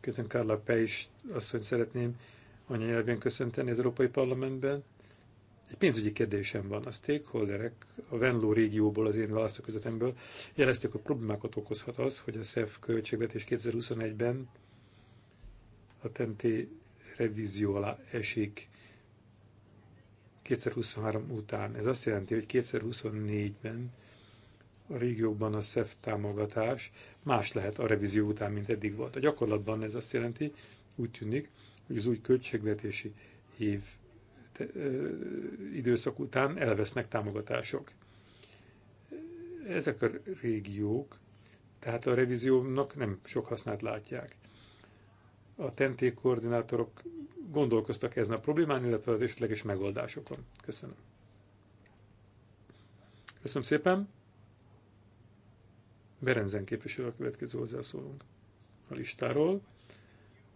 Köszönöm Carla Pejs, azt, hogy szeretném anyanyelvén köszönteni az Európai Parlamentben. Egy pénzügyi kérdésem van. A stakeholderek a Venló régióból, az én választóközetemből jelezték, hogy problémákat okozhat az, hogy a SZEF költségvetés 2021-ben a TNT revízió alá esik 2023 után. Ez azt jelenti, hogy 2024-ben a régiókban a SZEF támogatás más lehet a revízió után, mint eddig volt. A gyakorlatban ez azt jelenti, úgy tűnik, hogy az új költségvetési év időszak után elvesznek támogatások. Ezek a régiók, tehát a revíziónak nem sok hasznát látják. A TNT koordinátorok gondolkoztak ezen a problémán, illetve az esetleges megoldásokon. Köszönöm. Köszönöm szépen. Berenzen képviselő a következő hozzászólunk a listáról.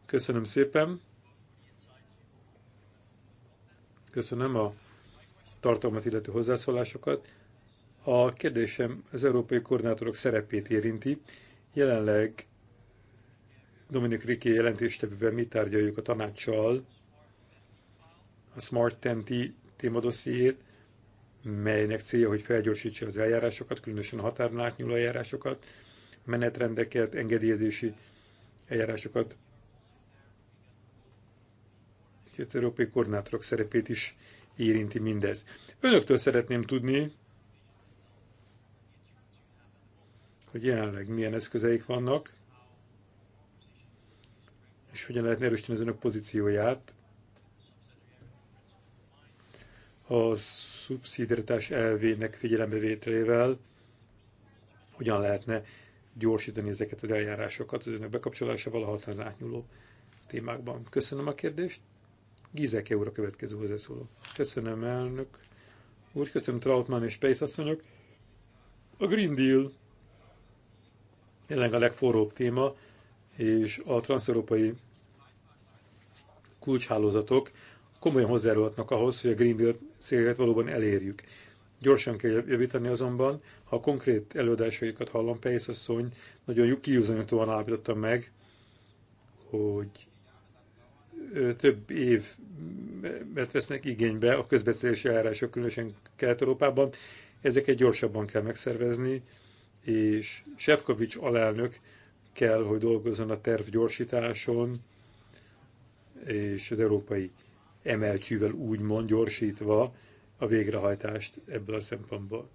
Köszönöm szépen. Köszönöm a tartalmat illető hozzászólásokat. A kérdésem az európai koordinátorok szerepét érinti. Jelenleg Dominik Riki jelentéstevővel mi tárgyaljuk a tanácssal a Smart Tenti témadossziét, melynek célja, hogy felgyorsítsa az eljárásokat, különösen a határon átnyúló eljárásokat, menetrendeket, engedélyezési eljárásokat, az európai koordinátorok szerepét is érinti mindez. Önöktől szeretném tudni, hogy jelenleg milyen eszközeik vannak, és hogyan lehetne erősíteni az önök pozícióját a szubszidiaritás elvének figyelembevételével, hogyan lehetne gyorsítani ezeket az eljárásokat az önök bekapcsolásával a határon átnyúló témákban. Köszönöm a kérdést. Gizeke úr a következő hozzászóló. Köszönöm, elnök úr, köszönöm Trautmann és Pace asszonyok. A Green Deal jelenleg a legforróbb téma, és a transzeurópai kulcshálózatok komolyan hozzájárulhatnak ahhoz, hogy a Green Deal célját valóban elérjük. Gyorsan kell javítani azonban, ha a konkrét előadásaikat hallom, Pace asszony nagyon kiúzanyatóan állapította meg, hogy több mert vesznek igénybe a közbeszélési eljárások, különösen Kelet-Európában. Ezeket gyorsabban kell megszervezni, és Sefkovics alelnök kell, hogy dolgozzon a terv gyorsításon, és az európai emelcsűvel úgymond gyorsítva a végrehajtást ebből a szempontból.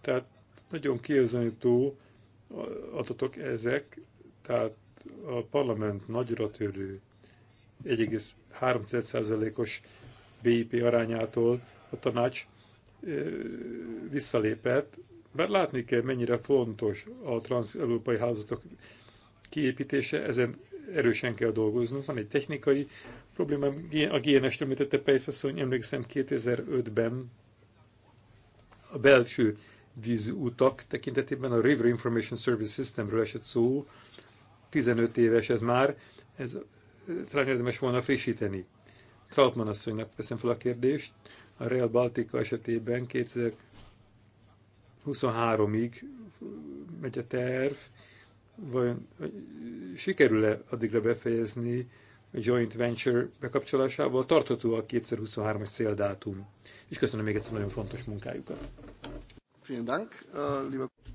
Tehát nagyon kiözenítő adatok ezek, tehát a parlament nagyra törő 1,3%-os BIP arányától a tanács visszalépett, mert látni kell, mennyire fontos a transzeurópai hálózatok kiépítése, ezen erősen kell dolgoznunk. Van egy technikai probléma, a GNS-t említette Pejsz emlékszem 2005-ben a belső vízutak tekintetében a River Information Service Systemről esett szó, 15 éves ez már, ez talán érdemes volna frissíteni. Trautmann asszonynak teszem fel a kérdést. A Real Baltica esetében 2023-ig megy a terv, vajon sikerül-e addigra befejezni a joint venture bekapcsolásával? Tartható a 2023-as céldátum. És köszönöm még egyszer nagyon fontos munkájukat. Äh,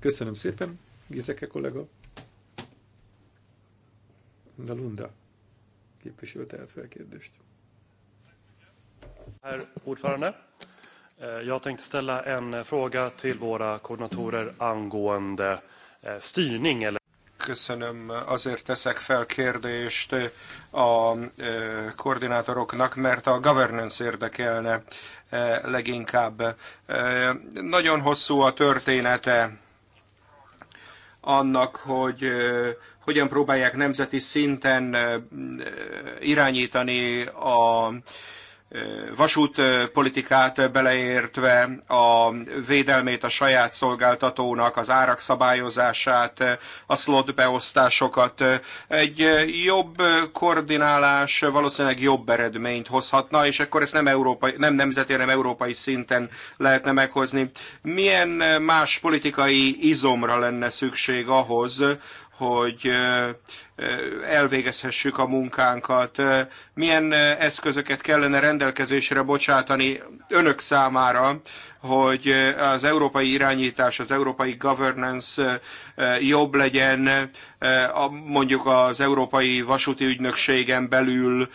köszönöm szépen, Gizeke kollega. De Lunda képviselő tehet fel kérdést. Herr ordförande, eh, jag tänkte ställa en eh, fråga till våra koordinatorer angående eh, styrning eller Köszönöm, azért teszek fel kérdést a
koordinátoroknak, mert a governance érdekelne leginkább. Nagyon hosszú a története annak, hogy hogyan próbálják nemzeti szinten irányítani a vasútpolitikát beleértve a védelmét a saját szolgáltatónak, az árak szabályozását, a slot beosztásokat. Egy jobb koordinálás valószínűleg jobb eredményt hozhatna, és akkor ezt nem, európai, nem nemzeti, hanem európai szinten lehetne meghozni. Milyen más politikai izomra lenne szükség ahhoz, hogy elvégezhessük a munkánkat. Milyen eszközöket kellene rendelkezésre bocsátani önök számára, hogy az európai irányítás, az európai governance jobb legyen, mondjuk az európai vasúti ügynökségen belül,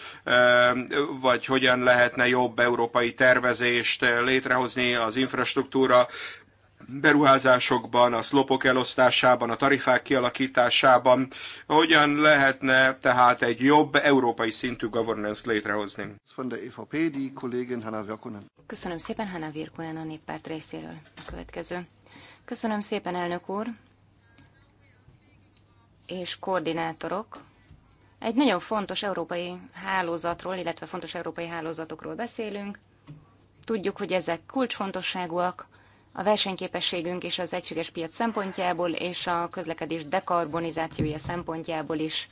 vagy hogyan lehetne jobb európai tervezést létrehozni az infrastruktúra beruházásokban, a szlopok elosztásában, a tarifák kialakításában. Hogyan lehetne tehát egy jobb európai szintű governance létrehozni? E
Köszönöm szépen, Hanna Virkunen a néppárt részéről. A következő. Köszönöm szépen, elnök úr és koordinátorok. Egy nagyon fontos európai hálózatról, illetve fontos európai hálózatokról beszélünk. Tudjuk, hogy ezek kulcsfontosságúak, a versenyképességünk és az egységes piac szempontjából, és a közlekedés dekarbonizációja szempontjából is.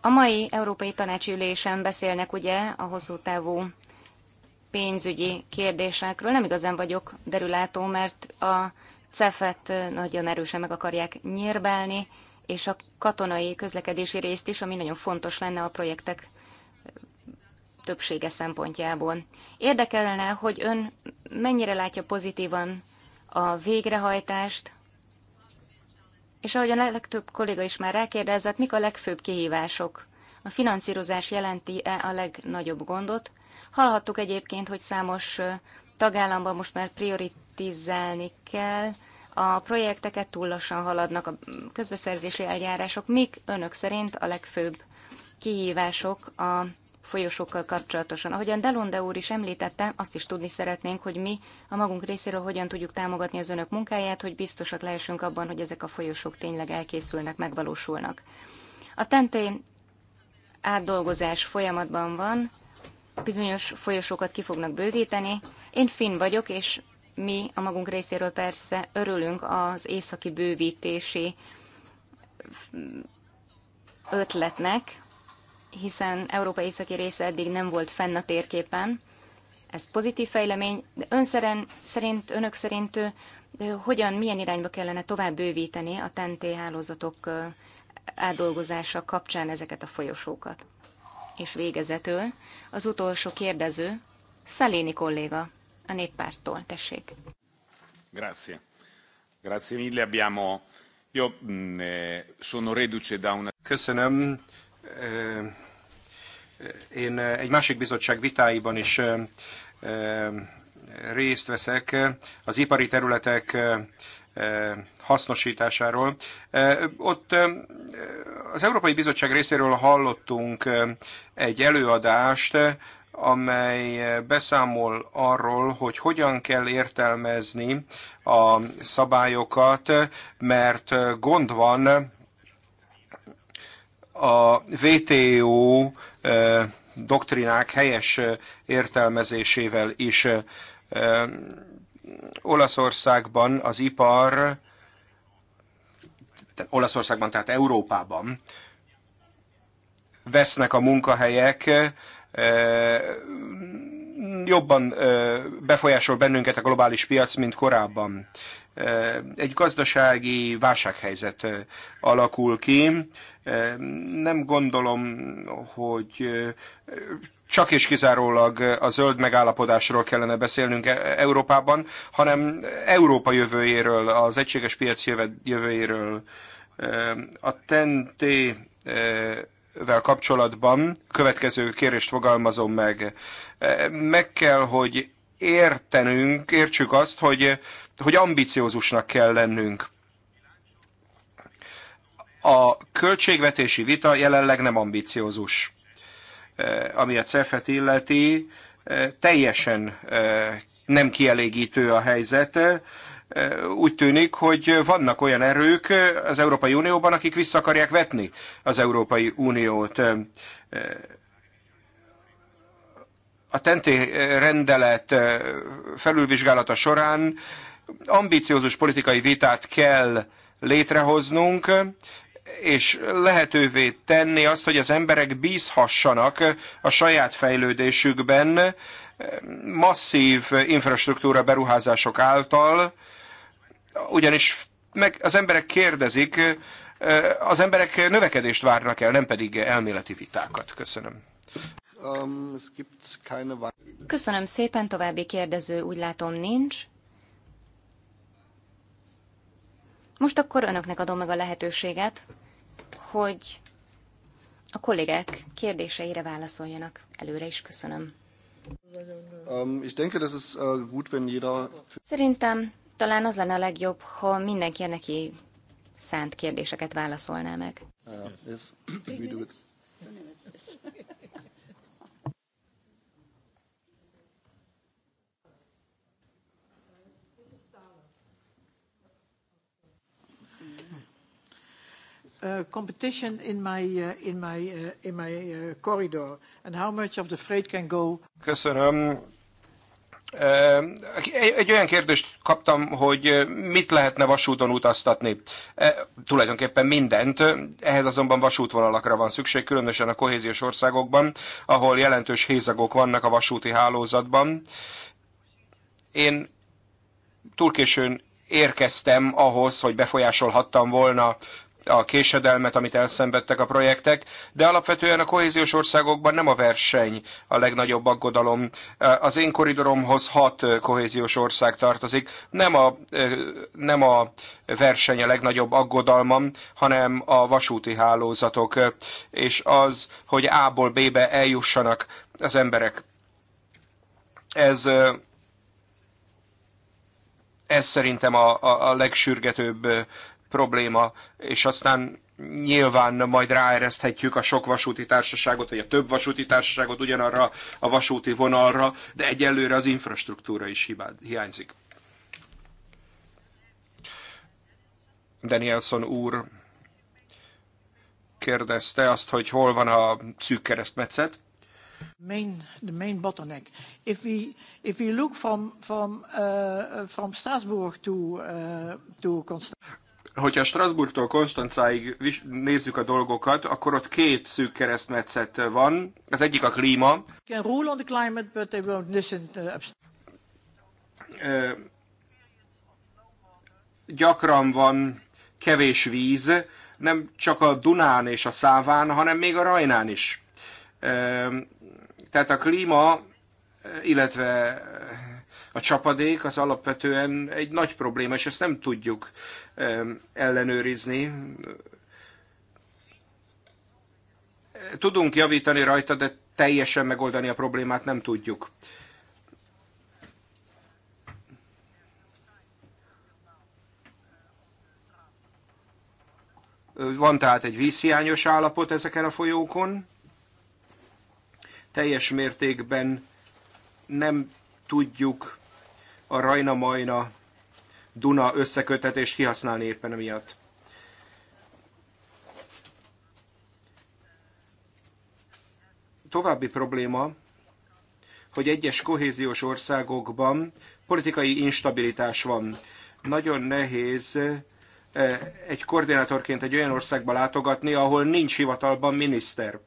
A mai Európai Tanácsi Ülésen beszélnek ugye a hosszú távú pénzügyi kérdésekről. Nem igazán vagyok derülátó, mert a CEF-et nagyon erősen meg akarják nyírbálni, és a katonai közlekedési részt is, ami nagyon fontos lenne a projektek többsége szempontjából. Érdekelne, hogy ön mennyire látja pozitívan a végrehajtást, és ahogy a legtöbb kolléga is már rákérdezett, mik a legfőbb kihívások? A finanszírozás jelenti-e a legnagyobb gondot? Hallhattuk egyébként, hogy számos tagállamban most már prioritizálni kell, a projekteket túl lassan haladnak a közbeszerzési eljárások. Mik önök szerint a legfőbb kihívások a folyosókkal kapcsolatosan. Ahogyan Delonde úr is említette, azt is tudni szeretnénk, hogy mi a magunk részéről hogyan tudjuk támogatni az önök munkáját, hogy biztosak lehessünk abban, hogy ezek a folyosók tényleg elkészülnek, megvalósulnak. A tenté átdolgozás folyamatban van, bizonyos folyosókat ki fognak bővíteni. Én finn vagyok, és mi a magunk részéről persze örülünk az északi bővítési ötletnek, hiszen Európa északi része eddig nem volt fenn a térképen. Ez pozitív fejlemény, de ön szerint, önök szerint hogyan, milyen irányba kellene tovább bővíteni a TNT hálózatok átdolgozása kapcsán ezeket a folyosókat? És végezetül az utolsó kérdező, Szaléni kolléga a néppárttól, tessék.
Grazie. Grazie mille, abbiamo... Io mh, mm, eh, sono reduce
da una... Köszönöm én egy másik bizottság vitáiban is részt veszek az ipari területek hasznosításáról. Ott az Európai Bizottság részéről hallottunk egy előadást, amely beszámol arról, hogy hogyan kell értelmezni a szabályokat, mert gond van a VTO eh, doktrinák helyes eh, értelmezésével is. Eh, Olaszországban az ipar, tehát Olaszországban, tehát Európában vesznek a munkahelyek, jobban befolyásol bennünket a globális piac, mint korábban egy gazdasági válsághelyzet alakul ki. Nem gondolom, hogy csak és kizárólag a zöld megállapodásról kellene beszélnünk e-, Európában, hanem Európa jövőjéről, az egységes piac jövőjéről. A TNT vel kapcsolatban következő kérést fogalmazom meg. Meg kell, hogy értenünk, értsük azt, hogy, hogy ambiciózusnak kell lennünk. A költségvetési vita jelenleg nem ambiciózus. E, ami a CEFET illeti, e, teljesen e, nem kielégítő a helyzet. Úgy tűnik, hogy vannak olyan erők az Európai Unióban, akik vissza akarják vetni az Európai Uniót a tenté eh, rendelet eh, felülvizsgálata során ambíciózus politikai vitát kell létrehoznunk, és lehetővé tenni azt, hogy az emberek bízhassanak a saját fejlődésükben eh, masszív infrastruktúra beruházások által, ugyanis meg az emberek kérdezik, az emberek növekedést várnak el, nem pedig elméleti vitákat. Köszönöm. Ähm,
köszönöm szépen, további kérdező úgy látom nincs. Most akkor önöknek adom meg a lehetőséget, hogy a kollégák kérdéseire válaszoljanak. Előre is köszönöm.
Ähm, äh,
Szerintem talán az lenne a legjobb, ha mindenki neki szánt kérdéseket válaszolná meg.
Uh, yes,
Uh, competition in my, uh, in my, uh, in my corridor and how much of the freight can go.
Köszönöm. Egy olyan kérdést kaptam, hogy mit lehetne vasúton utaztatni. Tulajdonképpen mindent, ehhez azonban vasútvonalakra van szükség, különösen a kohéziós országokban, ahol jelentős hézagok vannak a vasúti hálózatban. Én túl későn érkeztem ahhoz, hogy befolyásolhattam volna a késedelmet, amit elszenvedtek a projektek, de alapvetően a kohéziós országokban nem a verseny a legnagyobb aggodalom. Az én koridoromhoz hat kohéziós ország tartozik, nem a, nem a verseny a legnagyobb aggodalmam, hanem a vasúti hálózatok, és az, hogy A-ból B-be eljussanak az emberek. Ez ez szerintem a, a, a legsürgetőbb probléma, és aztán nyilván majd ráereszthetjük a sok vasúti társaságot, vagy a több vasúti társaságot ugyanarra a vasúti vonalra, de egyelőre az infrastruktúra is hibád, hiányzik. Danielson úr kérdezte azt, hogy hol van a szűk keresztmetszet.
Main, the main bottleneck. If we, if we look from, from, uh, from Strasbourg to, uh, to Constantinople
hogyha Strasbourgtól Konstancáig nézzük a dolgokat, akkor ott két szűk keresztmetszet van. Az egyik a klíma. Uh, gyakran van kevés víz, nem csak a Dunán és a Száván, hanem még a Rajnán is. Tehát a klíma, illetve a csapadék az alapvetően egy nagy probléma, és ezt nem tudjuk ellenőrizni. Tudunk javítani rajta, de teljesen megoldani a problémát nem tudjuk. Van tehát egy vízhiányos állapot ezeken a folyókon. Teljes mértékben nem tudjuk a Rajna-Majna Duna összekötetést kihasználni éppen emiatt. További probléma, hogy egyes kohéziós országokban politikai instabilitás van. Nagyon nehéz eh, egy koordinátorként egy olyan országba látogatni, ahol nincs hivatalban miniszter.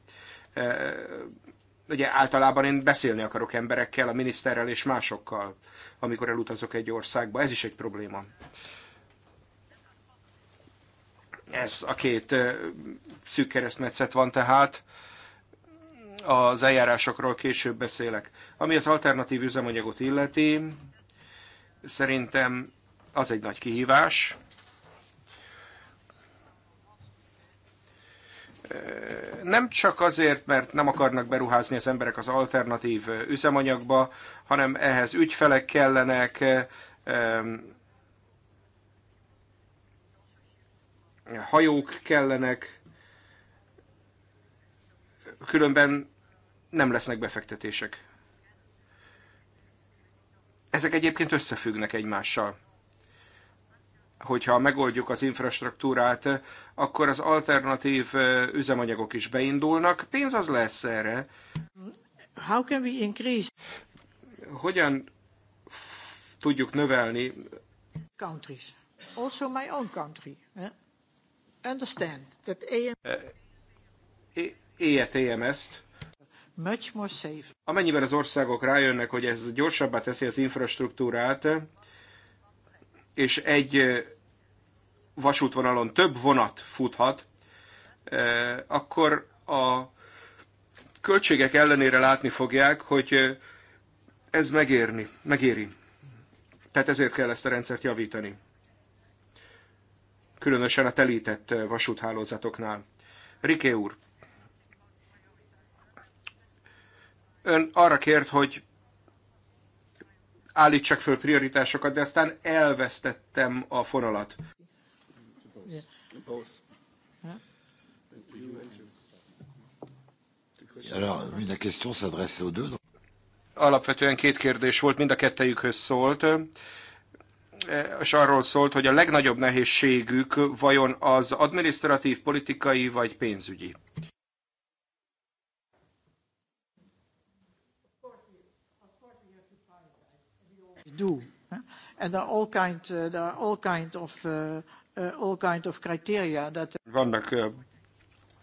Eh, ugye általában én beszélni akarok emberekkel, a miniszterrel és másokkal, amikor elutazok egy országba. Ez is egy probléma. Ez a két szűk keresztmetszet van tehát. Az eljárásokról később beszélek. Ami az alternatív üzemanyagot illeti, szerintem az egy nagy kihívás. nem csak azért, mert nem akarnak beruházni az emberek az alternatív üzemanyagba, hanem ehhez ügyfelek kellenek, hajók kellenek, különben nem lesznek befektetések. Ezek egyébként összefüggnek egymással hogyha megoldjuk az infrastruktúrát, akkor az alternatív üzemanyagok is beindulnak. Pénz az lesz erre.
How can we increase?
Hogyan tudjuk növelni?
Countries. Also my own country. Eh? Understand that AM...
EETMS-t.
Much more safe.
Amennyiben az országok rájönnek, hogy ez gyorsabbá teszi az infrastruktúrát, és egy vasútvonalon több vonat futhat, akkor a költségek ellenére látni fogják, hogy ez megérni, megéri. Tehát ezért kell ezt a rendszert javítani. Különösen a telített vasúthálózatoknál. Riké úr, ön arra kért, hogy állítsak föl prioritásokat, de aztán elvesztettem a fonalat. Alapvetően két kérdés volt, mind a kettejükhöz szólt e, és arról szólt, hogy a legnagyobb nehézségük vajon az administratív, politikai vagy
pénzügyi. do. And there are all kind, uh, there are all kind of, uh, uh, all kind of criteria that...
Vannak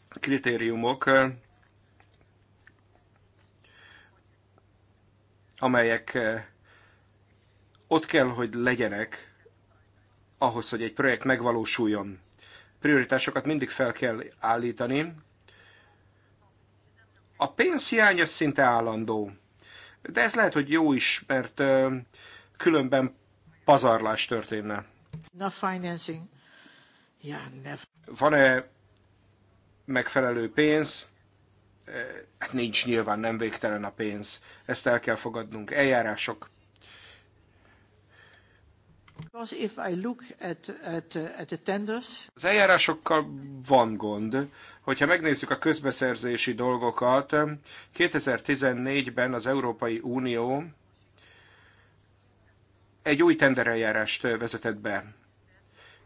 kritériumok, amelyek ott kell, hogy legyenek ahhoz, hogy egy projekt megvalósuljon. Prioritásokat mindig fel kell állítani. A pénzhiány az szinte állandó. De ez lehet, hogy jó is, mert különben pazarlás történne.
Na financing. Yeah, never.
Van-e megfelelő pénz? Hát nincs nyilván, nem végtelen a pénz. Ezt el kell fogadnunk. Eljárások. Az eljárásokkal van gond. Hogyha megnézzük a közbeszerzési dolgokat, 2014-ben az Európai Unió egy új tendereljárást vezetett be.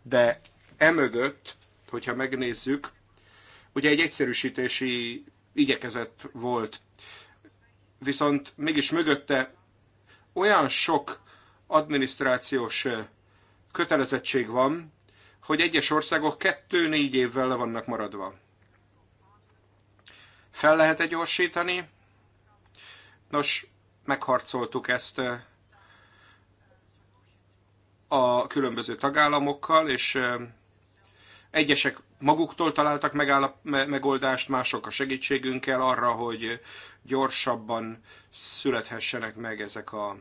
De emögött, hogyha megnézzük, ugye egy egyszerűsítési igyekezet volt. Viszont mégis mögötte olyan sok adminisztrációs kötelezettség van, hogy egyes országok kettő-négy évvel le vannak maradva. Fel lehet-e gyorsítani? Nos, megharcoltuk ezt a különböző tagállamokkal, és egyesek maguktól találtak megállap, me, megoldást, mások a segítségünkkel arra, hogy gyorsabban születhessenek meg ezek a,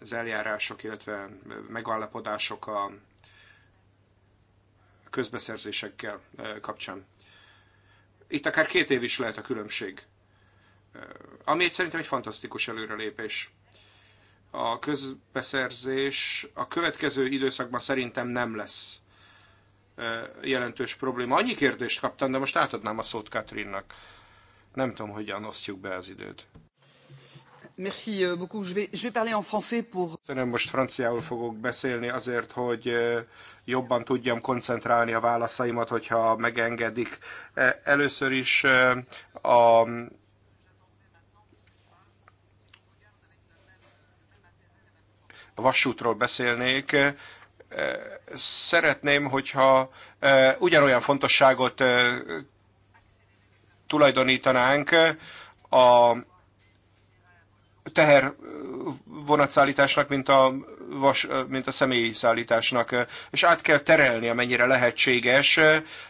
az eljárások, illetve megállapodások a közbeszerzésekkel kapcsán. Itt akár két év is lehet a különbség. Ami szerintem egy fantasztikus előrelépés a közbeszerzés a következő időszakban szerintem nem lesz jelentős probléma. Annyi kérdést kaptam, de most átadnám a szót Katrinnak. Nem tudom, hogyan osztjuk be az időt. Merci euh, beaucoup. Je vais, je vais parler en français pour... Szerintem most franciául fogok beszélni azért, hogy jobban tudjam koncentrálni a válaszaimat, hogyha megengedik. Először is a vasútról beszélnék, szeretném, hogyha ugyanolyan fontosságot tulajdonítanánk a teher vonatszállításnak, mint a, vas, mint a személyi szállításnak, és át kell terelni, amennyire lehetséges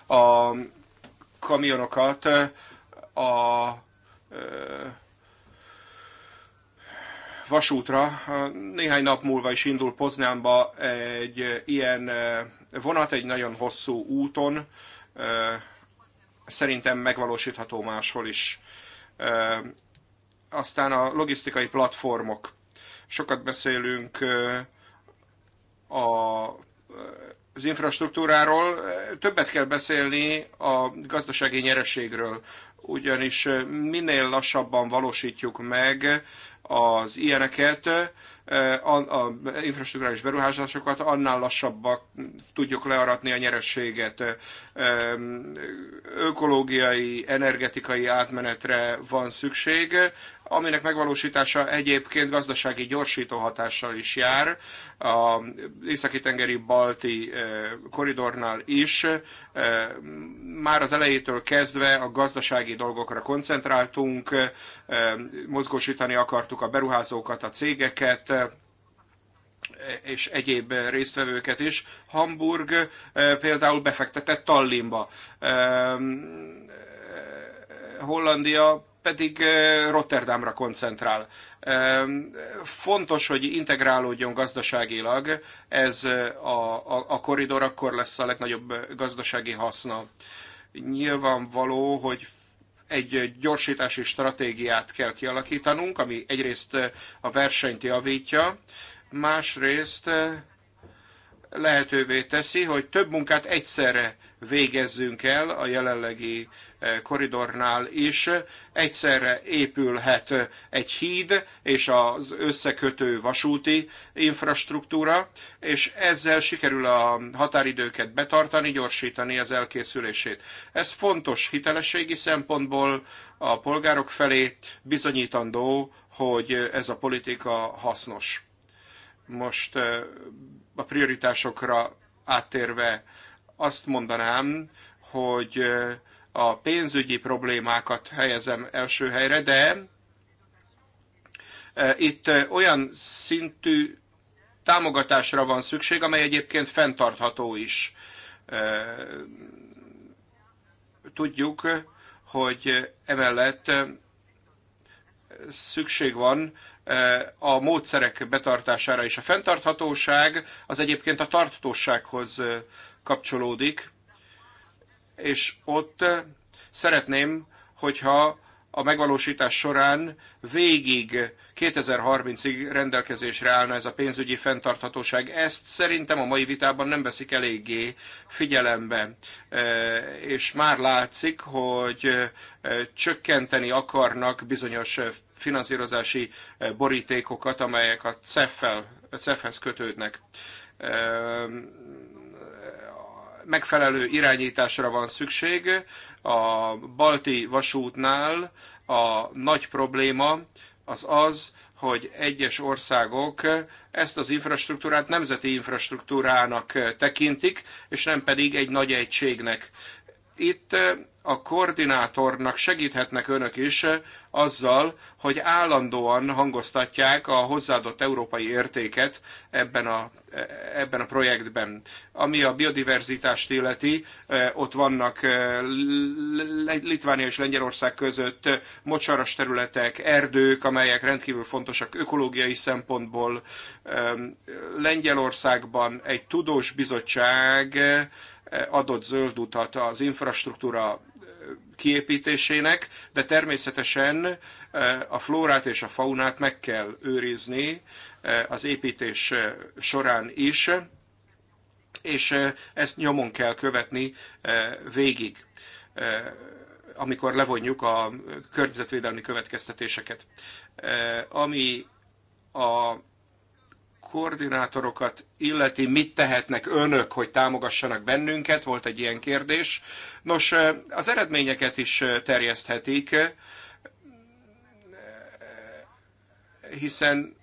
a kamionokat a, a vasútra. Néhány nap múlva is indul Poznánba egy eh, ilyen eh, vonat, egy nagyon hosszú úton. Eh, szerintem megvalósítható máshol is. Aztán a logisztikai platformok. Sokat beszélünk a az infrastruktúráról, többet kell beszélni a gazdasági nyereségről, ugyanis minél lassabban valósítjuk meg az ilyeneket, a, a infrastruktúrális beruházásokat, annál lassabbak tudjuk learatni a nyerességet. Ökológiai, energetikai átmenetre van szükség, aminek megvalósítása egyébként gazdasági gyorsító hatással is jár, a északi-tengeri balti eh, koridornál is. Eh, már az elejétől kezdve a gazdasági dolgokra koncentráltunk, eh, mozgósítani akartuk a beruházókat, a cégeket, és egyéb résztvevőket is. Hamburg például befektetett Tallinnba. Hollandia pedig Rotterdamra koncentrál. Fontos, hogy integrálódjon gazdaságilag ez a, a, a koridor, akkor lesz a legnagyobb gazdasági haszna. Nyilvánvaló, hogy egy gyorsítási stratégiát kell kialakítanunk, ami egyrészt a versenyt javítja, másrészt lehetővé teszi, hogy több munkát egyszerre végezzünk el a jelenlegi eh, koridornál is. Egyszerre épülhet egy híd és az összekötő vasúti infrastruktúra, és ezzel sikerül a határidőket betartani, gyorsítani az elkészülését. Ez fontos hitelességi szempontból a polgárok felé bizonyítandó, hogy ez a politika hasznos. Most eh, a prioritásokra áttérve azt mondanám, hogy eh, a pénzügyi problémákat helyezem első helyre, de eh, itt eh, olyan szintű támogatásra van szükség, amely egyébként fenntartható is. Tudjuk, hogy emellett szükség van a módszerek betartására is. A fenntarthatóság az egyébként a tartósághoz kapcsolódik, és ott eh, szeretném, hogyha a megvalósítás során végig 2030-ig rendelkezésre állna ez a pénzügyi fenntarthatóság. Ezt szerintem a mai vitában nem veszik eléggé figyelembe. Eh, és már látszik, hogy eh, csökkenteni akarnak bizonyos finanszírozási borítékokat, amelyek a CEF-hez kötődnek megfelelő irányításra van szükség. A balti vasútnál a nagy probléma az az, hogy egyes országok ezt az infrastruktúrát nemzeti infrastruktúrának tekintik, és nem pedig egy nagy egységnek. Itt a koordinátornak segíthetnek önök is eh, azzal, hogy állandóan hangoztatják a hozzáadott európai értéket ebben a, eh, ebben a projektben. Ami a biodiverzitást illeti, eh, ott vannak Litvánia és Lengyelország között mocsaras területek, erdők, amelyek rendkívül fontosak ökológiai szempontból. Lengyelországban egy tudós bizottság adott zöld utat az infrastruktúra kiépítésének, de természetesen eh, a flórát és a faunát meg kell őrizni eh, az építés eh, során is, és ezt nyomon kell követni végig, amikor levonjuk a környezetvédelmi következtetéseket. Ami a koordinátorokat illeti, mit tehetnek önök, hogy támogassanak bennünket, volt egy ilyen kérdés. Nos, az eredményeket is terjeszthetik, hiszen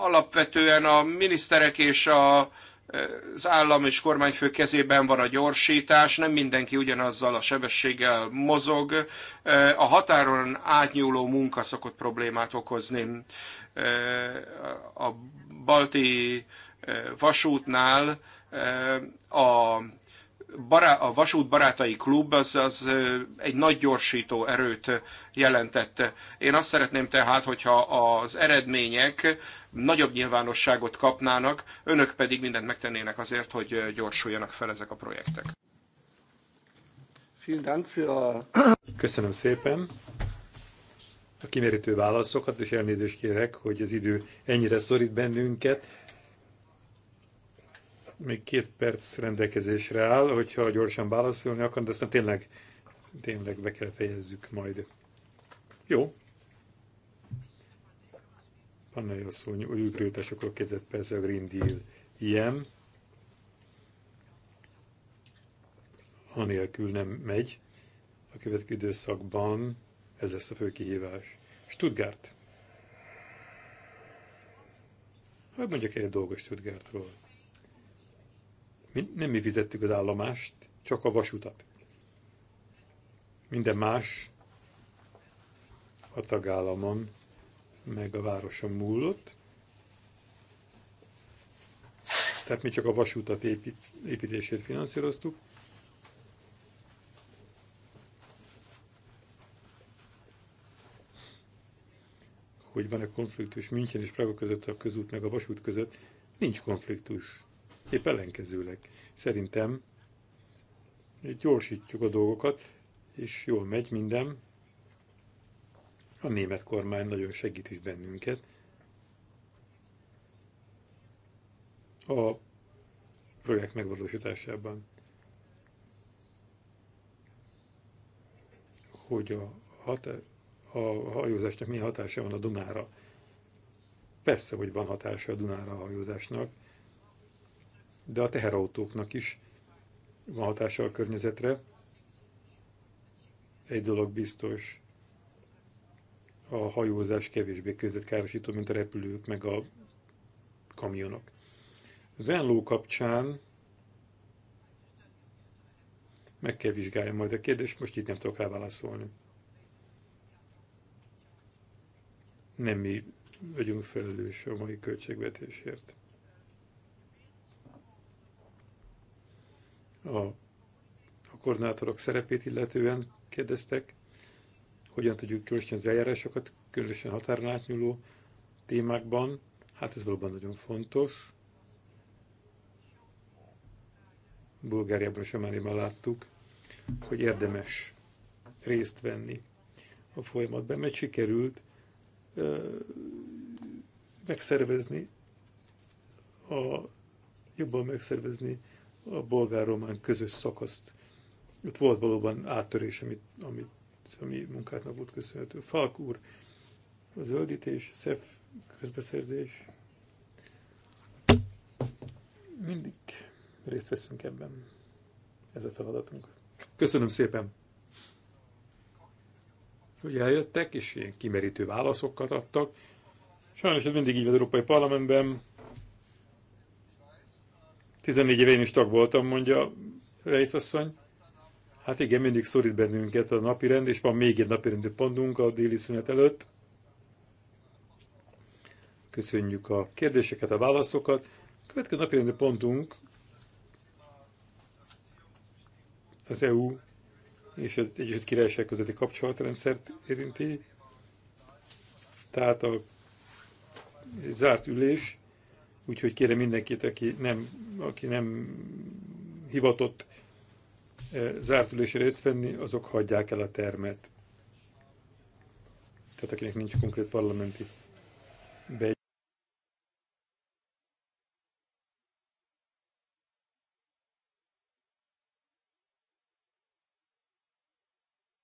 alapvetően a miniszterek és a, az állam és kormányfő kezében van a gyorsítás, nem mindenki ugyanazzal a sebességgel mozog. A határon átnyúló munka szokott problémát okozni. A balti eh, vasútnál eh, a, bará, a Vasút Barátai Klub az, az eh, egy nagy gyorsító erőt jelentette. Én azt szeretném tehát, hogyha az eredmények nagyobb nyilvánosságot kapnának, önök pedig mindent megtennének azért, hogy gyorsuljanak fel ezek a projektek.
Köszönöm szépen a kimérítő válaszokat, és elnézést kérek, hogy az idő ennyire szorít bennünket. Még két perc rendelkezésre áll, hogyha gyorsan válaszolni akar, de aztán tényleg, tényleg be kell fejezzük majd. Jó. nagyon szó, hogy prioritásokról kezdett persze a Green Deal ilyen. Anélkül nem megy. A következő időszakban ez lesz a fő kihívás. Stuttgart. Hogy mondjak egy dolgot Stuttgartról? Mi, nem mi fizettük az állomást, csak a vasutat. Minden más a tagállamon, meg a városon múlott. Tehát mi csak a vasútat épít, építését finanszíroztuk, hogy van-e konfliktus München és Praga között, a közút meg a vasút között. Nincs konfliktus. Épp ellenkezőleg. Szerintem gyorsítjuk a dolgokat, és jól megy minden. A német kormány nagyon segít is bennünket. A projekt megvalósításában. Hogy a határ a hajózásnak milyen hatása van a Dunára. Persze, hogy van hatása a Dunára a hajózásnak, de a teherautóknak is van hatása a környezetre. Egy dolog biztos, a hajózás kevésbé környezetkárosító, mint a repülők, meg a kamionok. Venló kapcsán meg kell vizsgálja majd a kérdést, most itt nem tudok rá válaszolni. nem mi vagyunk felelős a mai költségvetésért. A, a koordinátorok szerepét illetően kérdeztek, hogyan tudjuk különösen az eljárásokat, különösen határon átnyúló témákban. Hát ez valóban nagyon fontos. Bulgáriában és Romániában láttuk, hogy érdemes részt venni a folyamatban, mert sikerült megszervezni, a, jobban megszervezni a bolgár-román közös szakaszt. Ott volt valóban áttörés, amit, amit mi munkátnak volt köszönhető. Falk úr, a zöldítés, szef közbeszerzés, mindig részt veszünk ebben. Ez a feladatunk. Köszönöm szépen! hogy eljöttek, és ilyen kimerítő válaszokat adtak. Sajnos ez mindig így az Európai Parlamentben. 14 éve én is tag voltam, mondja Reisasszony. Hát igen, mindig szorít bennünket a rend, és van még egy napi rendi pontunk a déli szünet előtt. Köszönjük a kérdéseket, a válaszokat. Következő napi rendi pontunk az EU és az Egyesült Királyság közötti kapcsolatrendszert érinti. Tehát a zárt ülés, úgyhogy kérem mindenkit, aki nem, aki nem hivatott e, zárt ülésre részt venni, azok hagyják el a termet. Tehát akinek nincs konkrét parlamenti be